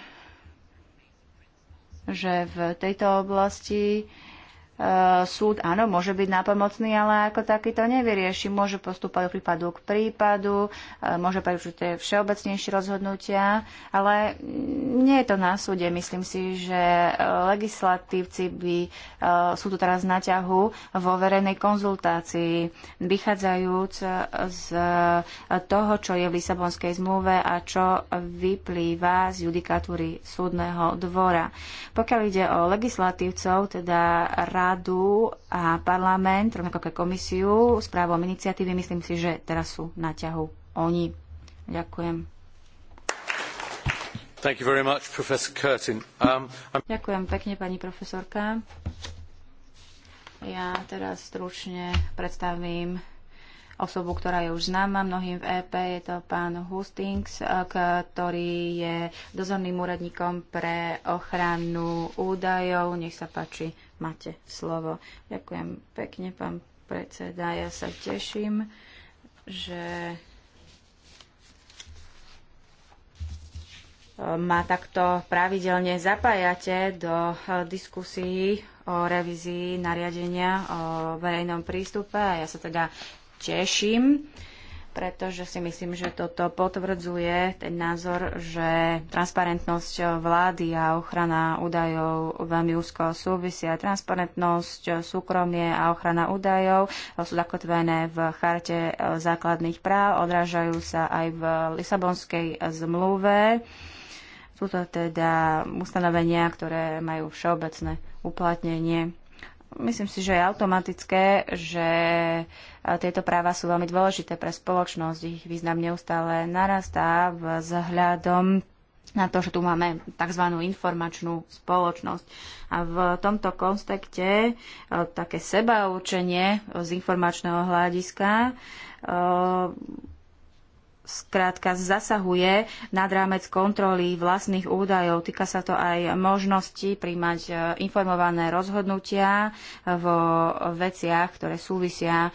že v tejto oblasti Eh, súd áno, môže byť nápomocný, ale ako taký to nevyrieši. Môže postúpať od prípadu k prípadu, eh, môže pre tie všeobecnejšie rozhodnutia, ale nie je to na súde. Myslím si, že eh, legislatívci by sú tu teraz na ťahu vo verejnej konzultácii, vychádzajúc z toho, čo je v Lisabonskej zmluve a čo vyplýva z judikatúry súdneho dvora. Pokiaľ ide o legislatívcov, teda rád vládu a parlament, rovnako ako komisiu, s právom iniciatívy. Myslím si, že teraz sú na ťahu oni. Ďakujem. Thank you very much, Professor Curtin. Um, I'm... Ďakujem pekne, pani profesorka. Ja teraz stručne predstavím osobu, ktorá je už známa mnohým v EP, je to pán Hustings, eh, ktorý je dozorným úradníkom pre ochranu údajov. Nech sa páči, máte slovo. Ďakujem pekne, pán predseda. Ja sa teším, že e, ma takto pravidelne zapájate do e, diskusí o revízii nariadenia o verejnom prístupe a ja sa teda teším pretože si myslím, že toto potvrdzuje ten názor, že transparentnosť vlády a ochrana údajov veľmi úzko súvisia. Transparentnosť, súkromie a ochrana údajov sú zakotvené v charte e, základných práv, odrážajú sa aj v Lisabonskej zmluve. Sú to teda ustanovenia, ktoré majú všeobecné uplatnenie. Myslím si, že je automatické, že e, tieto práva sú veľmi dôležité pre spoločnosť. Ich význam neustále narastá vzhľadom na to, že tu máme tzv. informačnú spoločnosť. A v tomto kontekste e, také sebaúčenie z informačného hľadiska e, skrátka zasahuje nad rámec kontroly vlastných údajov. Týka sa to aj možnosti príjmať e, informované rozhodnutia vo veciach, ktoré súvisia e,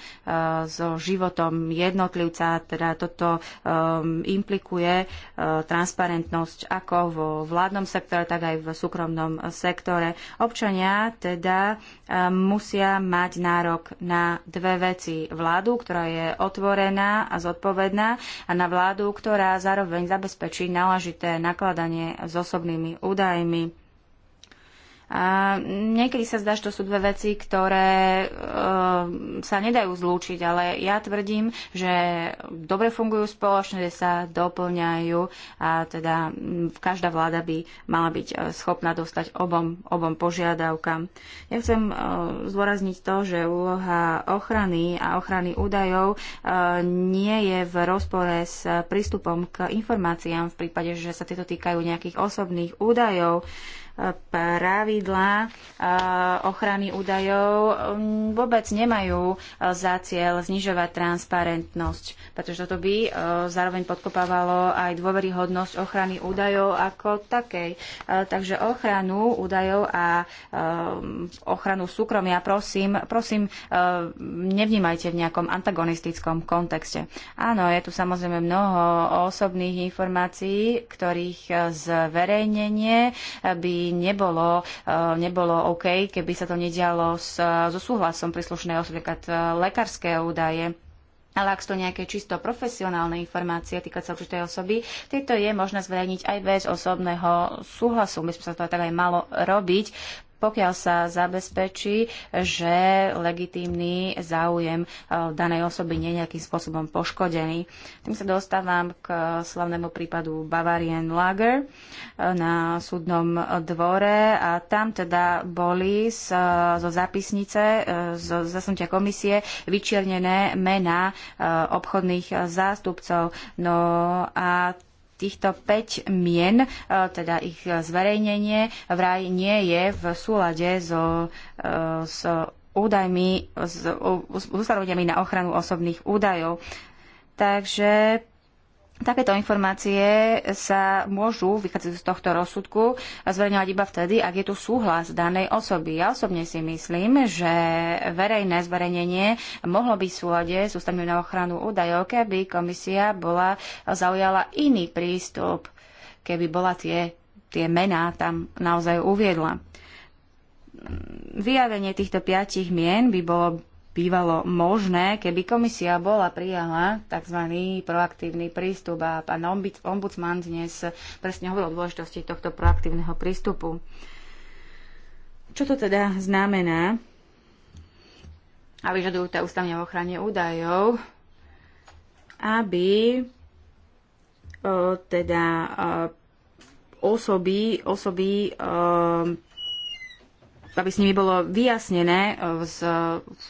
so životom jednotlivca. Teda toto e, implikuje transparentnosť ako vo vládnom sektore, tak aj v súkromnom sektore. Občania teda musia mať nárok na dve veci. Vládu, ktorá je otvorená a zodpovedná a na vládu, ktorá zároveň zabezpečí náležité nakladanie s osobnými údajmi a niekedy sa zdá, že to sú dve veci, ktoré e, sa nedajú zlúčiť, ale ja tvrdím, že dobre fungujú spoločne, že sa doplňajú a teda hm, každá vláda by mala byť eh, schopná dostať obom, obom požiadavkám. Ja chcem e, zdôrazniť to, že úloha ochrany a ochrany údajov e, nie je v rozpore s prístupom k informáciám v prípade, že sa tieto týkajú nejakých osobných údajov. E, pravidlá e, ochrany údajov vôbec nemajú e, za cieľ znižovať transparentnosť, pretože toto by e, zároveň podkopávalo aj dôveryhodnosť ochrany údajov ako takej. Takže ochranu údajov a ochranu súkromia prosím, prosím nevnímajte v nejakom antagonistickom kontexte. Áno, je tu samozrejme mnoho osobných informácií, ktorých zverejnenie by nebolo, eh, nebolo OK, keby sa to nedialo s, so súhlasom príslušnej osoby, napríklad lekárske údaje. Ale ak sú to nejaké čisto profesionálne informácie týka sa určitej osoby, tieto je možné zverejniť aj bez osobného súhlasu. My sme sa to tak aj malo robiť, pokiaľ sa zabezpečí, že legitímny záujem eh, danej osoby nie je nejakým spôsobom poškodený. Tým sa dostávam k slavnému prípadu Bavarian Lager eh, na súdnom dvore a tam teda boli z, eh, zo zápisnice, zo zasnutia komisie vyčiernené mená obchodných zástupcov. No a týchto 5 mien, e, teda ich zverejnenie, vraj nie je v súlade so, e, s so údajmi, s, so, s na ochranu osobných údajov. Takže Takéto informácie sa môžu, vychádzať z tohto rozsudku, zverejňovať iba vtedy, ak je tu súhlas danej osoby. Ja osobne si myslím, že verejné zverejnenie mohlo byť v súhode s ústavným na ochranu údajov, keby komisia bola, zaujala iný prístup, keby bola tie, tie mená tam naozaj uviedla. Vyjavenie týchto piatich mien by bolo bývalo možné, keby komisia bola prijala tzv. proaktívny prístup a pán ombudsman dnes presne hovoril o dôležitosti tohto proaktívneho prístupu. Čo to teda znamená? A vyžadujú to ústavne ochrane údajov, aby o, e, teda o, e, osoby, osoby o, e, aby s nimi bolo vyjasnené e, z,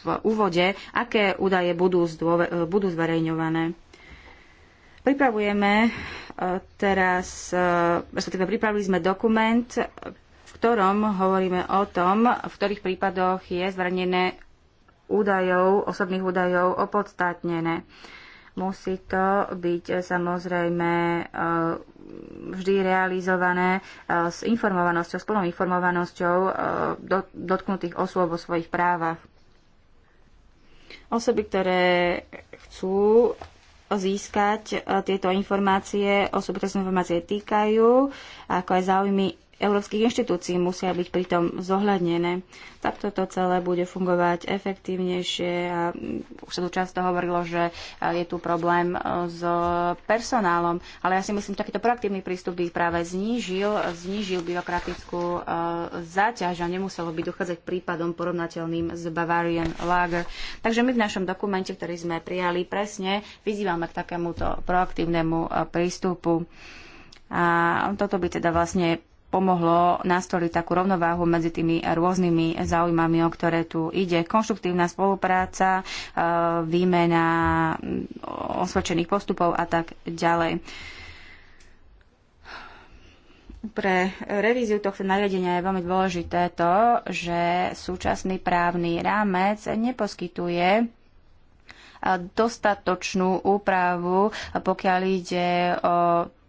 v úvode, aké údaje budú, zdôve, e, budú zverejňované. Pripravujeme e, teraz, respektíve pripravili sme dokument, v ktorom hovoríme o tom, v ktorých prípadoch je zverejnené údajov, osobných údajov opodstatnené. Musí to byť samozrejme vždy realizované e, s informovanosťou, s plnou informovanosťou e, dotknutých osôb o svojich právach. Osoby, ktoré chcú získať e, tieto informácie, osoby, ktoré sa informácie týkajú, ako aj záujmy európskych inštitúcií musia byť pritom zohľadnené. Tak toto celé bude fungovať efektívnejšie a už sa tu často hovorilo, že je tu problém e, s personálom, ale ja si myslím, že takýto proaktívny prístup by práve znížil, znížil byrokratickú e, záťaž a nemuselo by dochádzať k prípadom porovnateľným s Bavarian Lager. Takže my v našom dokumente, ktorý sme prijali presne, vyzývame k takémuto proaktívnemu e, prístupu. A toto by teda vlastne pomohlo nastoliť takú rovnováhu medzi tými rôznymi záujmami, o ktoré tu ide. Konštruktívna spolupráca, e, výmena mm, osvedčených postupov a tak ďalej. Pre revíziu tohto nariadenia je veľmi dôležité to, že súčasný právny rámec neposkytuje e, dostatočnú úpravu, pokiaľ ide o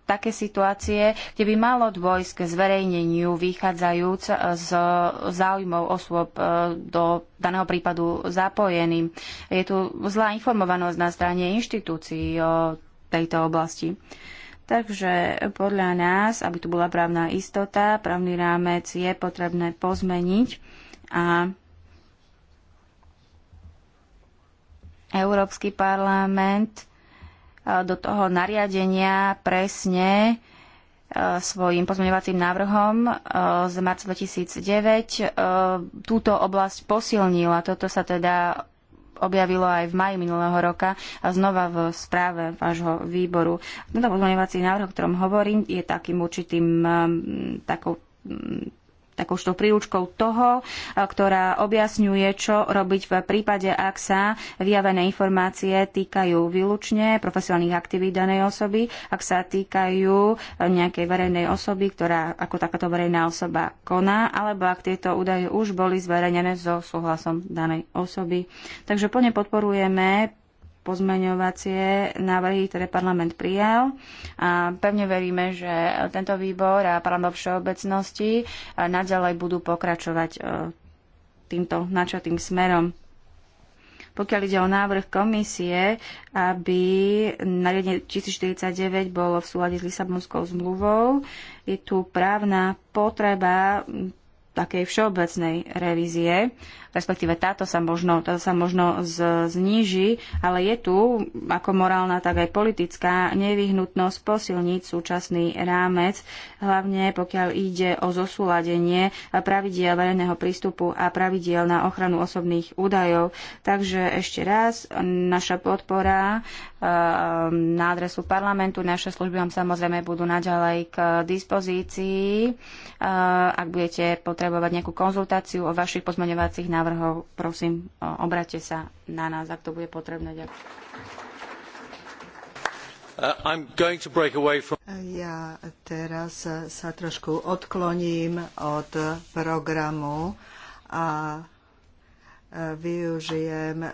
také situácie, kde by malo dôjsť k zverejneniu vychádzajúc e, z záujmov osôb e, do daného prípadu zapojený. Je tu zlá informovanosť na strane inštitúcií o tejto oblasti. Takže podľa nás, aby tu bola právna istota, právny rámec je potrebné pozmeniť a Európsky parlament do toho nariadenia presne e, svojim pozmeňovacím návrhom e, z marca 2009 e, túto oblasť posilnila. Toto sa teda objavilo aj v maji minulého roka a znova v správe vášho výboru. Tento pozmeňovací návrh, o ktorom hovorím, je takým určitým takou takúto príručkou toho, e, ktorá objasňuje, čo robiť v prípade, ak sa vyjavené informácie týkajú výlučne profesionálnych aktivít danej osoby, ak sa týkajú e, nejakej verejnej osoby, ktorá ako takáto verejná osoba koná, alebo ak tieto údaje už boli zverejnené so súhlasom danej osoby. Takže plne podporujeme pozmeňovacie návrhy, ktoré parlament prijal. A pevne veríme, že tento výbor a parlament všeobecnosti e, naďalej budú pokračovať e, týmto načatým smerom. Pokiaľ ide o návrh komisie, aby nariadenie 1049 bolo v súlade s Lisabonskou zmluvou, je tu právna potreba takej všeobecnej revízie respektíve táto sa možno, táto sa možno z, zníži, ale je tu, ako morálna, tak aj politická nevyhnutnosť posilniť súčasný rámec, hlavne pokiaľ ide o zosúladenie pravidiel verejného prístupu a pravidiel na ochranu osobných údajov. Takže ešte raz, naša podpora eh, na adresu parlamentu, naše služby vám samozrejme budú naďalej k dispozícii. Eh, ak budete potrebovať nejakú konzultáciu o vašich pozmeňovacích návrhoch, návrhov, prosím, obráte sa na nás, ak to bude potrebné. Ďakujem. Uh, from... Ja teraz sa trošku odkloním od programu a e, využijem e,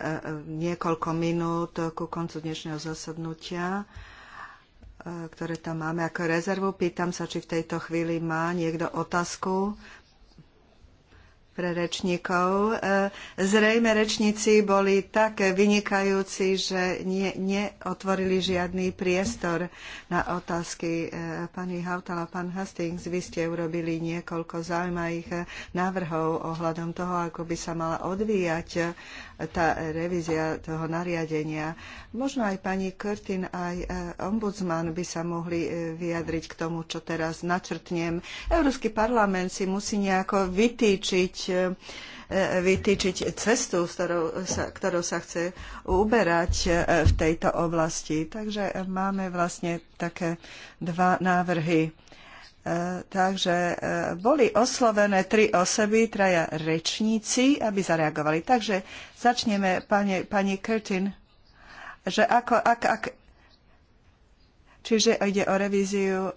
niekoľko minút ku koncu dnešného zasadnutia e, ktoré tam máme ako rezervu. Pýtam sa, či v tejto chvíli má niekto otázku pre rečníkov. E, zrejme rečníci boli tak vynikajúci, že nie, neotvorili žiadny priestor na otázky. E, pani Hautala, pán Hastings, vy ste urobili niekoľko zaujímavých návrhov ohľadom toho, ako by sa mala odvíjať tá revízia toho nariadenia. Možno aj pani Curtin, aj e, ombudsman by sa mohli e, vyjadriť k tomu, čo teraz načrtnem. Európsky parlament si musí nejako vytýčiť e, vytýčiť cestu, ktorou sa, ktorou sa chce uberať v tejto oblasti. Takže máme vlastne také dva návrhy E, takže e, boli oslovené tri osoby, traja rečníci, aby zareagovali. Takže začneme pani, pani Curtin, že ako, ak, ak, čiže ide o revíziu uh, uh,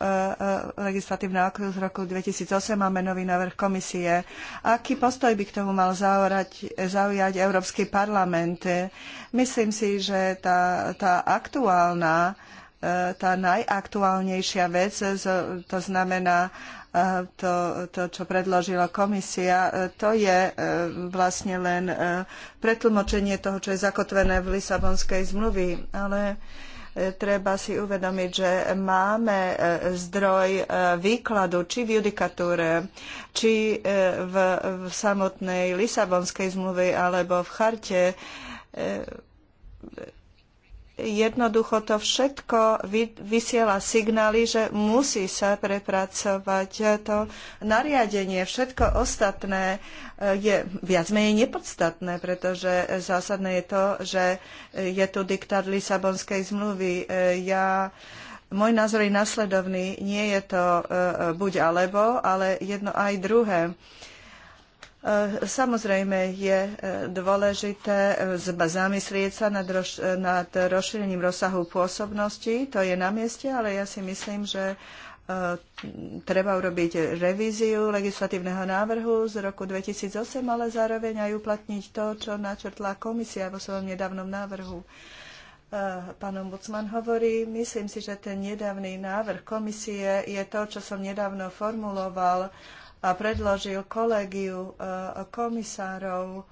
legislatívneho okruhu z roku 2008, máme nový návrh komisie. Aký postoj by k tomu mal zaurať, zaujať Európsky parlament? Myslím si, že tá, tá aktuálna uh, tá najaktuálnejšia vec, to znamená e, to, to čo predložila komisia, e, to je e, vlastne len pretlmočenie toho, čo je zakotvené v Lisabonskej zmluvi. Ale treba si uvedomiť, že máme zdroj výkladu či v judikatúre, či v, v samotnej Lisabonskej zmluve alebo v charte jednoducho to všetko vysiela signály, že musí sa prepracovať to nariadenie. Všetko ostatné eh, je viac menej nepodstatné, pretože zásadné je to, že je tu diktát Lisabonskej zmluvy. Eh, ja môj názor je nasledovný. Nie je to eh, buď alebo, ale jedno aj druhé. Uh, E, samozrejme je e, dôležité e, zamyslieť sa nad, roz, nad rozšírením rozsahu pôsobnosti, to je na mieste, ale ja si myslím, že treba urobiť revíziu legislatívneho návrhu z roku 2008, ale zároveň aj uplatniť to, čo načrtla komisia vo svojom nedávnom návrhu. Pán ombudsman hovorí, myslím si, že ten nedávny návrh komisie je to, čo som nedávno formuloval a predložil kolégiu eh, komisárov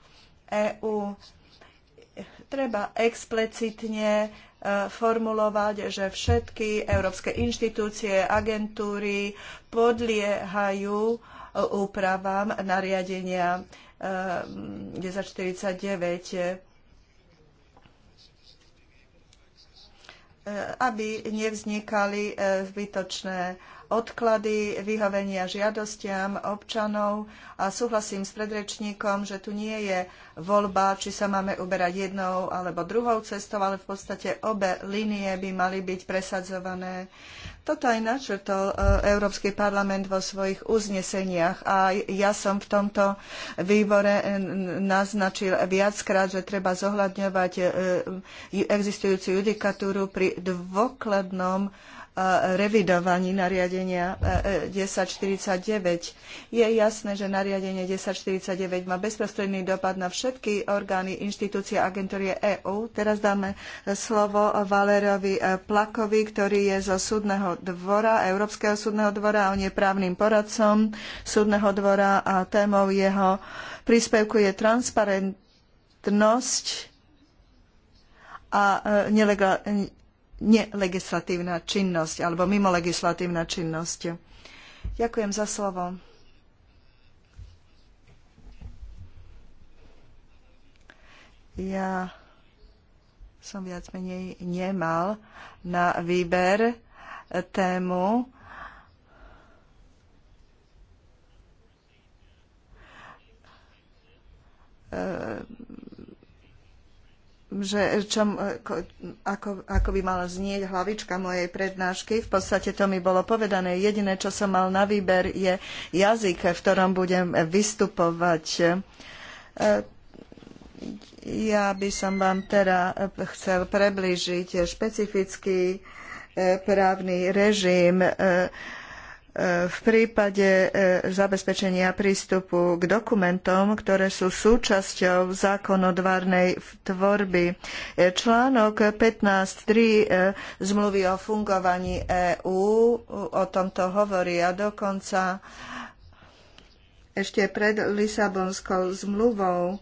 EÚ. Treba explicitne eh, formulovať, že všetky európske inštitúcie, agentúry podliehajú eh, úpravám nariadenia 1049 aby nevznikali zbytočné odklady vyhovenia žiadostiam občanov a súhlasím s predrečníkom, že tu nie je voľba, či sa máme uberať jednou alebo druhou cestou, ale v podstate obe línie by mali byť presadzované. Toto aj načrtol e, Európsky parlament vo svojich uzneseniach a ja som v tomto výbore e, naznačil viackrát, že treba zohľadňovať e, existujúcu judikatúru pri dôkladnom revidovaní nariadenia 1049. E, je jasné, že nariadenie 1049 má bezprostredný dopad na všetky orgány inštitúcie agentúrie EÚ. Teraz dáme slovo Valerovi e, Plakovi, ktorý je zo súdneho dvora, Európskeho súdneho dvora. On je právnym poradcom súdneho dvora a témou jeho príspevku je transparentnosť a e, nelegislatívna činnosť alebo mimolegislatívna činnosť. Ďakujem za slovo. Ja som viac menej nemal na výber tému. Uh, že čom, ako, ako by mala znieť hlavička mojej prednášky. V podstate to mi bolo povedané. Jediné, čo som mal na výber, je jazyk, v ktorom budem vystupovať. E, ja by som vám teda chcel preblížiť špecifický e, právny režim e, v prípade e, zabezpečenia prístupu k dokumentom, ktoré sú súčasťou zákonodvárnej tvorby. E, článok 15.3 e, zmluvy o fungovaní EÚ o tomto hovorí a dokonca ešte pred Lisabonskou zmluvou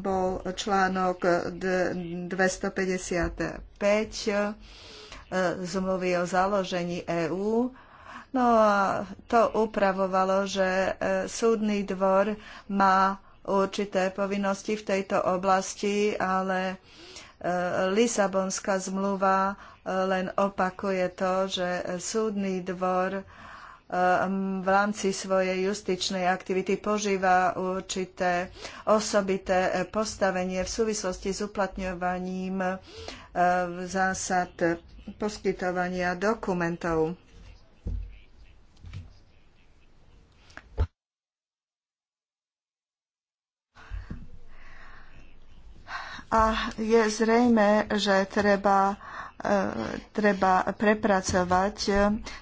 bol článok 255 E, zmluvy o založení EÚ. No a to upravovalo, že e, súdny dvor má určité povinnosti v tejto oblasti, ale e, Lisabonská zmluva len opakuje to, že súdny dvor v rámci svojej justičnej aktivity požíva určité osobité postavenie v súvislosti s uplatňovaním zásad poskytovania dokumentov. A je zrejme, že treba E, treba prepracovať e,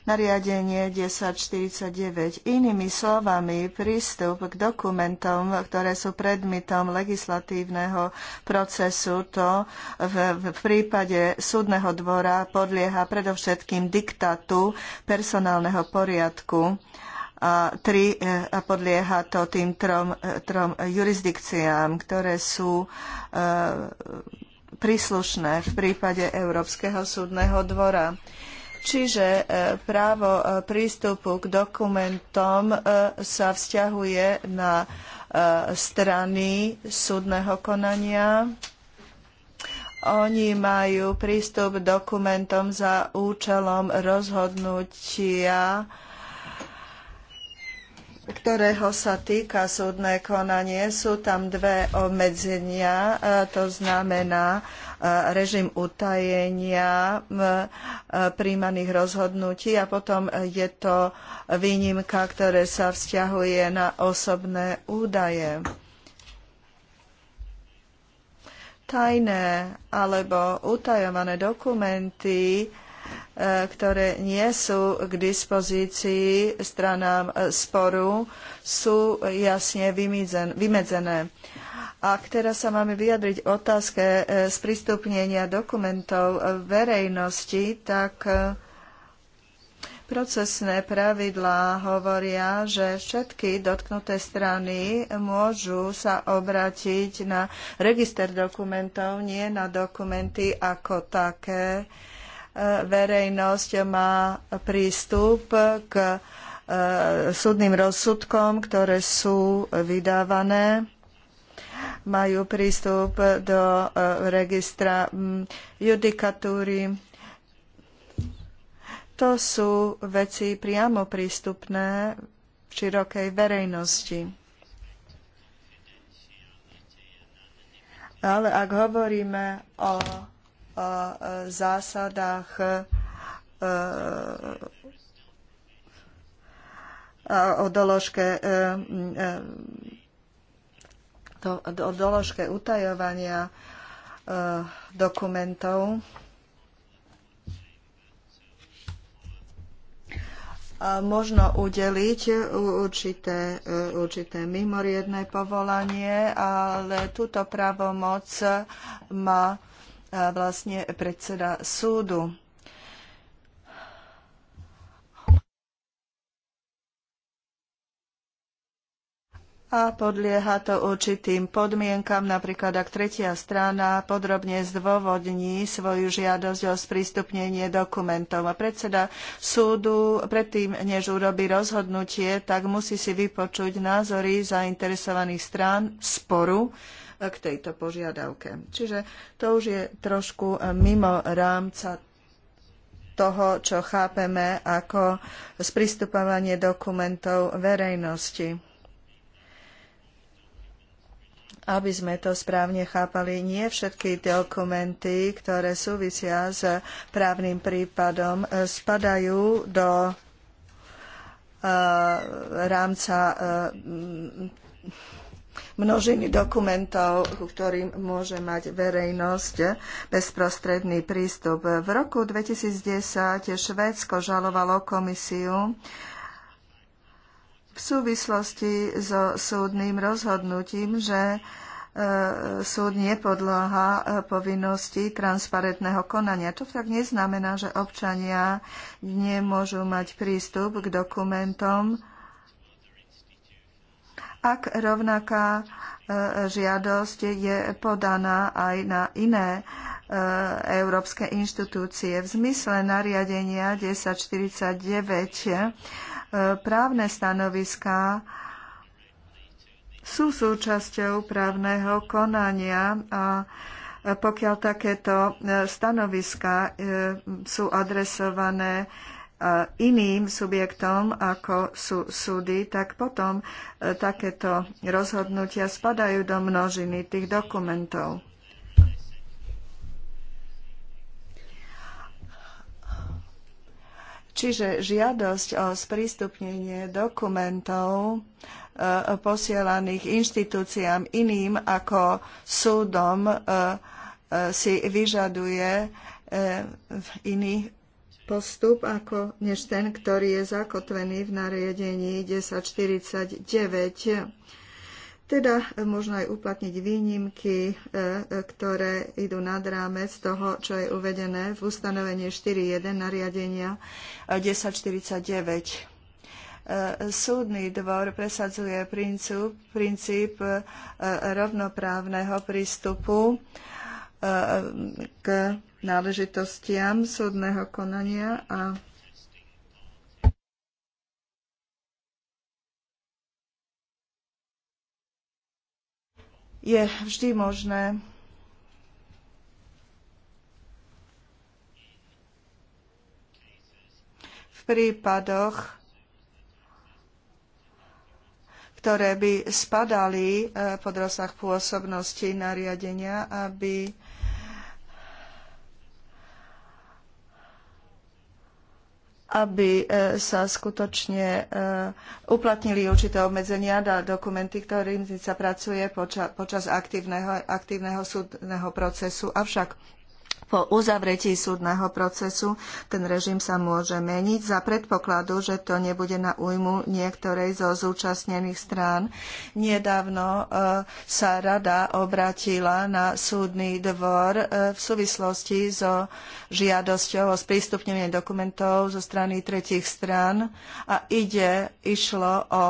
nariadenie 1049. Inými slovami, prístup k dokumentom, ktoré sú predmetom legislatívneho procesu, to v, prípade súdneho dvora podlieha predovšetkým diktatu personálneho poriadku a, tri, e, a podlieha to tým trom, trom jurisdikciám, ktoré sú príslušné v prípade Európskeho súdneho dvora. Čiže e, právo e, prístupu k dokumentom e, sa vzťahuje na strany súdneho konania. Oni majú prístup k dokumentom za účelom rozhodnutia ktorého sa týka súdne konanie, sú tam dve obmedzenia, e, to znamená e, režim utajenia e, príjmaných rozhodnutí a potom je to výnimka, ktoré sa vzťahuje na osobné údaje. Tajné alebo utajované dokumenty Eh, ktoré nie sú k dispozícii stranám eh, sporu, sú jasne vymedzené. Ak teraz sa máme vyjadriť otázke eh, sprístupnenia dokumentov verejnosti, tak Procesné pravidlá hovoria, že všetky dotknuté strany môžu sa obrátiť na register dokumentov, nie na dokumenty ako také verejnosť má prístup k e, súdnym rozsudkom, ktoré sú vydávané majú prístup do e, registra judikatúry. To sú veci priamo prístupné v širokej verejnosti. Ale ak hovoríme o o zásadách o doložke e, e, o doložke utajovania e, dokumentov. možno udeliť určité, určité mimoriadne povolanie, ale túto právomoc má vlastne predseda súdu. a podlieha to určitým podmienkam, napríklad ak tretia strana podrobne zdôvodní svoju žiadosť o sprístupnenie dokumentov. A predseda súdu predtým, než urobí rozhodnutie, tak musí si vypočuť názory zainteresovaných strán sporu k tejto požiadavke. Čiže to už je trošku eh, mimo rámca toho, čo chápeme ako sprístupovanie dokumentov verejnosti. Aby sme to správne chápali, nie všetky dokumenty, ktoré súvisia s právnym prípadom, eh, spadajú do eh, rámca množiny dokumentov, ku ktorým môže mať verejnosť bezprostredný prístup. V roku 2010 Švédsko žalovalo komisiu v súvislosti so súdnym rozhodnutím, že e, súd nepodláha e, povinnosti transparentného konania. To však neznamená, že občania nemôžu mať prístup k dokumentom, ak rovnaká e, žiadosť je podaná aj na iné e, európske inštitúcie. V zmysle nariadenia 1049 e, právne stanoviská sú súčasťou právneho konania a pokiaľ takéto stanoviská sú adresované iným subjektom, ako sú súdy, tak potom e, takéto rozhodnutia spadajú do množiny tých dokumentov. Čiže žiadosť o sprístupnenie dokumentov e, posielaných inštitúciám iným ako súdom e, si vyžaduje iný postup ako než ten, ktorý je zakotvený v nariadení 1049. Teda možno aj uplatniť výnimky, e, e, ktoré idú nad rámec toho, čo je uvedené v ustanovení 4.1 nariadenia 1049 e, súdny dvor presadzuje princíp, princíp rovnoprávneho prístupu k náležitostiam súdneho konania a je vždy možné v prípadoch, ktoré by spadali eh, pod rozsah pôsobnosti nariadenia, aby aby e, sa skutočne e, uplatnili určité obmedzenia na dokumenty, ktorým sa pracuje počas aktívneho, aktívneho súdneho procesu. Avšak po uzavretí súdneho procesu ten režim sa môže meniť za predpokladu, že to nebude na újmu niektorej zo zúčastnených strán. Nedávno e, sa rada obratila na súdny dvor e, v súvislosti so žiadosťou o sprístupnenie dokumentov zo strany tretich strán a ide, išlo o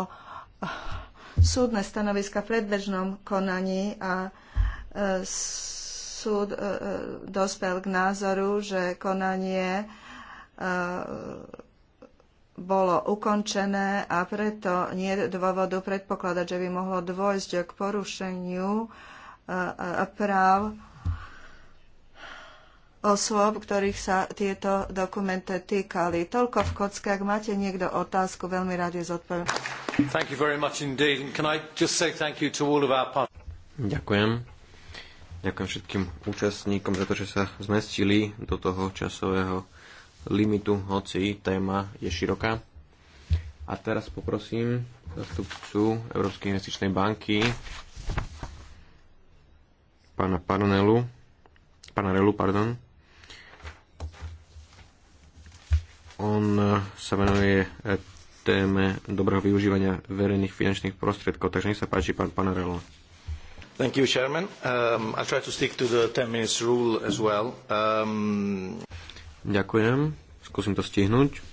súdne stanoviska v predbežnom konaní a e, s súd e, e, dospel k názoru, že konanie e, bolo ukončené a preto nie je dôvodu predpokladať, že by mohlo dôjsť k porušeniu práv osôb, ktorých sa tieto dokumenty týkali. Toľko v kocke. Ak máte niekto otázku, veľmi rád je zodpoviem. Ďakujem. Ďakujem všetkým účastníkom za to, že sa zmestili do toho časového limitu, hoci téma je široká. A teraz poprosím zastupcu Európskej investičnej banky, pána Parnelu, pána Relu, pardon. On sa venuje téme dobrého využívania verejných finančných prostriedkov, takže nech sa páči, pán Panarelo. Thank you, Chairman. Um, I'll try to stick to the 10 minutes rule as well. Um, Ďakujem. Skúsim to stihnúť.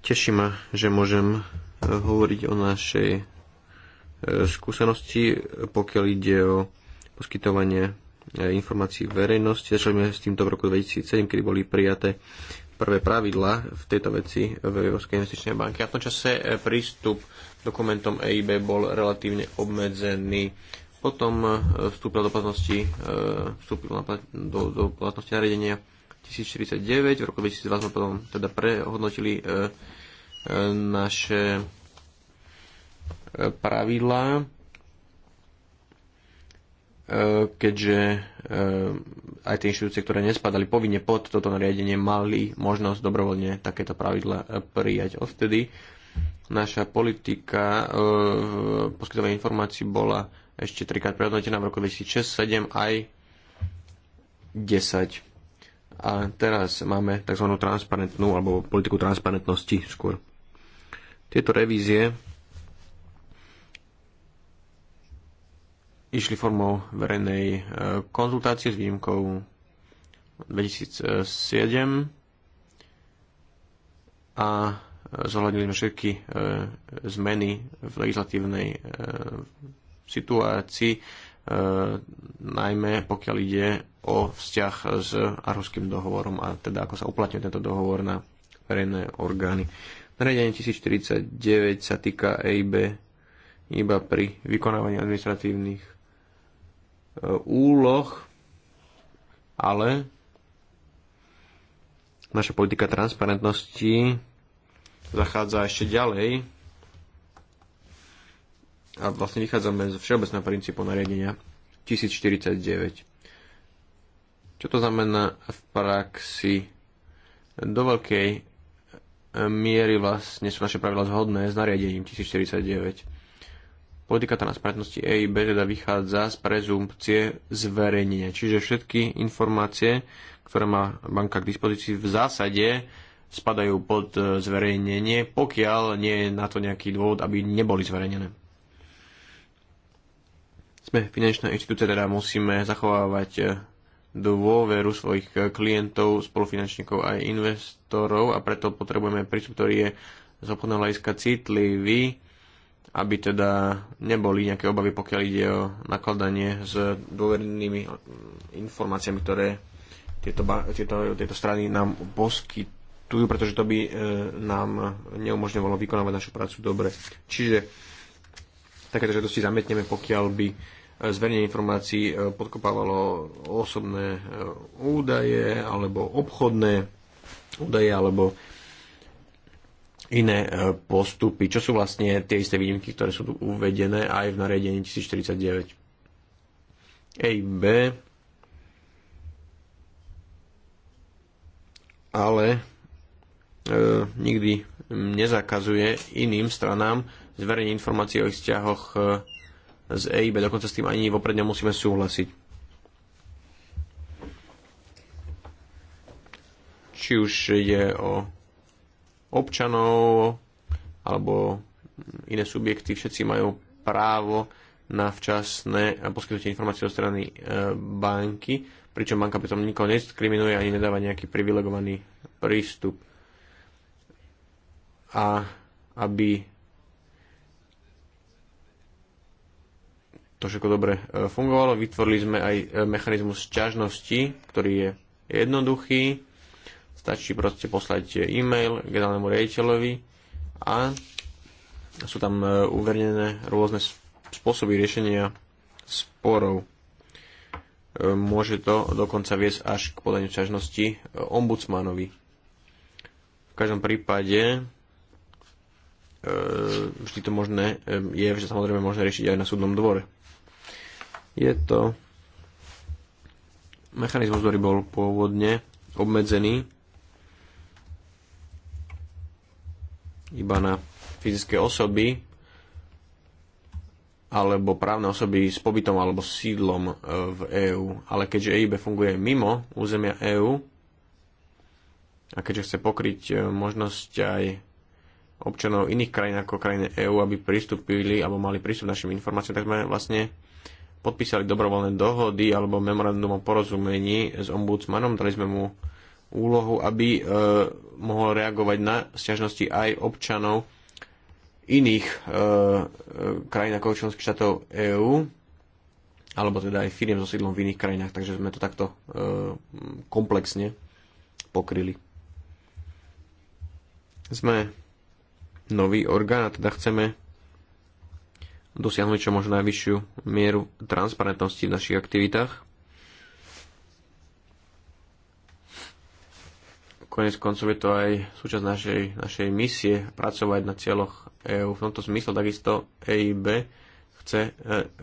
Teší ma, že môžem eh, hovoriť o našej eh, skúsenosti, pokiaľ ide o poskytovanie eh, informácií verejnosti. Začali sme s týmto v roku 2007, kedy boli prijaté prvé pravidla v tejto veci v Európskej investičnej banke. A v tom čase e, prístup dokumentom EIB bol relatívne obmedzený. Potom e, vstúpil do platnosti, e, vstúpil do, do platnosti nariadenia 1049. V roku 2002 sme potom teda prehodnotili naše pravidlá E, keďže e, aj tie inštitúcie, ktoré nespadali povinne pod toto nariadenie, mali možnosť dobrovoľne takéto pravidla e, prijať. Odvtedy naša politika poskytovania informácií bola ešte trikrát prehodnotená v roku 2006, 7 aj 10. A teraz máme tzv. transparentnú alebo politiku transparentnosti skôr. Tieto revízie išli formou verejnej e, konzultácie s výjimkou 2007 a e, zohľadnili sme všetky e, zmeny v legislatívnej situácii, najmä pokiaľ ide o vzťah s Arhuským dohovorom a teda ako sa uplatňuje tento dohovor na verejné orgány. Nariadenie 1049 sa týka EIB iba pri vykonávaní administratívnych Eh, úloh, ale naša politika transparentnosti zachádza ešte ďalej a vlastne vychádzame z všeobecného princípu nariadenia 1049. Čo to znamená v praxi? Do veľkej miery vlastne sú naše pravidla zhodné s nariadením 1049. Politika transparentnosti EIB teda vychádza z prezumpcie zverejnenia, čiže všetky informácie, ktoré má banka k dispozícii, v zásade spadajú pod e, zverejnenie, pokiaľ nie je na to nejaký dôvod, aby neboli zverejnené. Sme finančná inštitúcia, teda musíme zachovávať e, dôveru svojich e, klientov, spolufinančníkov aj investorov a preto potrebujeme prístup, ktorý je z obchodného hľadiska citlivý, aby teda neboli nejaké obavy, pokiaľ ide o nakladanie s dôvernými informáciami, ktoré tieto, tieto, tieto strany nám poskytujú, pretože to by e, nám neumožňovalo vykonávať našu prácu dobre. Čiže takéto žiadosti zametneme, pokiaľ by e, zverejnenie informácií e, podkopávalo osobné e, údaje alebo obchodné údaje alebo iné e, postupy. Čo sú vlastne tie isté výnimky, ktoré sú tu uvedené aj v nariadení 1049? EIB ale e, nikdy nezakazuje iným stranám zverejne informácie o ich vzťahoch e, z EIB, dokonca s tým ani vopred nemusíme súhlasiť. Či už ide o občanov alebo iné subjekty, všetci majú právo na včasné poskytnutie informácií zo strany e, banky, pričom banka pritom nikoho nediskriminuje ani nedáva nejaký privilegovaný prístup. A aby to všetko dobre e, fungovalo, vytvorili sme aj e, mechanizmus sťažnosti, ktorý je jednoduchý Stačí proste poslať e-mail generálnemu riaditeľovi a sú tam e, uvernené rôzne spôsoby riešenia sporov. E, môže to dokonca viesť až k podaniu ťažnosti e, ombudsmanovi. V každom prípade vždy to možné je, že samozrejme možné riešiť aj na súdnom dvore. Je to mechanizmus, ktorý bol pôvodne obmedzený iba na fyzické osoby alebo právne osoby s pobytom alebo sídlom e, v EÚ. Ale keďže EIB funguje mimo územia EÚ a keďže chce pokryť e, možnosť aj občanov iných krajín ako krajiny EÚ, aby pristúpili alebo mali prístup našim informáciám, tak sme vlastne podpísali dobrovoľné dohody alebo memorandum o porozumení s ombudsmanom, dali sme mu úlohu, aby e, mohol reagovať na sťažnosti aj občanov iných e, e, krajín ako členských štátov EÚ, alebo teda aj firiem so sídlom v iných krajinách, takže sme to takto e, komplexne pokryli. Sme nový orgán a teda chceme dosiahnuť čo možno najvyššiu mieru transparentnosti v našich aktivitách Konec koncov je to aj súčasť našej, našej misie pracovať na cieľoch EÚ. V tomto zmysle takisto EIB chce e,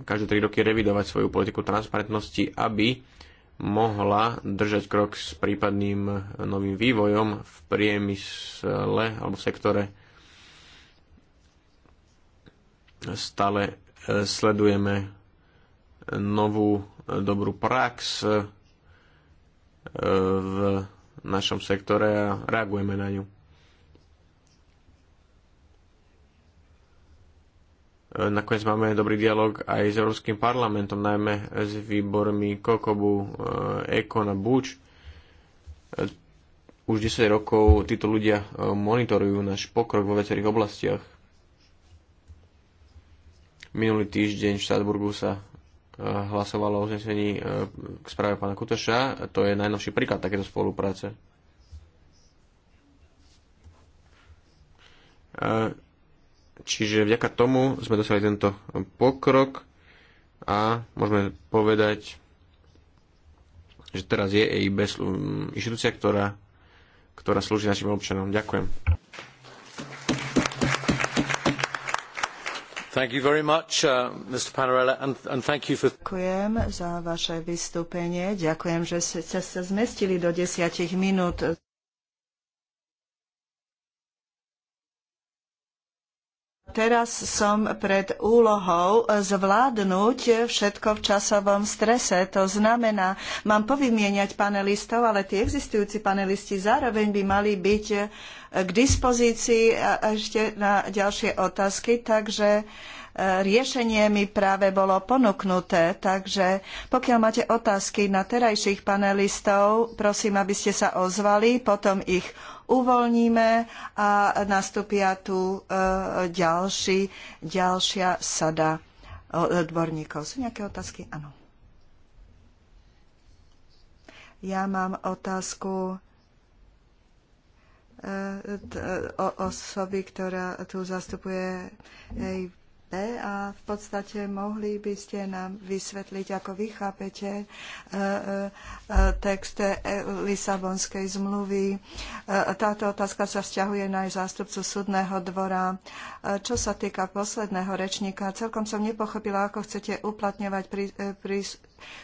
každé 3 roky revidovať svoju politiku transparentnosti, aby mohla držať krok s prípadným e, novým vývojom v priemysle alebo v sektore. Stále e, sledujeme novú dobrú prax v našom sektore a reagujeme na ňu. E, nakoniec máme dobrý dialog aj s Európskym parlamentom, najmä s výbormi Kokobu, e, Ekon a Buč. E, už 10 rokov títo ľudia monitorujú náš pokrok vo viacerých oblastiach. Minulý týždeň v Štátburgu sa hlasovalo o uznesení e, k správe pána Kuteša. To je najnovší príklad takéto spolupráce. E, čiže vďaka tomu sme dosiahli tento pokrok a môžeme povedať, že teraz je EIB inštitúcia, ktorá, ktorá slúži našim občanom. Ďakujem. Uh, Ďakujem za vaše vystúpenie. Ďakujem, že ste sa zmestili do desiatich minút. Teraz som pred úlohou zvládnuť všetko v časovom strese. To znamená, mám povymieňať panelistov, ale tí existujúci panelisti zároveň by mali byť k dispozícii ešte na ďalšie otázky, takže e, riešenie mi práve bolo ponúknuté, takže pokiaľ máte otázky na terajších panelistov, prosím, aby ste sa ozvali, potom ich uvoľníme a nastúpia tu e, ďalší, ďalšia sada e, odborníkov. Sú nejaké otázky? Áno. Ja mám otázku e, osoby, ktorá tu zastupuje chápe a v podstate mohli by ste nám vysvetliť, ako vy chápete e, e, e, text Lisabonskej zmluvy. Táto otázka sa vzťahuje na aj zástupcu súdneho dvora. Čo sa týka posledného rečníka, celkom som nepochopila, ako chcete uplatňovať pri,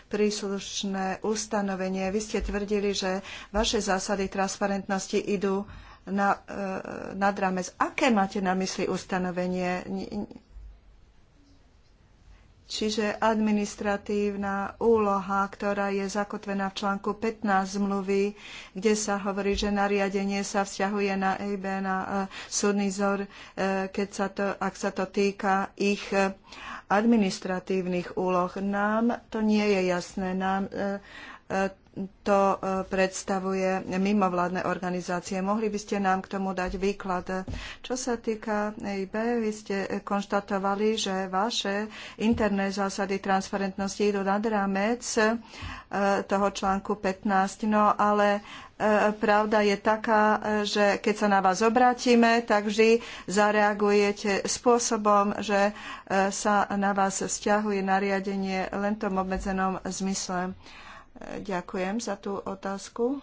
príslušné ustanovenie. Vy ste tvrdili, že vaše zásady transparentnosti idú na, nad rámec. Aké máte na mysli ustanovenie? čiže administratívna úloha, ktorá je zakotvená v článku 15 zmluvy, kde sa hovorí, že nariadenie sa vzťahuje na EIB, na e, súdny zor, e, keď sa to, ak sa to týka ich e, administratívnych úloh. Nám to nie je jasné. Nám to e, predstavuje mimovládne organizácie. Mohli by ste nám k tomu dať výklad. Čo sa týka EIB, vy ste konštatovali, že vaše interné zásady transparentnosti idú nad rámec e, toho článku 15, no ale e, pravda je taká, že keď sa na vás obrátime, tak vždy zareagujete spôsobom, že sa na vás vzťahuje nariadenie len v tom obmedzenom zmysle. Ďakujem za tú otázku.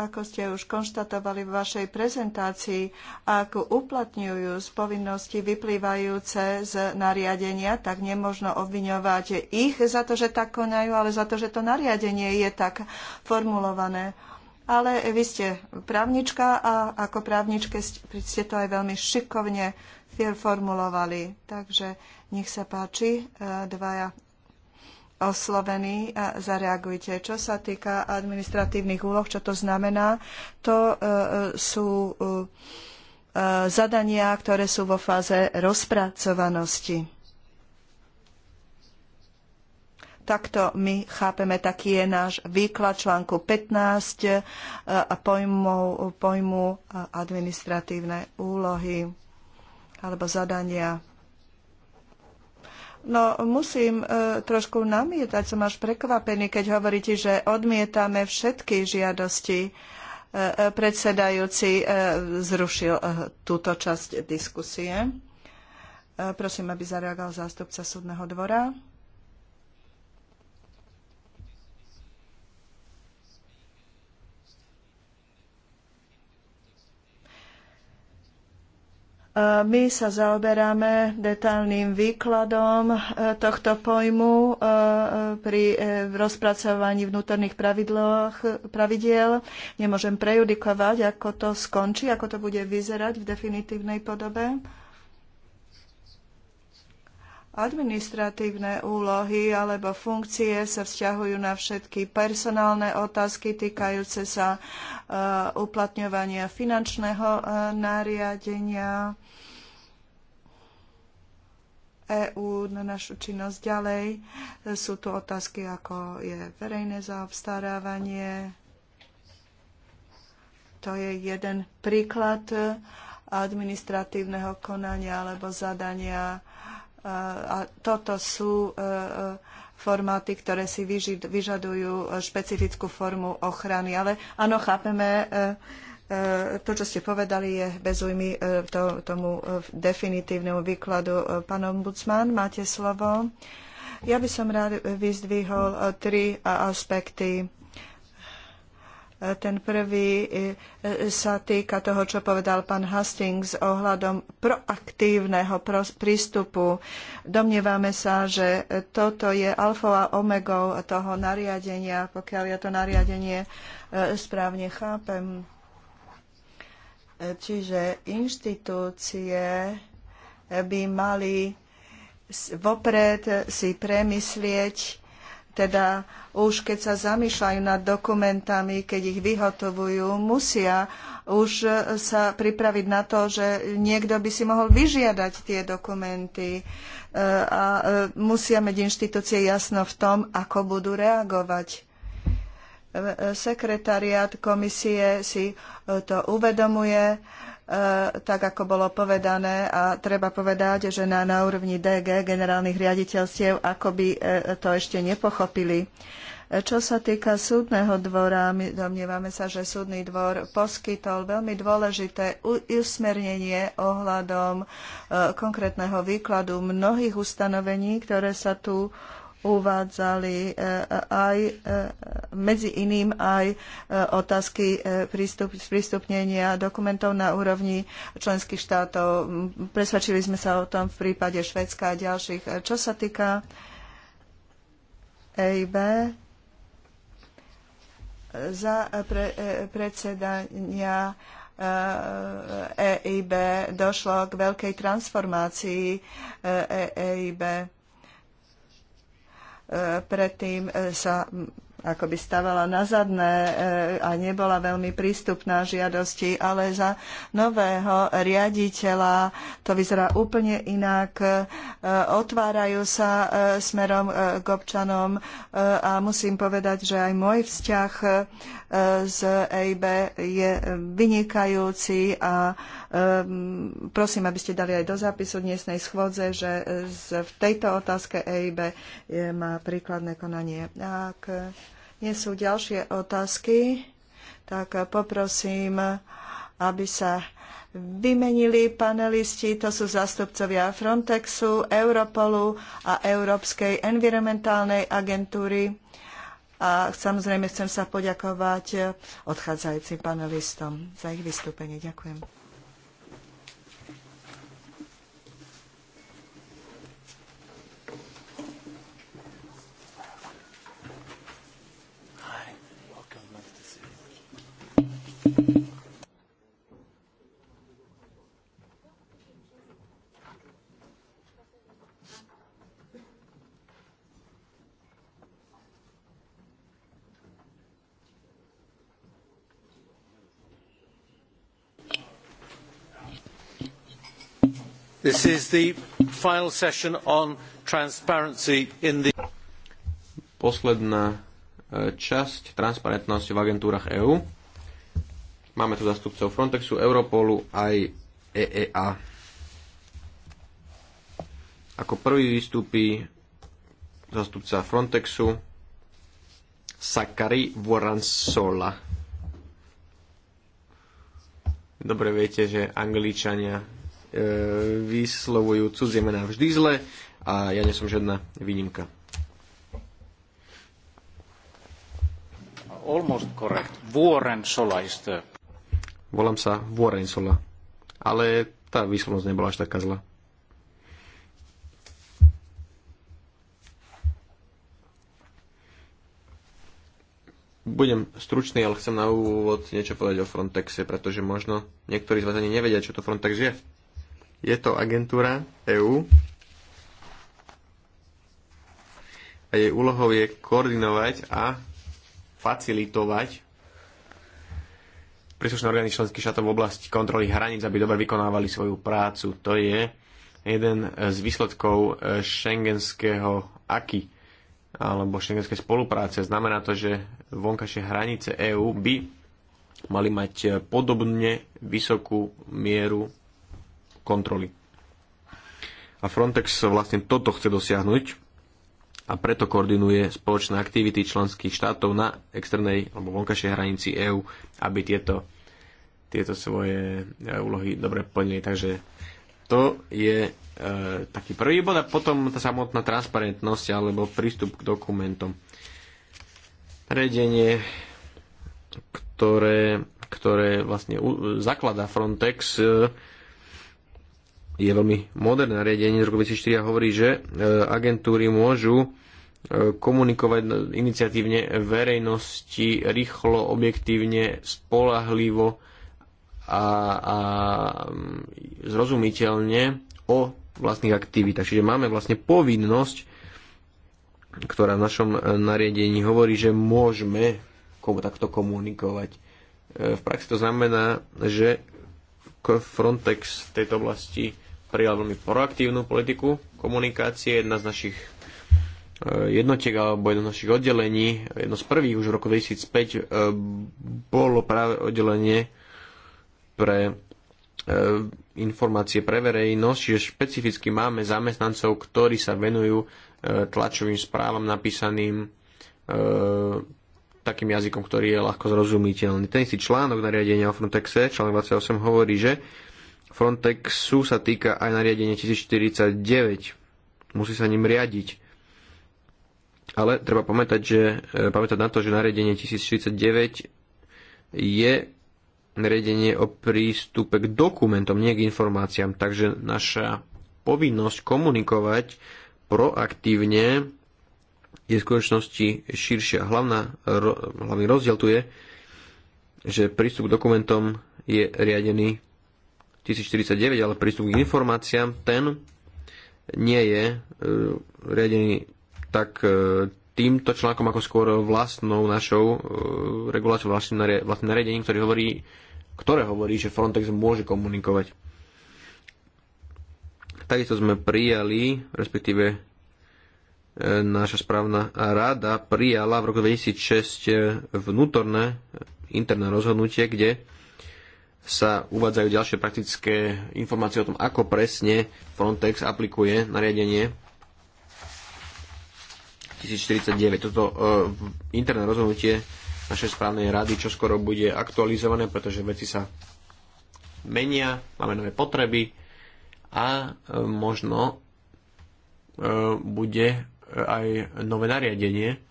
Ako ste už konštatovali v vašej prezentácii, ak uplatňujú z povinnosti vyplývajúce z nariadenia, tak nemožno obviňovať ich za to, že tak konajú, ale za to, že to nariadenie je tak formulované. Ale vy ste právnička a ako právničke ste to aj veľmi šikovne formulovali. Takže nech sa páči, eh, dvaja oslovení a zareagujte. Čo sa týka administratívnych úloh, čo to znamená, to e, e, sú e, zadania, ktoré sú vo fáze rozpracovanosti. Takto my chápeme, taký je náš výklad článku 15 a pojmu, pojmu administratívne úlohy alebo zadania No musím e, trošku namietať, som až prekvapený, keď hovoríte, že odmietame všetky žiadosti. E, e predsedajúci e, zrušil e, túto časť diskusie. E, prosím, aby zareagoval zástupca súdneho dvora. My sa zaoberáme detailným výkladom e, tohto pojmu e, e, pri rozpracovaní vnútorných pravidiel. Nemôžem prejudikovať, ako to skončí, ako to bude vyzerať v definitívnej podobe administratívne úlohy alebo funkcie sa vzťahujú na všetky personálne otázky týkajúce sa eh, uplatňovania finančného eh, nariadenia EÚ na našu činnosť ďalej. Sú tu otázky, ako je verejné zaobstarávanie. To je jeden príklad eh, administratívneho konania alebo zadania a toto sú e, e, formáty, ktoré si vyžadujú e, špecifickú formu ochrany. Ale áno, chápeme, to, čo ste povedali, je bez újmy tomu definitívnemu výkladu. Pán ombudsman, máte slovo. Ja by som rád vyzdvihol tri aspekty ten prvý e, e, sa týka toho, čo povedal pán Hastings ohľadom proaktívneho prístupu. Domnievame sa, že toto je alfa a omegou toho nariadenia, pokiaľ ja to nariadenie e, správne chápem. Čiže inštitúcie by mali vopred si premyslieť, teda už keď sa zamýšľajú nad dokumentami, keď ich vyhotovujú, musia už e, sa pripraviť na to, že niekto by si mohol vyžiadať tie dokumenty e, a e, musia mať inštitúcie jasno v tom, ako budú reagovať sekretariát komisie si to uvedomuje E, tak ako bolo povedané a treba povedať, že na, na úrovni DG generálnych riaditeľstiev akoby e, to ešte nepochopili. E, čo sa týka súdneho dvora, my domnievame sa, že súdny dvor poskytol veľmi dôležité usmernenie ohľadom konkrétneho výkladu mnohých ustanovení, ktoré sa tu uvádzali e, e, aj e, medzi iným aj otázky prístup, sprístupnenia dokumentov na úrovni členských štátov. Presvedčili sme sa o tom v prípade Švedska a ďalších. Čo sa týka EIB, za pre, predsedania EIB došlo k veľkej transformácii EIB predtým sa akoby stávala na zadné e, a nebola veľmi prístupná žiadosti, ale za nového riaditeľa to vyzerá úplne inak. E, otvárajú sa e, smerom k občanom a musím povedať, že aj môj vzťah z EIB je vynikajúci a ehm, prosím, aby ste dali aj do zápisu dnesnej schôdze, že e, v tejto otázke EIB má príkladné konanie. Ak nie sú ďalšie otázky, tak poprosím, aby sa vymenili panelisti, to sú zástupcovia Frontexu, Europolu a Európskej environmentálnej agentúry a samozrejme chcem sa poďakovať odchádzajúcim panelistom za ich vystúpenie. Ďakujem. This is the final session on transparency in the... Posledná e, časť transparentnosti v agentúrach EÚ. Máme tu zastupcov Frontexu, Europolu aj EEA. Ako prvý vystúpi zastupca Frontexu Sakari Voransola. Dobre viete, že Angličania vyslovujú cudzie mená vždy zle a ja nie som žiadna výnimka. Almost correct. Vuoren Sola is the... Volám sa Vuoren Sola. Ale tá výslovnosť nebola až taká zlá. Budem stručný, ale chcem na úvod niečo povedať o Frontexe, pretože možno niektorí z vás ani nevedia, čo to Frontex je. Je to agentúra EÚ a jej úlohou je koordinovať a facilitovať príslušné orgány členských štátov v oblasti kontroly hraníc, aby dobre vykonávali svoju prácu. To je jeden z výsledkov eh, šengenského AKI alebo šengenskej spolupráce. Znamená to, že vonkajšie hranice EÚ by mali mať eh, podobne vysokú mieru kontroly. A Frontex vlastne toto chce dosiahnuť a preto koordinuje spoločné aktivity členských štátov na externej alebo vonkajšej hranici EÚ, aby tieto, tieto svoje eh, úlohy dobre plnili. Takže to je e, taký prvý bod a potom tá samotná transparentnosť alebo prístup k dokumentom. Redenie, ktoré, ktoré vlastne u, zaklada Frontex, e, je veľmi moderné nariadenie z roku 2004 a hovorí, že e, agentúry môžu e, komunikovať iniciatívne verejnosti rýchlo, objektívne, spolahlivo a, a mm, zrozumiteľne o vlastných aktivitách. Čiže máme vlastne povinnosť, ktorá v našom e, nariadení hovorí, že môžeme komu takto komunikovať. V praxi to znamená, že Frontex v tejto oblasti prijal veľmi proaktívnu politiku komunikácie. Jedna z našich eh, jednotiek alebo jedno z našich oddelení, jedno z prvých už v roku 2005, eh, bolo práve oddelenie pre eh, informácie pre verejnosť, čiže špecificky máme zamestnancov, ktorí sa venujú tlačovým správam napísaným takým jazykom, ktorý je ľahko zrozumiteľný. Ten istý článok nariadenia o Frontexe, článok 28, hovorí, že Frontexu sa týka aj nariadenie 1049. Musí sa ním riadiť. Ale treba pamätať, že, e, pamätať na to, že nariadenie 1049 je nariadenie o prístupe k dokumentom, nie k informáciám. Takže naša povinnosť komunikovať proaktívne je v skutočnosti širšia. Hlavná, hlavný rozdiel tu je, že prístup k dokumentom je riadený 1049, ale prístup k informáciám, ten nie je e, riadený tak e, týmto článkom, ako skôr vlastnou našou e, reguláciou, vlastným, nari- vlastným nariadením, ktorý hovorí, ktoré hovorí, že Frontex môže komunikovať. Takisto sme prijali, respektíve e, naša správna rada prijala v roku 2006 e, vnútorné e, interné rozhodnutie, kde sa uvádzajú ďalšie praktické informácie o tom, ako presne Frontex aplikuje nariadenie 1049. Toto uh, interné rozhodnutie našej správnej rady čo skoro bude aktualizované, pretože veci sa menia, máme nové potreby a uh, možno uh, bude aj nové nariadenie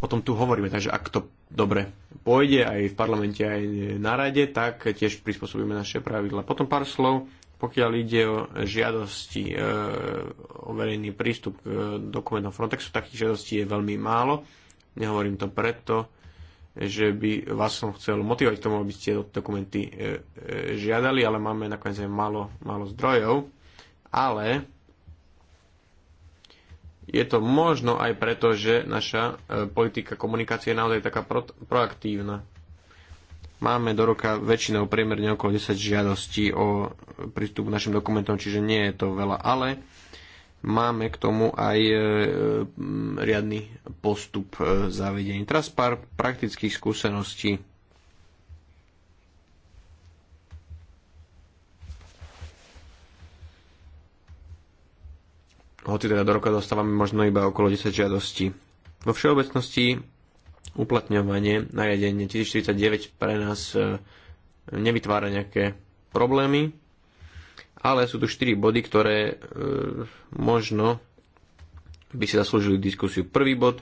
o tom tu hovoríme. Takže ak to dobre pôjde aj v parlamente, aj na rade, tak tiež prispôsobíme naše pravidla. Potom pár slov, pokiaľ ide o žiadosti e, o verejný prístup k e, dokumentom Frontexu, takých žiadostí je veľmi málo. Nehovorím to preto, že by vás som chcel motivovať k tomu, aby ste dokumenty e, e, žiadali, ale máme nakoniec aj málo, málo zdrojov. Ale je to možno aj preto, že naša e, politika komunikácie je naozaj taká pro, proaktívna. Máme do roka väčšinou priemerne okolo 10 žiadostí o prístup k našim dokumentom, čiže nie je to veľa, ale máme k tomu aj e, riadny postup e, zavedení. Teraz pár praktických skúseností hoci teda do roka dostávame možno iba okolo 10 žiadostí. Vo všeobecnosti uplatňovanie nariadenie 1049 pre nás e, nevytvára nejaké problémy, ale sú tu 4 body, ktoré e, možno by si zaslúžili diskusiu. Prvý bod,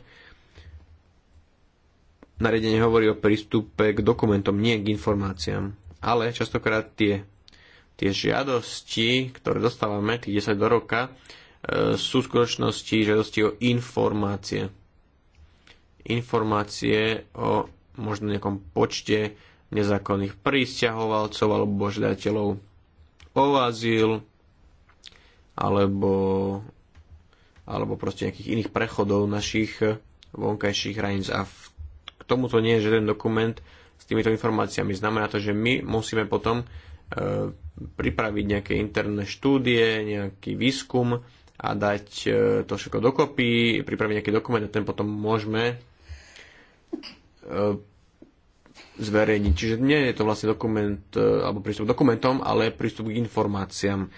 nariadenie hovorí o prístupe k dokumentom, nie k informáciám, ale častokrát tie, tie žiadosti, ktoré dostávame, tých 10 do roka, E, sú v skutočnosti žiadosti o informácie. Informácie o možno nejakom počte nezákonných prísťahovalcov alebo žiadateľov o azyl alebo, alebo proste nejakých iných prechodov našich vonkajších hraníc a v, k tomuto nie je žiaden dokument s týmito informáciami. Znamená to, že my musíme potom e, pripraviť nejaké interné štúdie, nejaký výskum, a dať e, to všetko dokopy, pripraviť nejaký dokument a ten potom môžeme e, zverejniť. Čiže nie je to vlastne dokument e, alebo prístup k dokumentom, ale prístup k informáciám.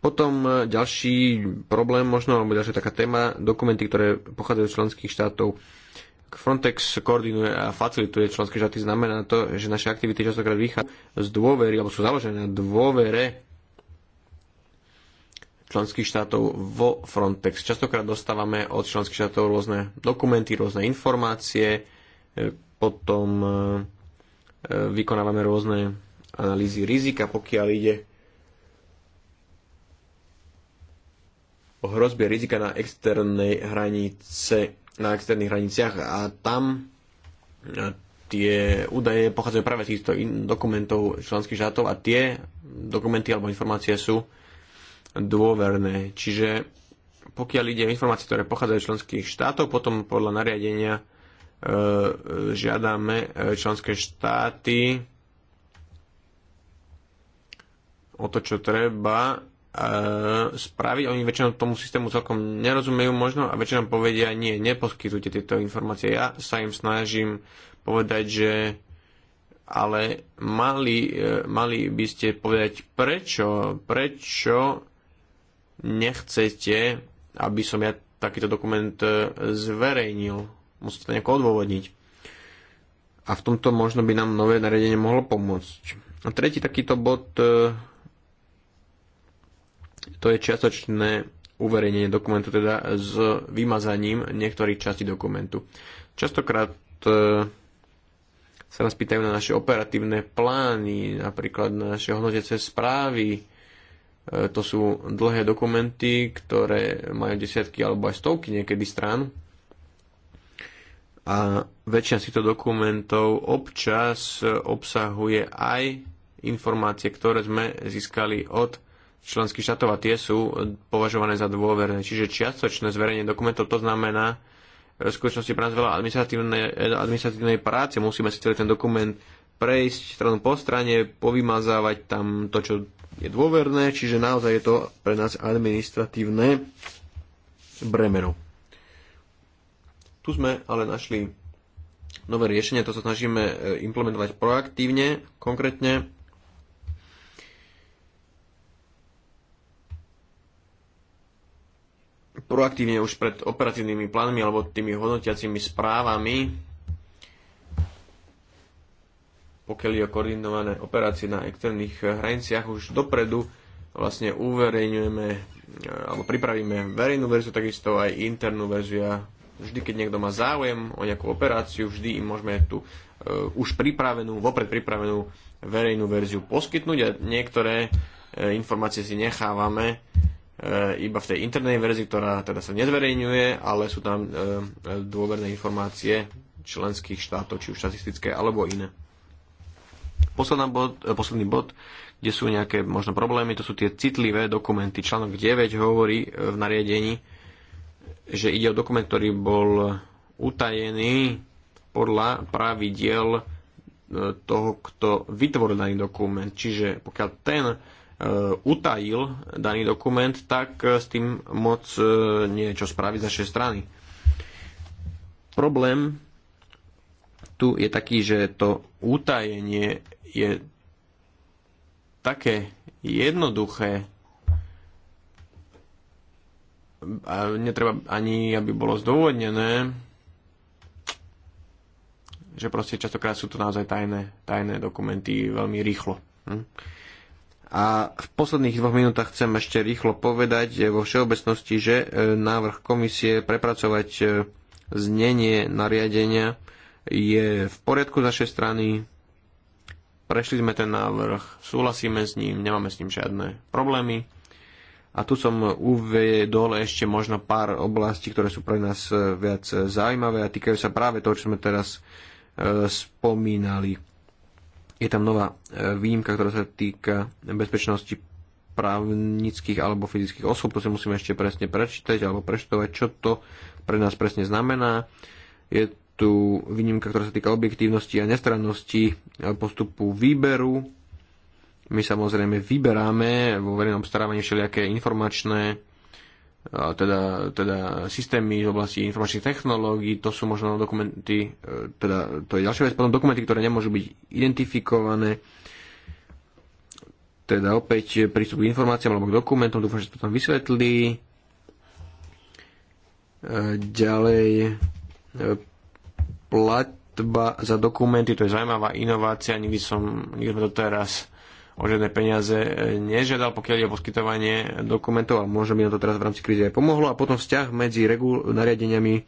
Potom ďalší problém možno, alebo ďalšia taká téma, dokumenty, ktoré pochádzajú z členských štátov. Frontex koordinuje a facilituje členské štáty, znamená to, že naše aktivity častokrát vychádzajú z dôvery, alebo sú založené na dôvere členských štátov vo Frontex. Častokrát dostávame od členských štátov rôzne dokumenty, rôzne informácie, e, potom e, e, vykonávame rôzne analýzy rizika, pokiaľ ide o hrozbie rizika na externej hranice, na externých hraniciach a tam tie údaje pochádzajú práve z týchto dokumentov členských štátov a tie dokumenty alebo informácie sú dôverné. Čiže pokiaľ ide o informácie, ktoré pochádzajú z členských štátov, potom podľa nariadenia e, žiadame e, členské štáty o to, čo treba e, spraviť. Oni väčšinou tomu systému celkom nerozumejú možno a väčšinou povedia, nie, neposkytujte tieto informácie. Ja sa im snažím povedať, že ale mali, e, mali by ste povedať prečo, prečo nechcete, aby som ja takýto dokument e, zverejnil. Musíte to nejako odôvodniť. A v tomto možno by nám nové nariadenie mohlo pomôcť. A tretí takýto bod e, to je čiastočné uverejnenie dokumentu, teda s vymazaním niektorých častí dokumentu. Častokrát e, sa nás pýtajú na naše operatívne plány, napríklad na naše hodnotiace správy, E, to sú dlhé dokumenty, ktoré majú desiatky alebo aj stovky niekedy strán. A väčšina z týchto dokumentov občas obsahuje aj informácie, ktoré sme získali od členských štátov a tie sú považované za dôverné. Čiže čiastočné zverejnenie dokumentov to znamená e, v skutočnosti pre nás veľa administratívnej, e, administratívnej práce. Musíme si celý ten dokument prejsť stranu po strane, povymazávať tam to, čo je dôverné, čiže naozaj je to pre nás administratívne bremeno. Tu sme ale našli nové riešenie, to sa snažíme e, implementovať proaktívne, konkrétne. Proaktívne už pred operatívnymi plánmi alebo tými hodnotiacimi správami pokiaľ je o koordinované operácie na externých hraniciach, už dopredu vlastne uverejňujeme e, alebo pripravíme verejnú verziu, takisto aj internú verziu a vždy, keď niekto má záujem o nejakú operáciu, vždy im môžeme tú uh, už pripravenú, vopred pripravenú verejnú verziu poskytnúť a niektoré uh, informácie si nechávame uh, iba v tej internej verzii, ktorá teda sa nezverejňuje, ale sú tam uh, dôverné informácie členských štátov, či už štatistické alebo iné. Posledný bod, e, posledný bod, kde sú nejaké možno problémy, to sú tie citlivé dokumenty. Článok 9 hovorí e, v nariadení, že ide o dokument, ktorý bol utajený podľa pravidiel e, toho, kto vytvoril daný dokument. Čiže pokiaľ ten utajil daný dokument, tak s tým moc niečo spraviť z našej strany. Problém tu je taký, že to utajenie je také jednoduché a netreba ani, aby bolo zdôvodnené, že proste častokrát sú to naozaj tajné, tajné dokumenty veľmi rýchlo. Hm? A v posledných dvoch minútach chcem ešte rýchlo povedať vo všeobecnosti, že e, návrh komisie prepracovať e, znenie nariadenia je v poriadku z našej strany. Prešli sme ten návrh, súhlasíme s ním, nemáme s ním žiadne problémy. A tu som uvedol ešte možno pár oblastí, ktoré sú pre nás viac zaujímavé a týkajú sa práve toho, čo sme teraz e, spomínali. Je tam nová e, výnimka, ktorá sa týka bezpečnosti právnických alebo fyzických osôb. To si musíme ešte presne prečítať alebo preštovať, čo to pre nás presne znamená. Je tu výnimka, ktorá sa týka objektívnosti a nestrannosti postupu výberu. My samozrejme vyberáme vo verejnom starávaní všelijaké informačné teda, teda systémy z oblasti informačných technológií, to sú možno dokumenty, e, teda to je ďalšia vec, potom dokumenty, ktoré nemôžu byť identifikované, teda opäť prístup k informáciám alebo k dokumentom, dúfam, že to tam vysvetlí. E, ďalej e, platba za dokumenty, to je zaujímavá inovácia, nikdy som, nikdy sme doteraz o žiadne peniaze e, nežiadal, pokiaľ je o poskytovanie dokumentov a možno by nám to teraz v rámci krízy aj pomohlo. A potom vzťah medzi regul- nariadeniami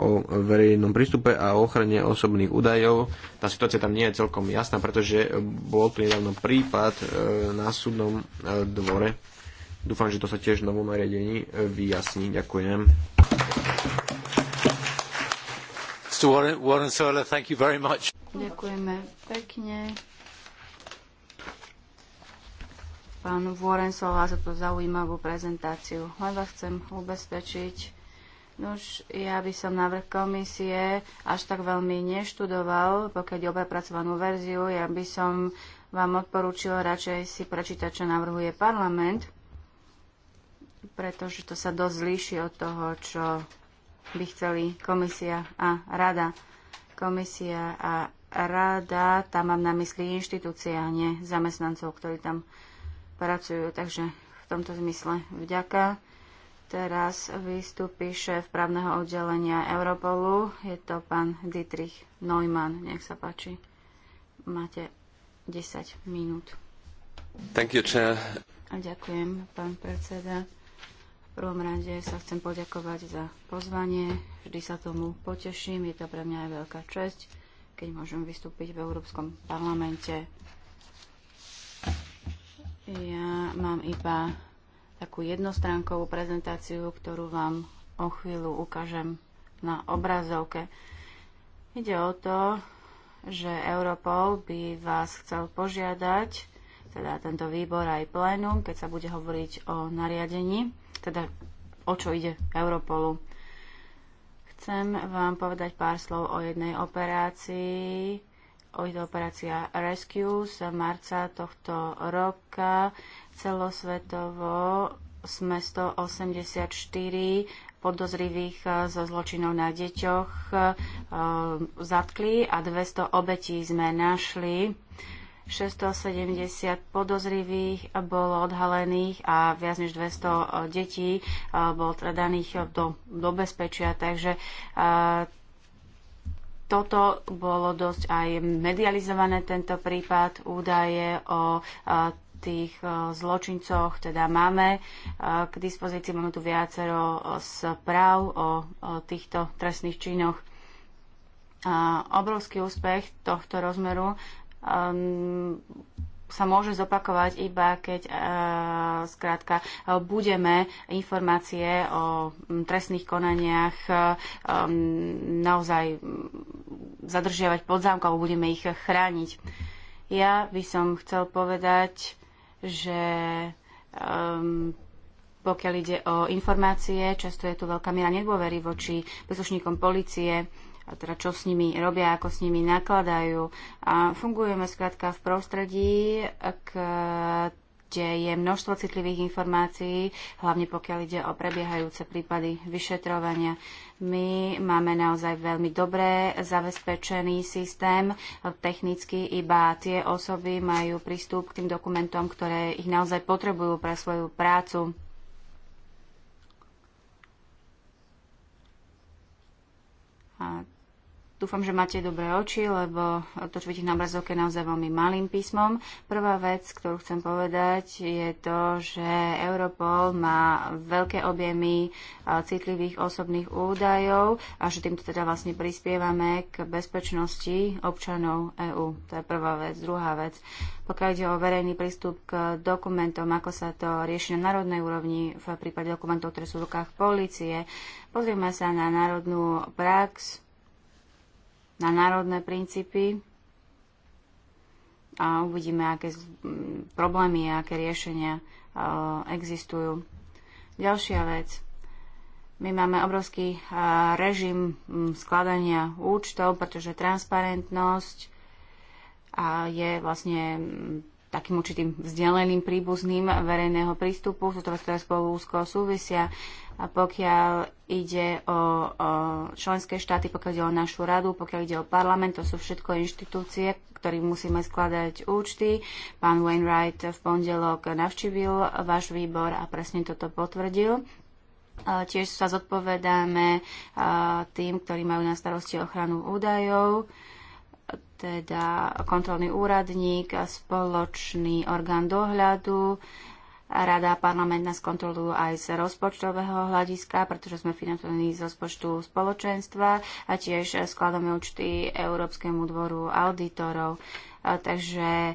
o verejnom prístupe a ochrane osobných údajov. Tá situácia tam nie je celkom jasná, pretože bol tu nedávno prípad e, na súdnom e, dvore. Dúfam, že to sa tiež v novom nariadení vyjasní. Ďakujem. Mr. Warren, Warren Sola, thank you very much. Ďakujeme pekne. Pán Warren Sola za tú zaujímavú prezentáciu. Len vás chcem ubezpečiť, Nož, ja by som návrh komisie až tak veľmi neštudoval, pokiaľ je oprepracovanú verziu. Ja by som vám odporúčil radšej si prečítať, čo navrhuje parlament, pretože to sa dosť líši od toho, čo by chceli komisia a rada. Komisia a rada, tam mám na mysli inštitúcie a nie zamestnancov, ktorí tam pracujú. Takže v tomto zmysle vďaka. Teraz vystúpi šéf právneho oddelenia Europolu. Je to pán Dietrich Neumann. Nech sa páči. Máte 10 minút. Thank you, chair. ďakujem, pán predseda. V prvom rade sa chcem poďakovať za pozvanie. Vždy sa tomu poteším. Je to pre mňa aj veľká česť, keď môžem vystúpiť v Európskom parlamente. Ja mám iba takú jednostránkovú prezentáciu, ktorú vám o chvíľu ukážem na obrazovke. Ide o to, že Europol by vás chcel požiadať, teda tento výbor aj plénum, keď sa bude hovoriť o nariadení, teda o čo ide Europolu. Chcem vám povedať pár slov o jednej operácii. O ide operácia Rescue z marca tohto roka. Celosvetovo sme 184 podozrivých eh, zo zločinov na deťoch eh, zatkli a 200 obetí sme našli. 670 podozrivých bolo odhalených a viac než 200 e, detí e, bolo teda daných do, do bezpečia, takže e, toto bolo dosť aj medializované, tento prípad, údaje o tých zločincoch, teda máme k dispozícii, máme tu viacero správ o týchto trestných činoch. Obrovský úspech tohto rozmeru um, sa môže zopakovať iba, keď uh, eh, skrátka eh, budeme informácie o mm, trestných konaniach um, naozaj mm, zadržiavať pod zámkom alebo budeme ich chrániť. Ja by som chcel povedať, že um, pokiaľ ide o informácie, často je tu veľká miera nedôvery voči príslušníkom policie, teda čo s nimi robia, ako s nimi nakladajú. A fungujeme skrátka v prostredí, kde je množstvo citlivých informácií, hlavne pokiaľ ide o prebiehajúce prípady vyšetrovania. My máme naozaj veľmi dobre zabezpečený systém. Technicky iba tie osoby majú prístup k tým dokumentom, ktoré ich naozaj potrebujú pre svoju prácu. A Dúfam, že máte dobré oči, lebo to, čo vidíte na obrazovke, je naozaj veľmi malým písmom. Prvá vec, ktorú chcem povedať, je to, že Europol má veľké objemy citlivých osobných údajov a že týmto teda vlastne prispievame k bezpečnosti občanov EÚ. To je prvá vec. Druhá vec, pokiaľ ide o verejný prístup k dokumentom, ako sa to rieši na národnej úrovni v prípade dokumentov, ktoré sú v rukách policie, pozrieme sa na národnú prax, na národné princípy a uvidíme, aké problémy a aké riešenia e, existujú. Ďalšia vec. My máme obrovský e, režim skladania účtov, pretože transparentnosť a je vlastne takým určitým vzdialeným príbuzným verejného prístupu. Sú to veci, ktoré spolu úzko súvisia. A pokiaľ ide o, o členské štáty, pokiaľ ide o našu radu, pokiaľ ide o parlament, to sú všetko inštitúcie, ktorým musíme skladať účty. Pán Wainwright v pondelok navštívil váš výbor a presne toto potvrdil. Tiež sa zodpovedáme tým, ktorí majú na starosti ochranu údajov teda kontrolný úradník, spoločný orgán dohľadu, Rada a parlament nás kontrolujú aj z rozpočtového hľadiska, pretože sme financovaní z rozpočtu spoločenstva a tiež skladáme účty Európskemu dvoru auditorov. Takže e,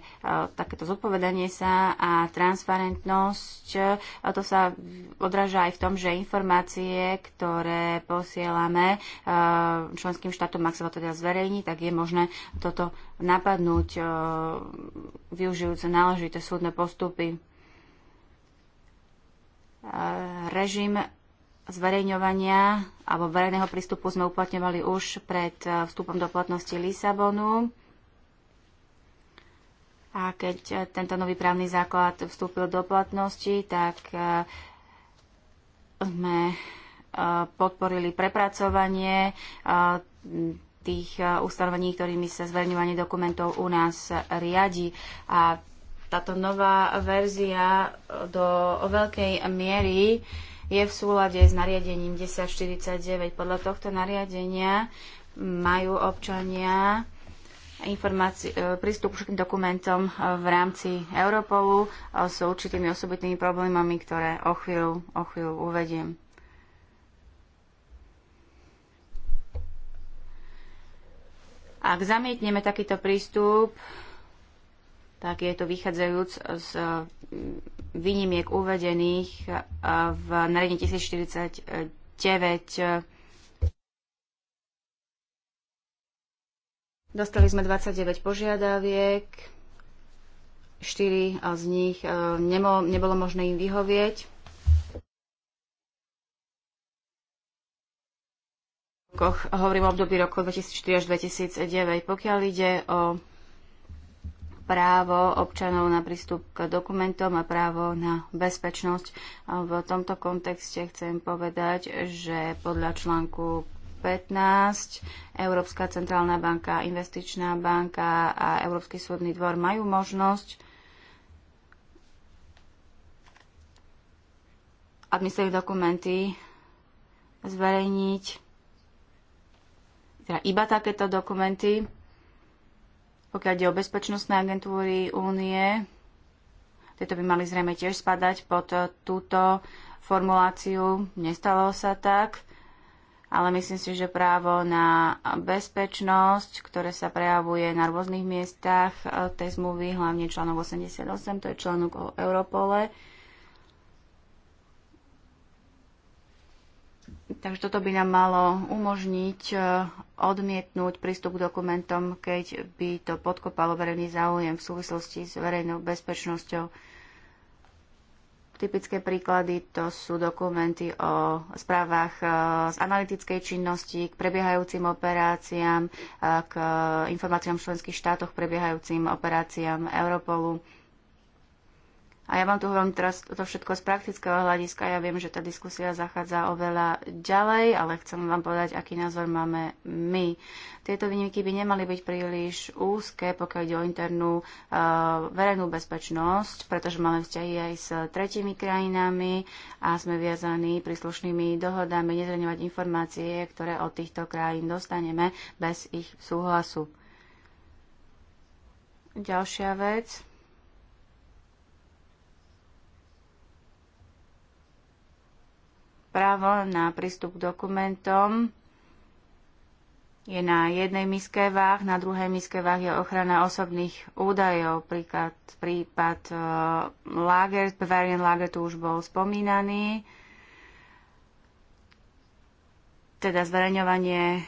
takéto zodpovedanie sa a transparentnosť, e, to sa odráža aj v tom, že informácie, ktoré posielame e, členským štátom, ak sa to teda zverejní, tak je možné toto napadnúť, využijúce náležité súdne postupy. Režim zverejňovania alebo verejného prístupu sme uplatňovali už pred vstupom do platnosti Lisabonu. A keď eh, tento nový právny základ vstúpil do platnosti, tak eh, sme eh, podporili prepracovanie tých ustanovení, ktorými sa zverňovanie dokumentov u nás riadi. A táto nová verzia do veľkej miery je v súlade s nariadením 1049. Podľa tohto nariadenia majú občania E, prístup k všetkým dokumentom e, v rámci Europolu e, s určitými osobitnými problémami, ktoré o chvíľu, o chvíľu uvediem. Ak zamietneme takýto prístup, tak je to vychádzajúc z výnimiek uvedených v nariadení 1049 Dostali sme 29 požiadaviek, 4 eh, z nich eh, nemo, nebolo možné im vyhovieť. Hovorím o období roku 2004 až 2009. Pokiaľ ide o právo občanov na prístup k dokumentom a právo na bezpečnosť. Eh, v tomto kontexte chcem povedať, že podľa článku Európska centrálna banka, investičná banka a Európsky súdny dvor majú možnosť administratívne dokumenty zverejniť, teda iba takéto dokumenty, pokiaľ ide o bezpečnostné agentúry únie, tieto by mali zrejme tiež spadať pod túto formuláciu. Nestalo sa tak ale myslím si, že právo na bezpečnosť, ktoré sa prejavuje na rôznych miestach e, tej zmluvy, hlavne článok 88, to je článok o Europole. Takže toto by nám malo umožniť e, odmietnúť prístup k dokumentom, keď by to podkopalo verejný záujem v súvislosti s verejnou bezpečnosťou. Typické príklady to sú dokumenty o správach e, z analytickej činnosti k prebiehajúcim operáciám, e, k informáciám v členských štátoch, prebiehajúcim operáciám Europolu a ja vám tu hovorím teraz to všetko z praktického hľadiska. Ja viem, že tá diskusia zachádza oveľa ďalej, ale chcem vám povedať, aký názor máme my. Tieto výnimky by nemali byť príliš úzke, pokiaľ ide o internú eh, verejnú bezpečnosť, pretože máme vzťahy aj s tretimi krajinami a sme viazaní príslušnými dohodami nezreňovať informácie, ktoré od týchto krajín dostaneme bez ich súhlasu. Ďalšia vec právo na prístup k dokumentom je na jednej miske váh, na druhej miske váh je ochrana osobných údajov. Príklad, prípad uh, Lager, Bavarian Lager tu už bol spomínaný. Teda zverejňovanie e,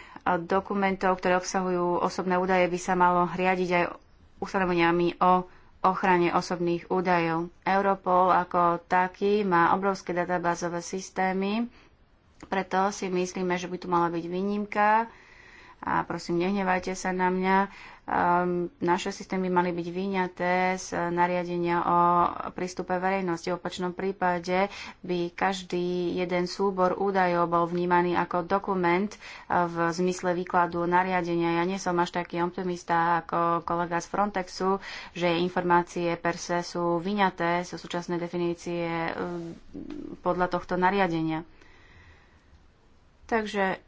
dokumentov, ktoré obsahujú osobné údaje, by sa malo riadiť aj ustanoveniami o ochrane osobných údajov. Europol ako taký má obrovské databázové systémy, preto si myslíme, že by tu mala byť výnimka a prosím, nehnevajte sa na mňa, Ehm, naše systémy mali byť vyňaté z nariadenia o prístupe verejnosti. V opačnom prípade by každý jeden súbor údajov bol vnímaný ako dokument eh, v zmysle výkladu nariadenia. Ja nie som až taký optimista ako kolega z Frontexu, že informácie per se sú vyňaté zo súčasnej definície eh, podľa tohto nariadenia. Takže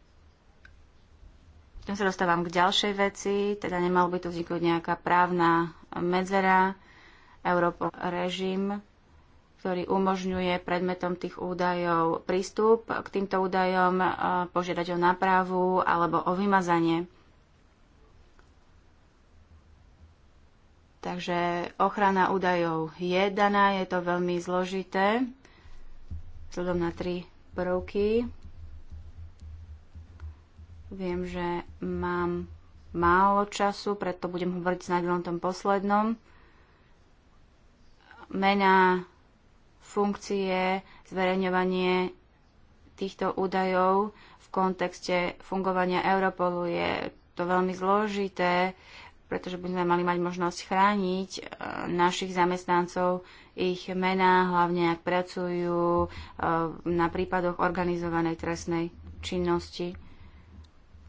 tým sa dostávam k ďalšej veci, teda nemal by tu vzniknúť nejaká právna medzera, Európo režim, ktorý umožňuje predmetom tých údajov prístup k týmto údajom, e, požiadať o nápravu alebo o vymazanie. Takže ochrana údajov je daná, je to veľmi zložité, vzhľadom na tri prvky, Viem, že mám málo času, preto budem hovoriť snáď len tom poslednom. Mená, funkcie, zverejňovanie týchto údajov v kontexte fungovania Europolu je to veľmi zložité, pretože by sme mali mať možnosť chrániť e, našich zamestnancov, ich mená, hlavne ak pracujú e, na prípadoch organizovanej trestnej činnosti.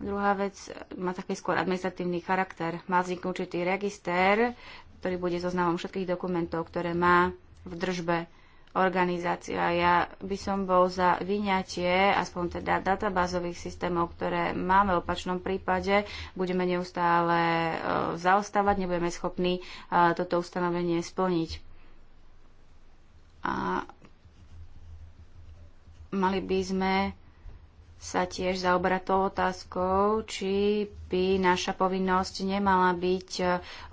Druhá vec má taký skôr administratívny charakter. Má vzniknúť určitý register, ktorý bude zoznamom všetkých dokumentov, ktoré má v držbe organizácia. Ja by som bol za vyňatie, aspoň teda databázových systémov, ktoré máme v opačnom prípade. Budeme neustále e, zaostávať, nebudeme schopní e, toto ustanovenie splniť. A mali by sme sa tiež zaoberá tou otázkou, či by naša povinnosť nemala byť e,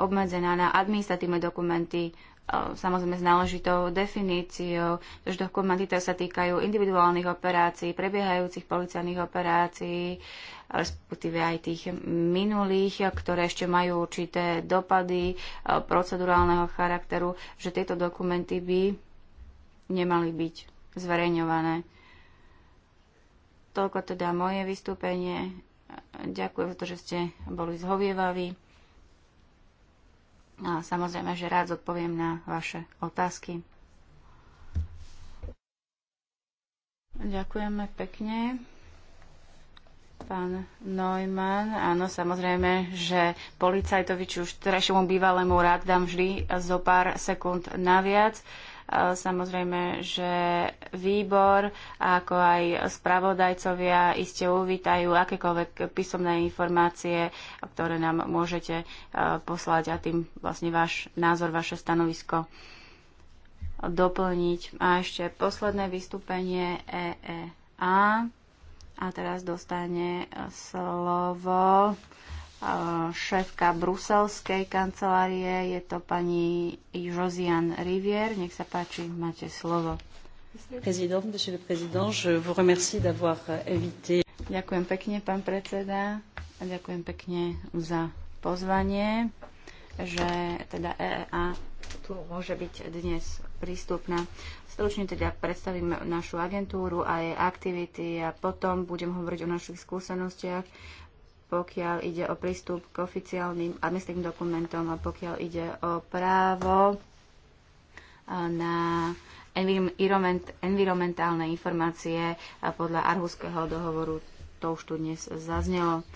obmedzená na administratívne dokumenty, e, samozrejme s náležitou definíciou, tož dokumenty, ktoré sa týkajú individuálnych operácií, prebiehajúcich policajných operácií, respektíve aj tých minulých, ktoré ešte majú určité dopady e, procedurálneho charakteru, že tieto dokumenty by nemali byť zverejňované Toľko teda moje vystúpenie. Ďakujem za to, že ste boli zhovievaví. A samozrejme, že rád zodpoviem na vaše otázky. Ďakujeme pekne. Pán Neumann, áno, samozrejme, že policajtovi, či už terajšiemu bývalému rád dám vždy zo pár sekúnd naviac. viac Samozrejme, že výbor, ako aj spravodajcovia iste uvítajú akékoľvek písomné informácie, ktoré nám môžete e, poslať a tým vlastne váš názor, vaše stanovisko doplniť. A ešte posledné vystúpenie EEA. A teraz dostane slovo šéfka bruselskej kancelárie, je to pani Josiane Rivier. Nech sa páči, máte slovo. Euh, ďakujem pekne, pán predseda, a ďakujem pekne za pozvanie, že teda EEA tu môže byť dnes prístupná. Stručne teda predstavím našu agentúru a jej aktivity a potom budem hovoriť o našich skúsenostiach pokiaľ ide o prístup k oficiálnym administratívnym dokumentom a pokiaľ ide o právo na environment, environmentálne informácie a podľa Arhuského dohovoru. To už tu dnes zaznelo.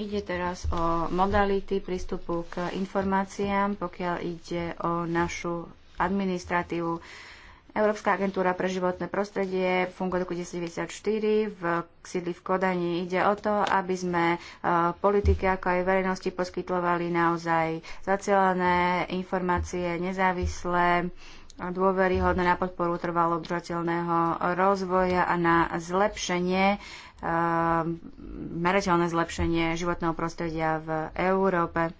Ide teraz o modality prístupu k informáciám, pokiaľ ide o našu administratívu. Európska agentúra pre životné prostredie funguje roku 1994 v sídli v Kodani. Ide o to, aby sme e, politike ako aj verejnosti poskytovali naozaj zacielené informácie, nezávislé, dôveryhodné na podporu trvalo udržateľného rozvoja a na zlepšenie e, merateľné zlepšenie životného prostredia v Európe.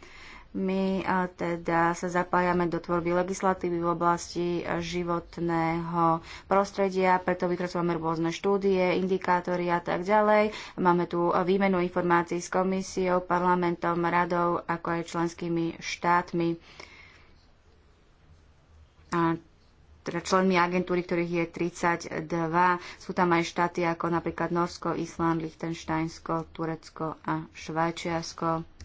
My teda sa zapájame do tvorby legislatívy v oblasti životného prostredia, preto vypracovame rôzne štúdie, indikátory a tak ďalej. Máme tu výmenu informácií s komisiou, parlamentom, radou, ako aj členskými štátmi. A teda členmi agentúry, ktorých je 32. Sú tam aj štáty ako napríklad Norsko, Island, Liechtensteinsko, Turecko a Švajčiarsko.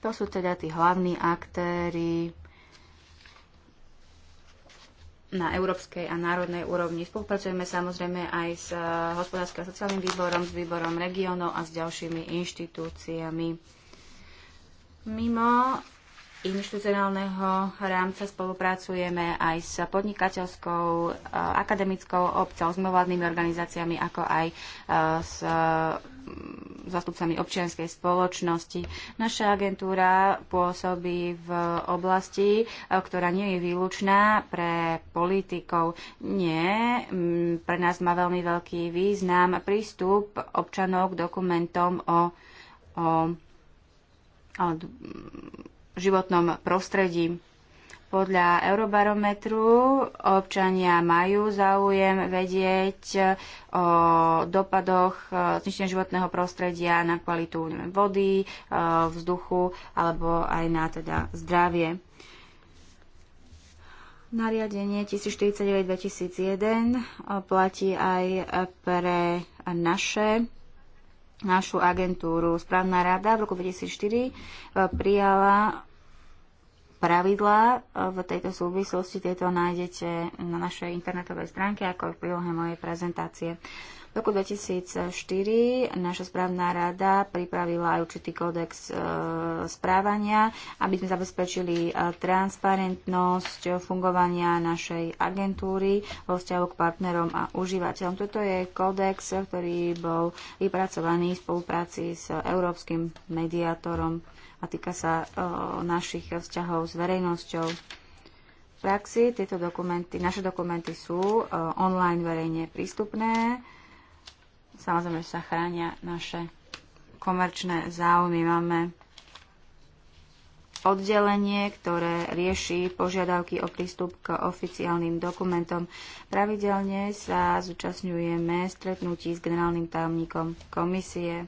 To sú teda tí hlavní aktéry na európskej a národnej úrovni. Spolupracujeme samozrejme aj s eh, hospodárskym a sociálnym výborom, s výborom regionov a s ďalšími inštitúciami. Mimo inštitucionálneho rámca spolupracujeme aj s podnikateľskou, eh, akademickou obcou, s mimovládnymi organizáciami, ako aj eh, s zastupcami občianskej spoločnosti. Naša agentúra pôsobí v oblasti, e, ktorá nie je výlučná pre politikov. Nie, pre nás má veľmi veľký význam prístup občanov k dokumentom o, o, o životnom prostredí podľa Eurobarometru občania majú záujem vedieť e, o dopadoch e, zničenia životného prostredia na kvalitu vody, e, vzduchu alebo aj na teda zdravie. Nariadenie 1049-2001 platí aj pre naše našu agentúru. Správna rada v roku 2004 prijala pravidlá v tejto súvislosti. Tieto nájdete na našej internetovej stránke, ako aj v prílohe mojej prezentácie. V roku 2004 naša správna rada pripravila aj určitý kódex e, správania, aby sme zabezpečili e, transparentnosť fungovania našej agentúry vo vzťahu k partnerom a užívateľom. Toto je kódex, ktorý bol vypracovaný v spolupráci s európskym mediátorom a týka sa e, našich vzťahov s verejnosťou. V praxi tieto dokumenty, naše dokumenty sú e, online verejne prístupné. Samozrejme, sa chránia naše komerčné záujmy. Máme oddelenie, ktoré rieši požiadavky o prístup k oficiálnym dokumentom. Pravidelne sa zúčastňujeme stretnutí s generálnym tajomníkom komisie.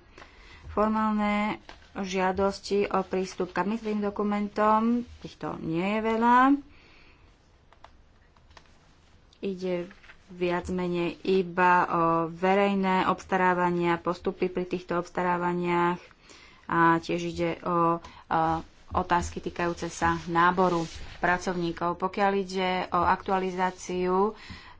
Formálne žiadosti o prístup k admitným dokumentom. Týchto nie je veľa. Ide viac menej iba o verejné obstarávania, postupy pri týchto obstarávaniach a tiež ide o, o otázky týkajúce sa náboru pracovníkov. Pokiaľ ide o aktualizáciu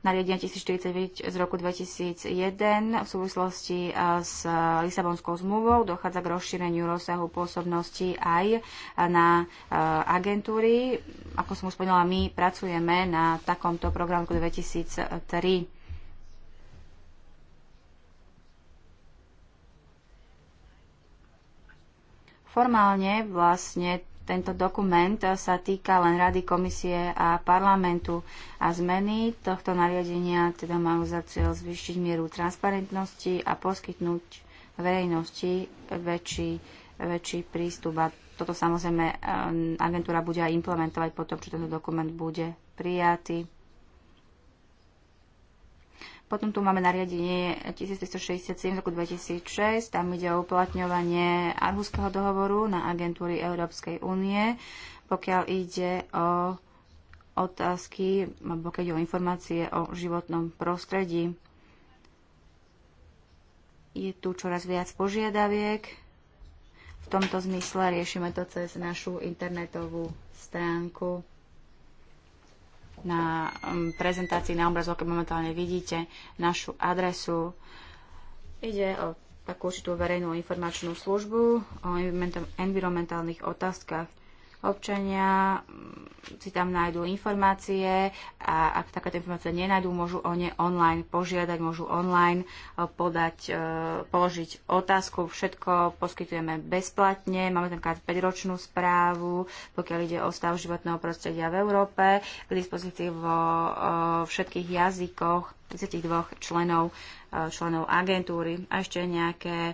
nariadenia 1049 z roku 2001 v súvislosti eh, s Lisabonskou zmluvou dochádza k rozšíreniu rozsahu pôsobnosti aj eh, na eh, agentúry. Ako som už spomínala, my pracujeme na takomto programu 2003 formálne vlastne tento dokument eh, sa týka len Rady komisie a parlamentu a zmeny tohto nariadenia teda majú za cieľ zvýšiť mieru transparentnosti a poskytnúť verejnosti väčší, väčší prístup. A toto samozrejme eh, agentúra bude aj implementovať potom, čo tento dokument bude prijatý. Potom tu máme nariadenie 1367 z roku 2006, tam ide o uplatňovanie Arhuského dohovoru na agentúry Európskej únie, pokiaľ ide o otázky, alebo keď o informácie o životnom prostredí. Je tu čoraz viac požiadaviek. V tomto zmysle riešime to cez našu internetovú stránku na um, prezentácii na obrazovke momentálne vidíte našu adresu. Ide o takú určitú verejnú informačnú službu o environmentálnych otázkach. Občania mm, si tam nájdú informácie a ak takáto informácia nenájdú, môžu o ne online požiadať, môžu online e, podať, e, položiť otázku. Všetko poskytujeme bezplatne. Máme tam 5-ročnú správu, pokiaľ ide o stav životného prostredia v Európe, k dispozícii vo e, všetkých jazykoch 32 členov, e, členov agentúry a ešte nejaké e,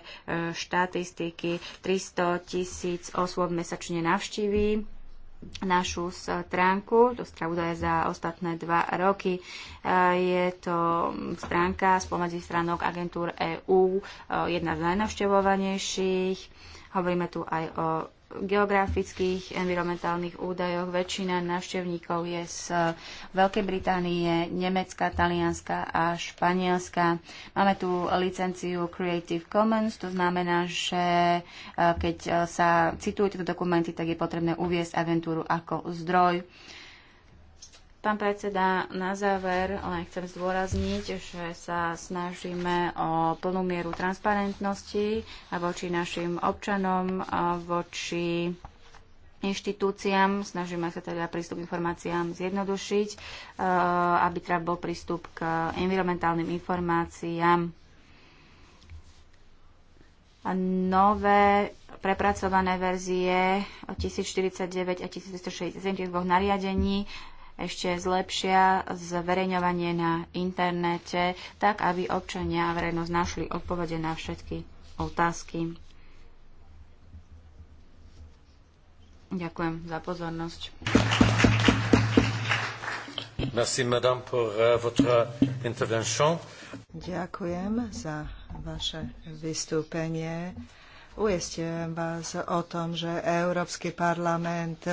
štatistiky. 300 tisíc osôb mesačne navštíví našu stránku, to údaje za ostatné dva roky. E, je to stránka spomedzi stránok agentúr EÚ, jedna z najnavštevovanejších. Hovoríme tu aj o geografických, environmentálnych údajoch. Väčšina návštevníkov je z Veľkej Británie, Nemecka, Talianska a Španielska. Máme tu licenciu Creative Commons, to znamená, že eh, keď eh, sa citujú tieto dokumenty, tak je potrebné uviesť agentúru ako zdroj. Uh, Pán predseda, na záver len chcem zdôrazniť, že sa snažíme o plnú mieru transparentnosti a voči našim občanom, a voči inštitúciám. Snažíme sa teda prístup k informáciám zjednodušiť, e, aby teda bol prístup k environmentálnym informáciám. Nové prepracované verzie 1049 a dvoch nariadení ešte zlepšia zverejňovanie na internete, tak aby občania a verejnosť našli odpovede na všetky otázky. Ďakujem za pozornosť. Merci, madame, pour euh, votre intervention. Ďakujem za vaše vystúpenie. Ujistujem vás o tom, že Európsky parlament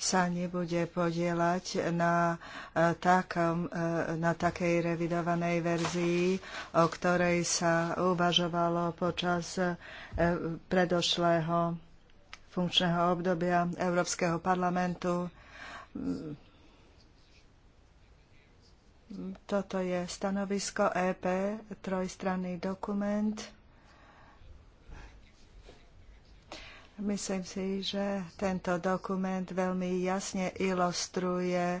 sa nebude podielať na, e, takom, e, na takej revidovanej verzii, o ktorej sa uvažovalo počas e, predošlého funkčného obdobia Európskeho parlamentu. Toto je stanovisko EP, trojstranný dokument Myslím si, že tento dokument veľmi jasne ilustruje e,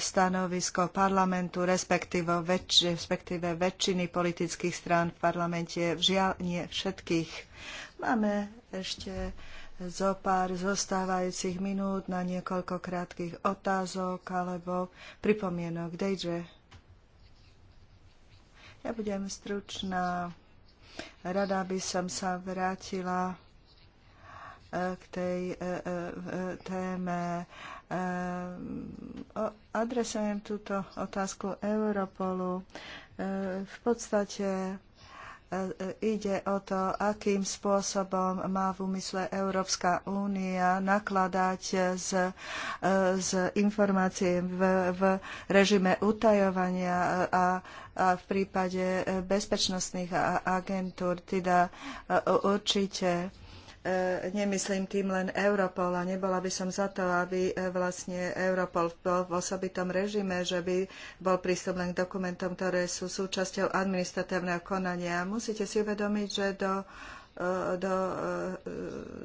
stanovisko parlamentu, respektíve, väč- respektíve väčšiny politických strán v parlamente. Žiaľ, nie všetkých. Máme ešte zo pár zostávajúcich minút na niekoľko krátkých otázok alebo pripomienok. Dejže. Ja budem stručná. Rada by som sa vrátila k tej e, e, e, téme. Adresujem túto otázku Europolu. V podstate ide o to, akým spôsobom má v úmysle Európska únia nakladať s, s informáciami v, v režime utajovania a, a v prípade bezpečnostných agentúr. Teda určite E, nemyslím tým len Europol a nebola by som za to, aby e, vlastne Europol bol v osobitom režime, že by bol prístup len k dokumentom, ktoré sú súčasťou administratívneho konania. Musíte si uvedomiť, že do E, do, e,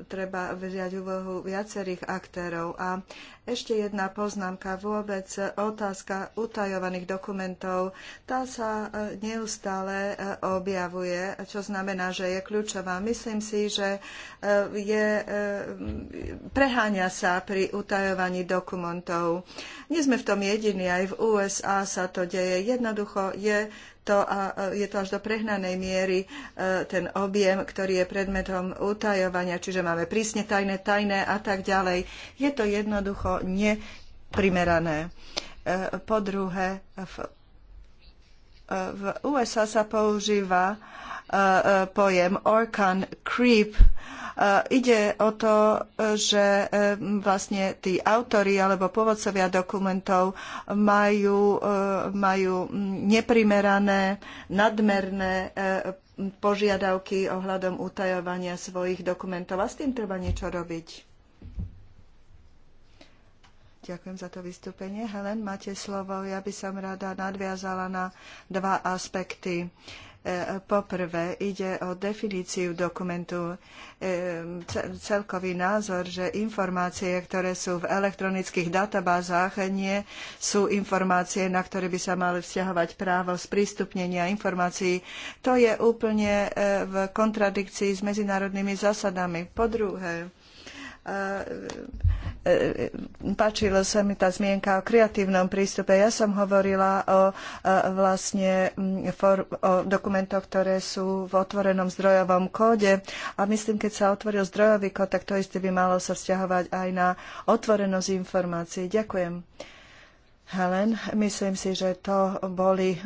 treba vziať úlohu viacerých aktérov. A ešte jedna poznámka, vôbec otázka utajovaných dokumentov. Tá sa e, neustále objavuje, čo znamená, že je kľúčová. Myslím si, že je, preháňa sa pri utajovaní dokumentov. Nie sme v tom jediní, aj v USA sa to deje. Jednoducho je to a je to až do prehnanej miery e, ten objem, ktorý je predmetom utajovania, čiže máme prísne tajné, tajné a tak ďalej. Je to jednoducho neprimerané. E, po druhé, v, e, v USA sa používa pojem Orkan Creep, Ide o to, že vlastne tí autori alebo povodcovia dokumentov majú, eh, majú neprimerané, nadmerné eh, požiadavky ohľadom utajovania svojich dokumentov. A s tým treba niečo robiť. Ďakujem za to vystúpenie. Helen, máte slovo. Ja by som rada nadviazala na dva aspekty. Uh, Poprvé ide o definíciu dokumentu, celkový názor, že informácie, ktoré sú v elektronických databázach, nie sú informácie, na ktoré by sa mali vzťahovať právo sprístupnenia informácií. To je úplne e, v kontradikcii s medzinárodnými zásadami. Po druhé, E, e, e, a sa mi tá zmienka o kreatívnom prístupe. Ja som hovorila o vlastne o dokumentoch, ktoré sú v otvorenom zdrojovom kóde a myslím, keď sa otvoril zdrojový kód, tak to isté by malo sa vzťahovať aj na otvorenosť informácií. Ďakujem. Helen, myslím si, že to boli eh,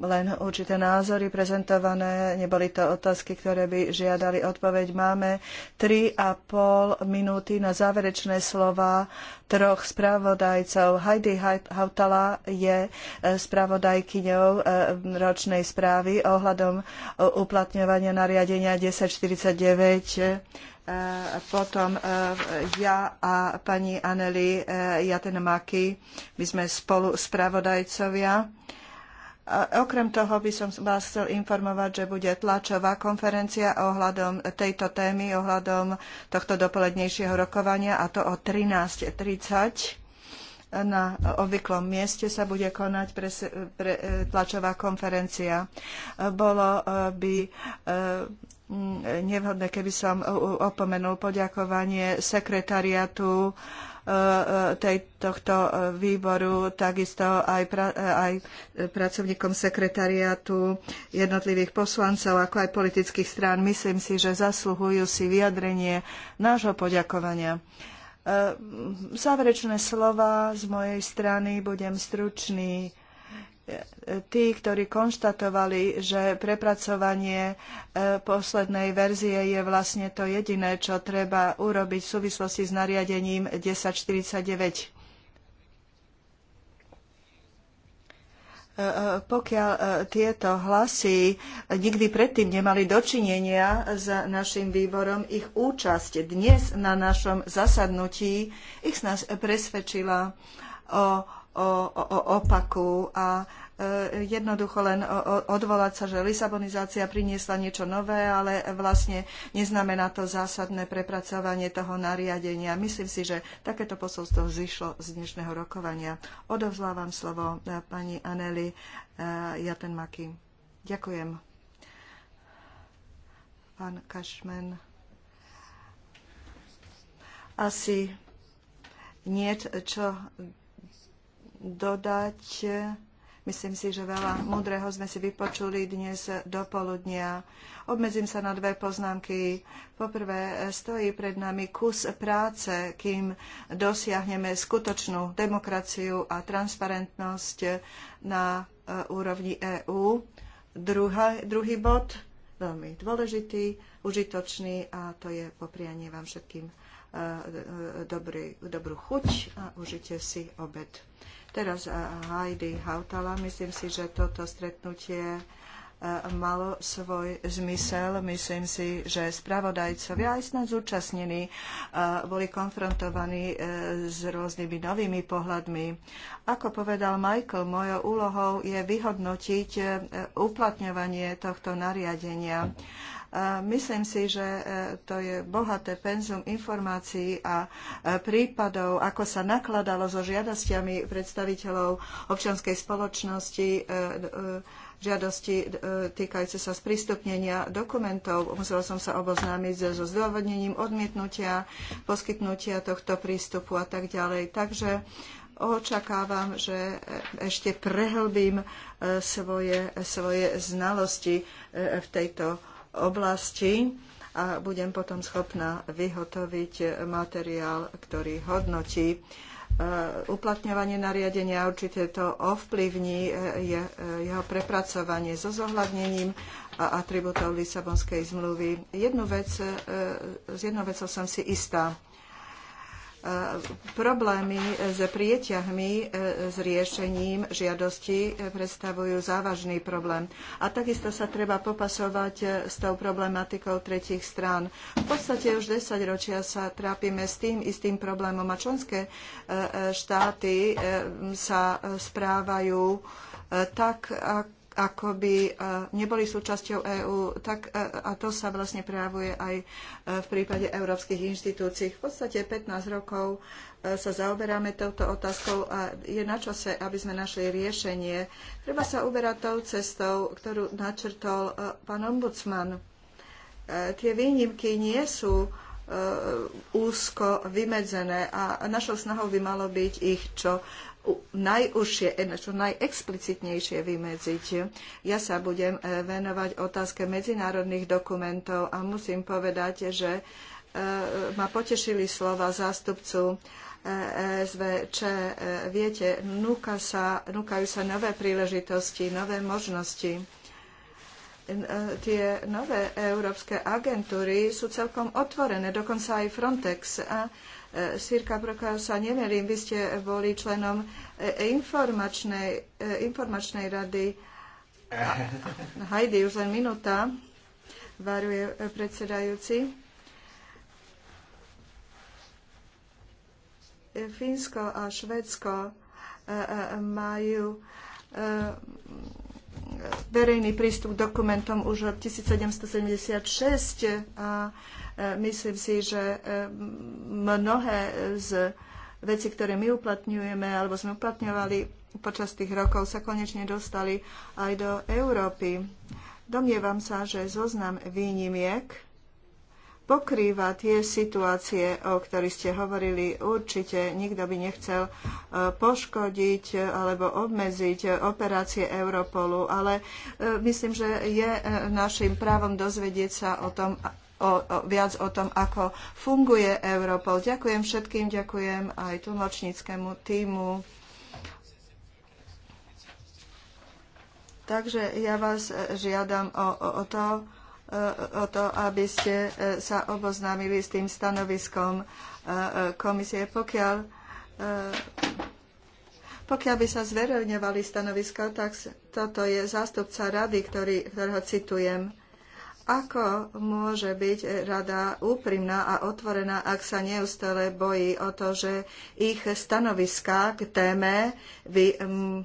len určité názory prezentované, neboli to otázky, ktoré by žiadali odpoveď. Máme 3,5 minúty na záverečné slova troch spravodajcov. Heidi Hautala je eh, spravodajkyňou eh, ročnej správy ohľadom uplatňovania nariadenia 1049 potom e, ja a pani Aneli e, Jatenmaki, my sme spolu spravodajcovia. Okrem toho by som vás chcel informovať, že bude tlačová konferencia ohľadom tejto témy, ohľadom tohto dopolednejšieho rokovania a to o 13.30 na obvyklom mieste sa bude konať pre, pre, tlačová konferencia. Bolo e, by Mm, nevhodné, keby som opomenul poďakovanie sekretariatu e, e, tej, tohto e, výboru, takisto aj, pra, aj pracovníkom sekretariátu jednotlivých poslancov, ako aj politických strán. Myslím si, že zasluhujú si vyjadrenie nášho poďakovania. Záverečné slova z mojej strany budem stručný tí, ktorí konštatovali, že prepracovanie e, poslednej verzie je vlastne to jediné, čo treba urobiť v súvislosti s nariadením 1049. E, e, pokiaľ tieto hlasy nikdy predtým nemali dočinenia s našim výborom, ich účasť dnes na našom zasadnutí ich nás presvedčila o o, o opaku a e, jednoducho len odvolať sa, že Lisabonizácia priniesla niečo nové, ale vlastne neznamená to zásadné prepracovanie toho nariadenia. Myslím si, že takéto posolstvo zišlo z dnešného rokovania. Odovzlávam slovo e, pani Aneli e, Jatenmaki. Ďakujem. Pán Kašmen. Asi nie, čo dodať. Myslím si, že veľa múdreho sme si vypočuli dnes do poludnia. Obmedzím sa na dve poznámky. Poprvé, stojí pred nami kus práce, kým dosiahneme skutočnú demokraciu a transparentnosť na e, úrovni EÚ. druhý bod, veľmi dôležitý, užitočný a to je poprianie vám všetkým e, e, dobrý, dobrú chuť a užite si obed. Teraz eh, Heidi Hautala, myslím si, že toto stretnutie eh, malo svoj zmysel. Myslím si, že spravodajcovia aj snad zúčastnení eh, boli konfrontovaní s rôznymi novými pohľadmi. Ako povedal Michael, mojou úlohou je vyhodnotiť uplatňovanie tohto nariadenia Myslím si, že e, to je bohaté penzum informácií a e, prípadov, ako sa nakladalo so žiadostiami predstaviteľov občianskej spoločnosti e, žiadosti týkajúce sa sprístupnenia dokumentov. Musela som sa oboznámiť so zdôvodnením odmietnutia, poskytnutia tohto prístupu a tak ďalej. Takže očakávam, že ešte prehlbím svoje, svoje znalosti v tejto oblasti oblasti a budem potom schopná vyhotoviť materiál, ktorý hodnotí e, uplatňovanie nariadenia, určite to ovplyvní e, e, jeho prepracovanie so zohľadnením a atribútov Lisabonskej zmluvy. Jednu vec, z jednou vecou som si istá. Problémy s prieťahmi e, s riešením žiadosti e, predstavujú závažný problém. A takisto sa treba popasovať e, s tou problematikou tretich strán. V podstate už 10 ročia sa trápime s tým istým problémom a členské štáty sa správajú tak, ako akoby e, neboli súčasťou EÚ, tak e, a to sa vlastne prejavuje aj e, v prípade európskych inštitúcií. V podstate 15 rokov sa zaoberáme touto otázkou a je na čase, aby sme našli riešenie. Treba sa uberať tou cestou, ktorú načrtol pán ombudsman. Tie výnimky nie sú úzko vymedzené a našou snahou by malo byť ich čo najúžšie, eh, čo najexplicitnejšie vymedziť. Ja sa budem eh, venovať otázke medzinárodných dokumentov a musím povedať, že eh, ma potešili slova zástupcu SVČ. Viete, núka sa, núkajú sa nové príležitosti, nové možnosti tie nové európske agentúry sú celkom otvorené, dokonca aj Frontex. A Sirka Broka sa nemerím, vy ste boli členom e, e, informačnej, e, informačnej rady. Hajdy, už len minúta, varuje predsedajúci. Fínsko a Švedsko majú verejný prístup k dokumentom už od 1776 a E, myslím si, že e, mnohé z vecí, ktoré my uplatňujeme alebo sme uplatňovali počas tých rokov, sa konečne dostali aj do Európy. Domnievam sa, že zoznam výnimiek pokrýva tie situácie, o ktorých ste hovorili. Určite nikto by nechcel e, poškodiť alebo obmedziť operácie Europolu, ale myslím, že je našim právom dozvedieť sa o tom, o, o, viac o tom, ako funguje Europol. Ďakujem všetkým, ďakujem aj tlmočníckému týmu. Takže ja vás e, žiadam o, o, o to, e, o to, aby ste e, sa oboznámili s tým stanoviskom komisie. Pokiaľ, pokiaľ by sa zverejňovali stanovisko, tak toto je zástupca rady, ktorý, ktorého citujem. Ako môže byť rada úprimná a otvorená, ak sa neustále bojí o to, že ich stanoviská k téme by mm,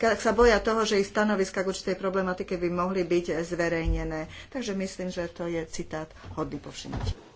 ak sa boja toho, že ich stanoviska k určitej problematike by mohli byť zverejnené. Takže myslím, že to je citát hodný povšimnutia.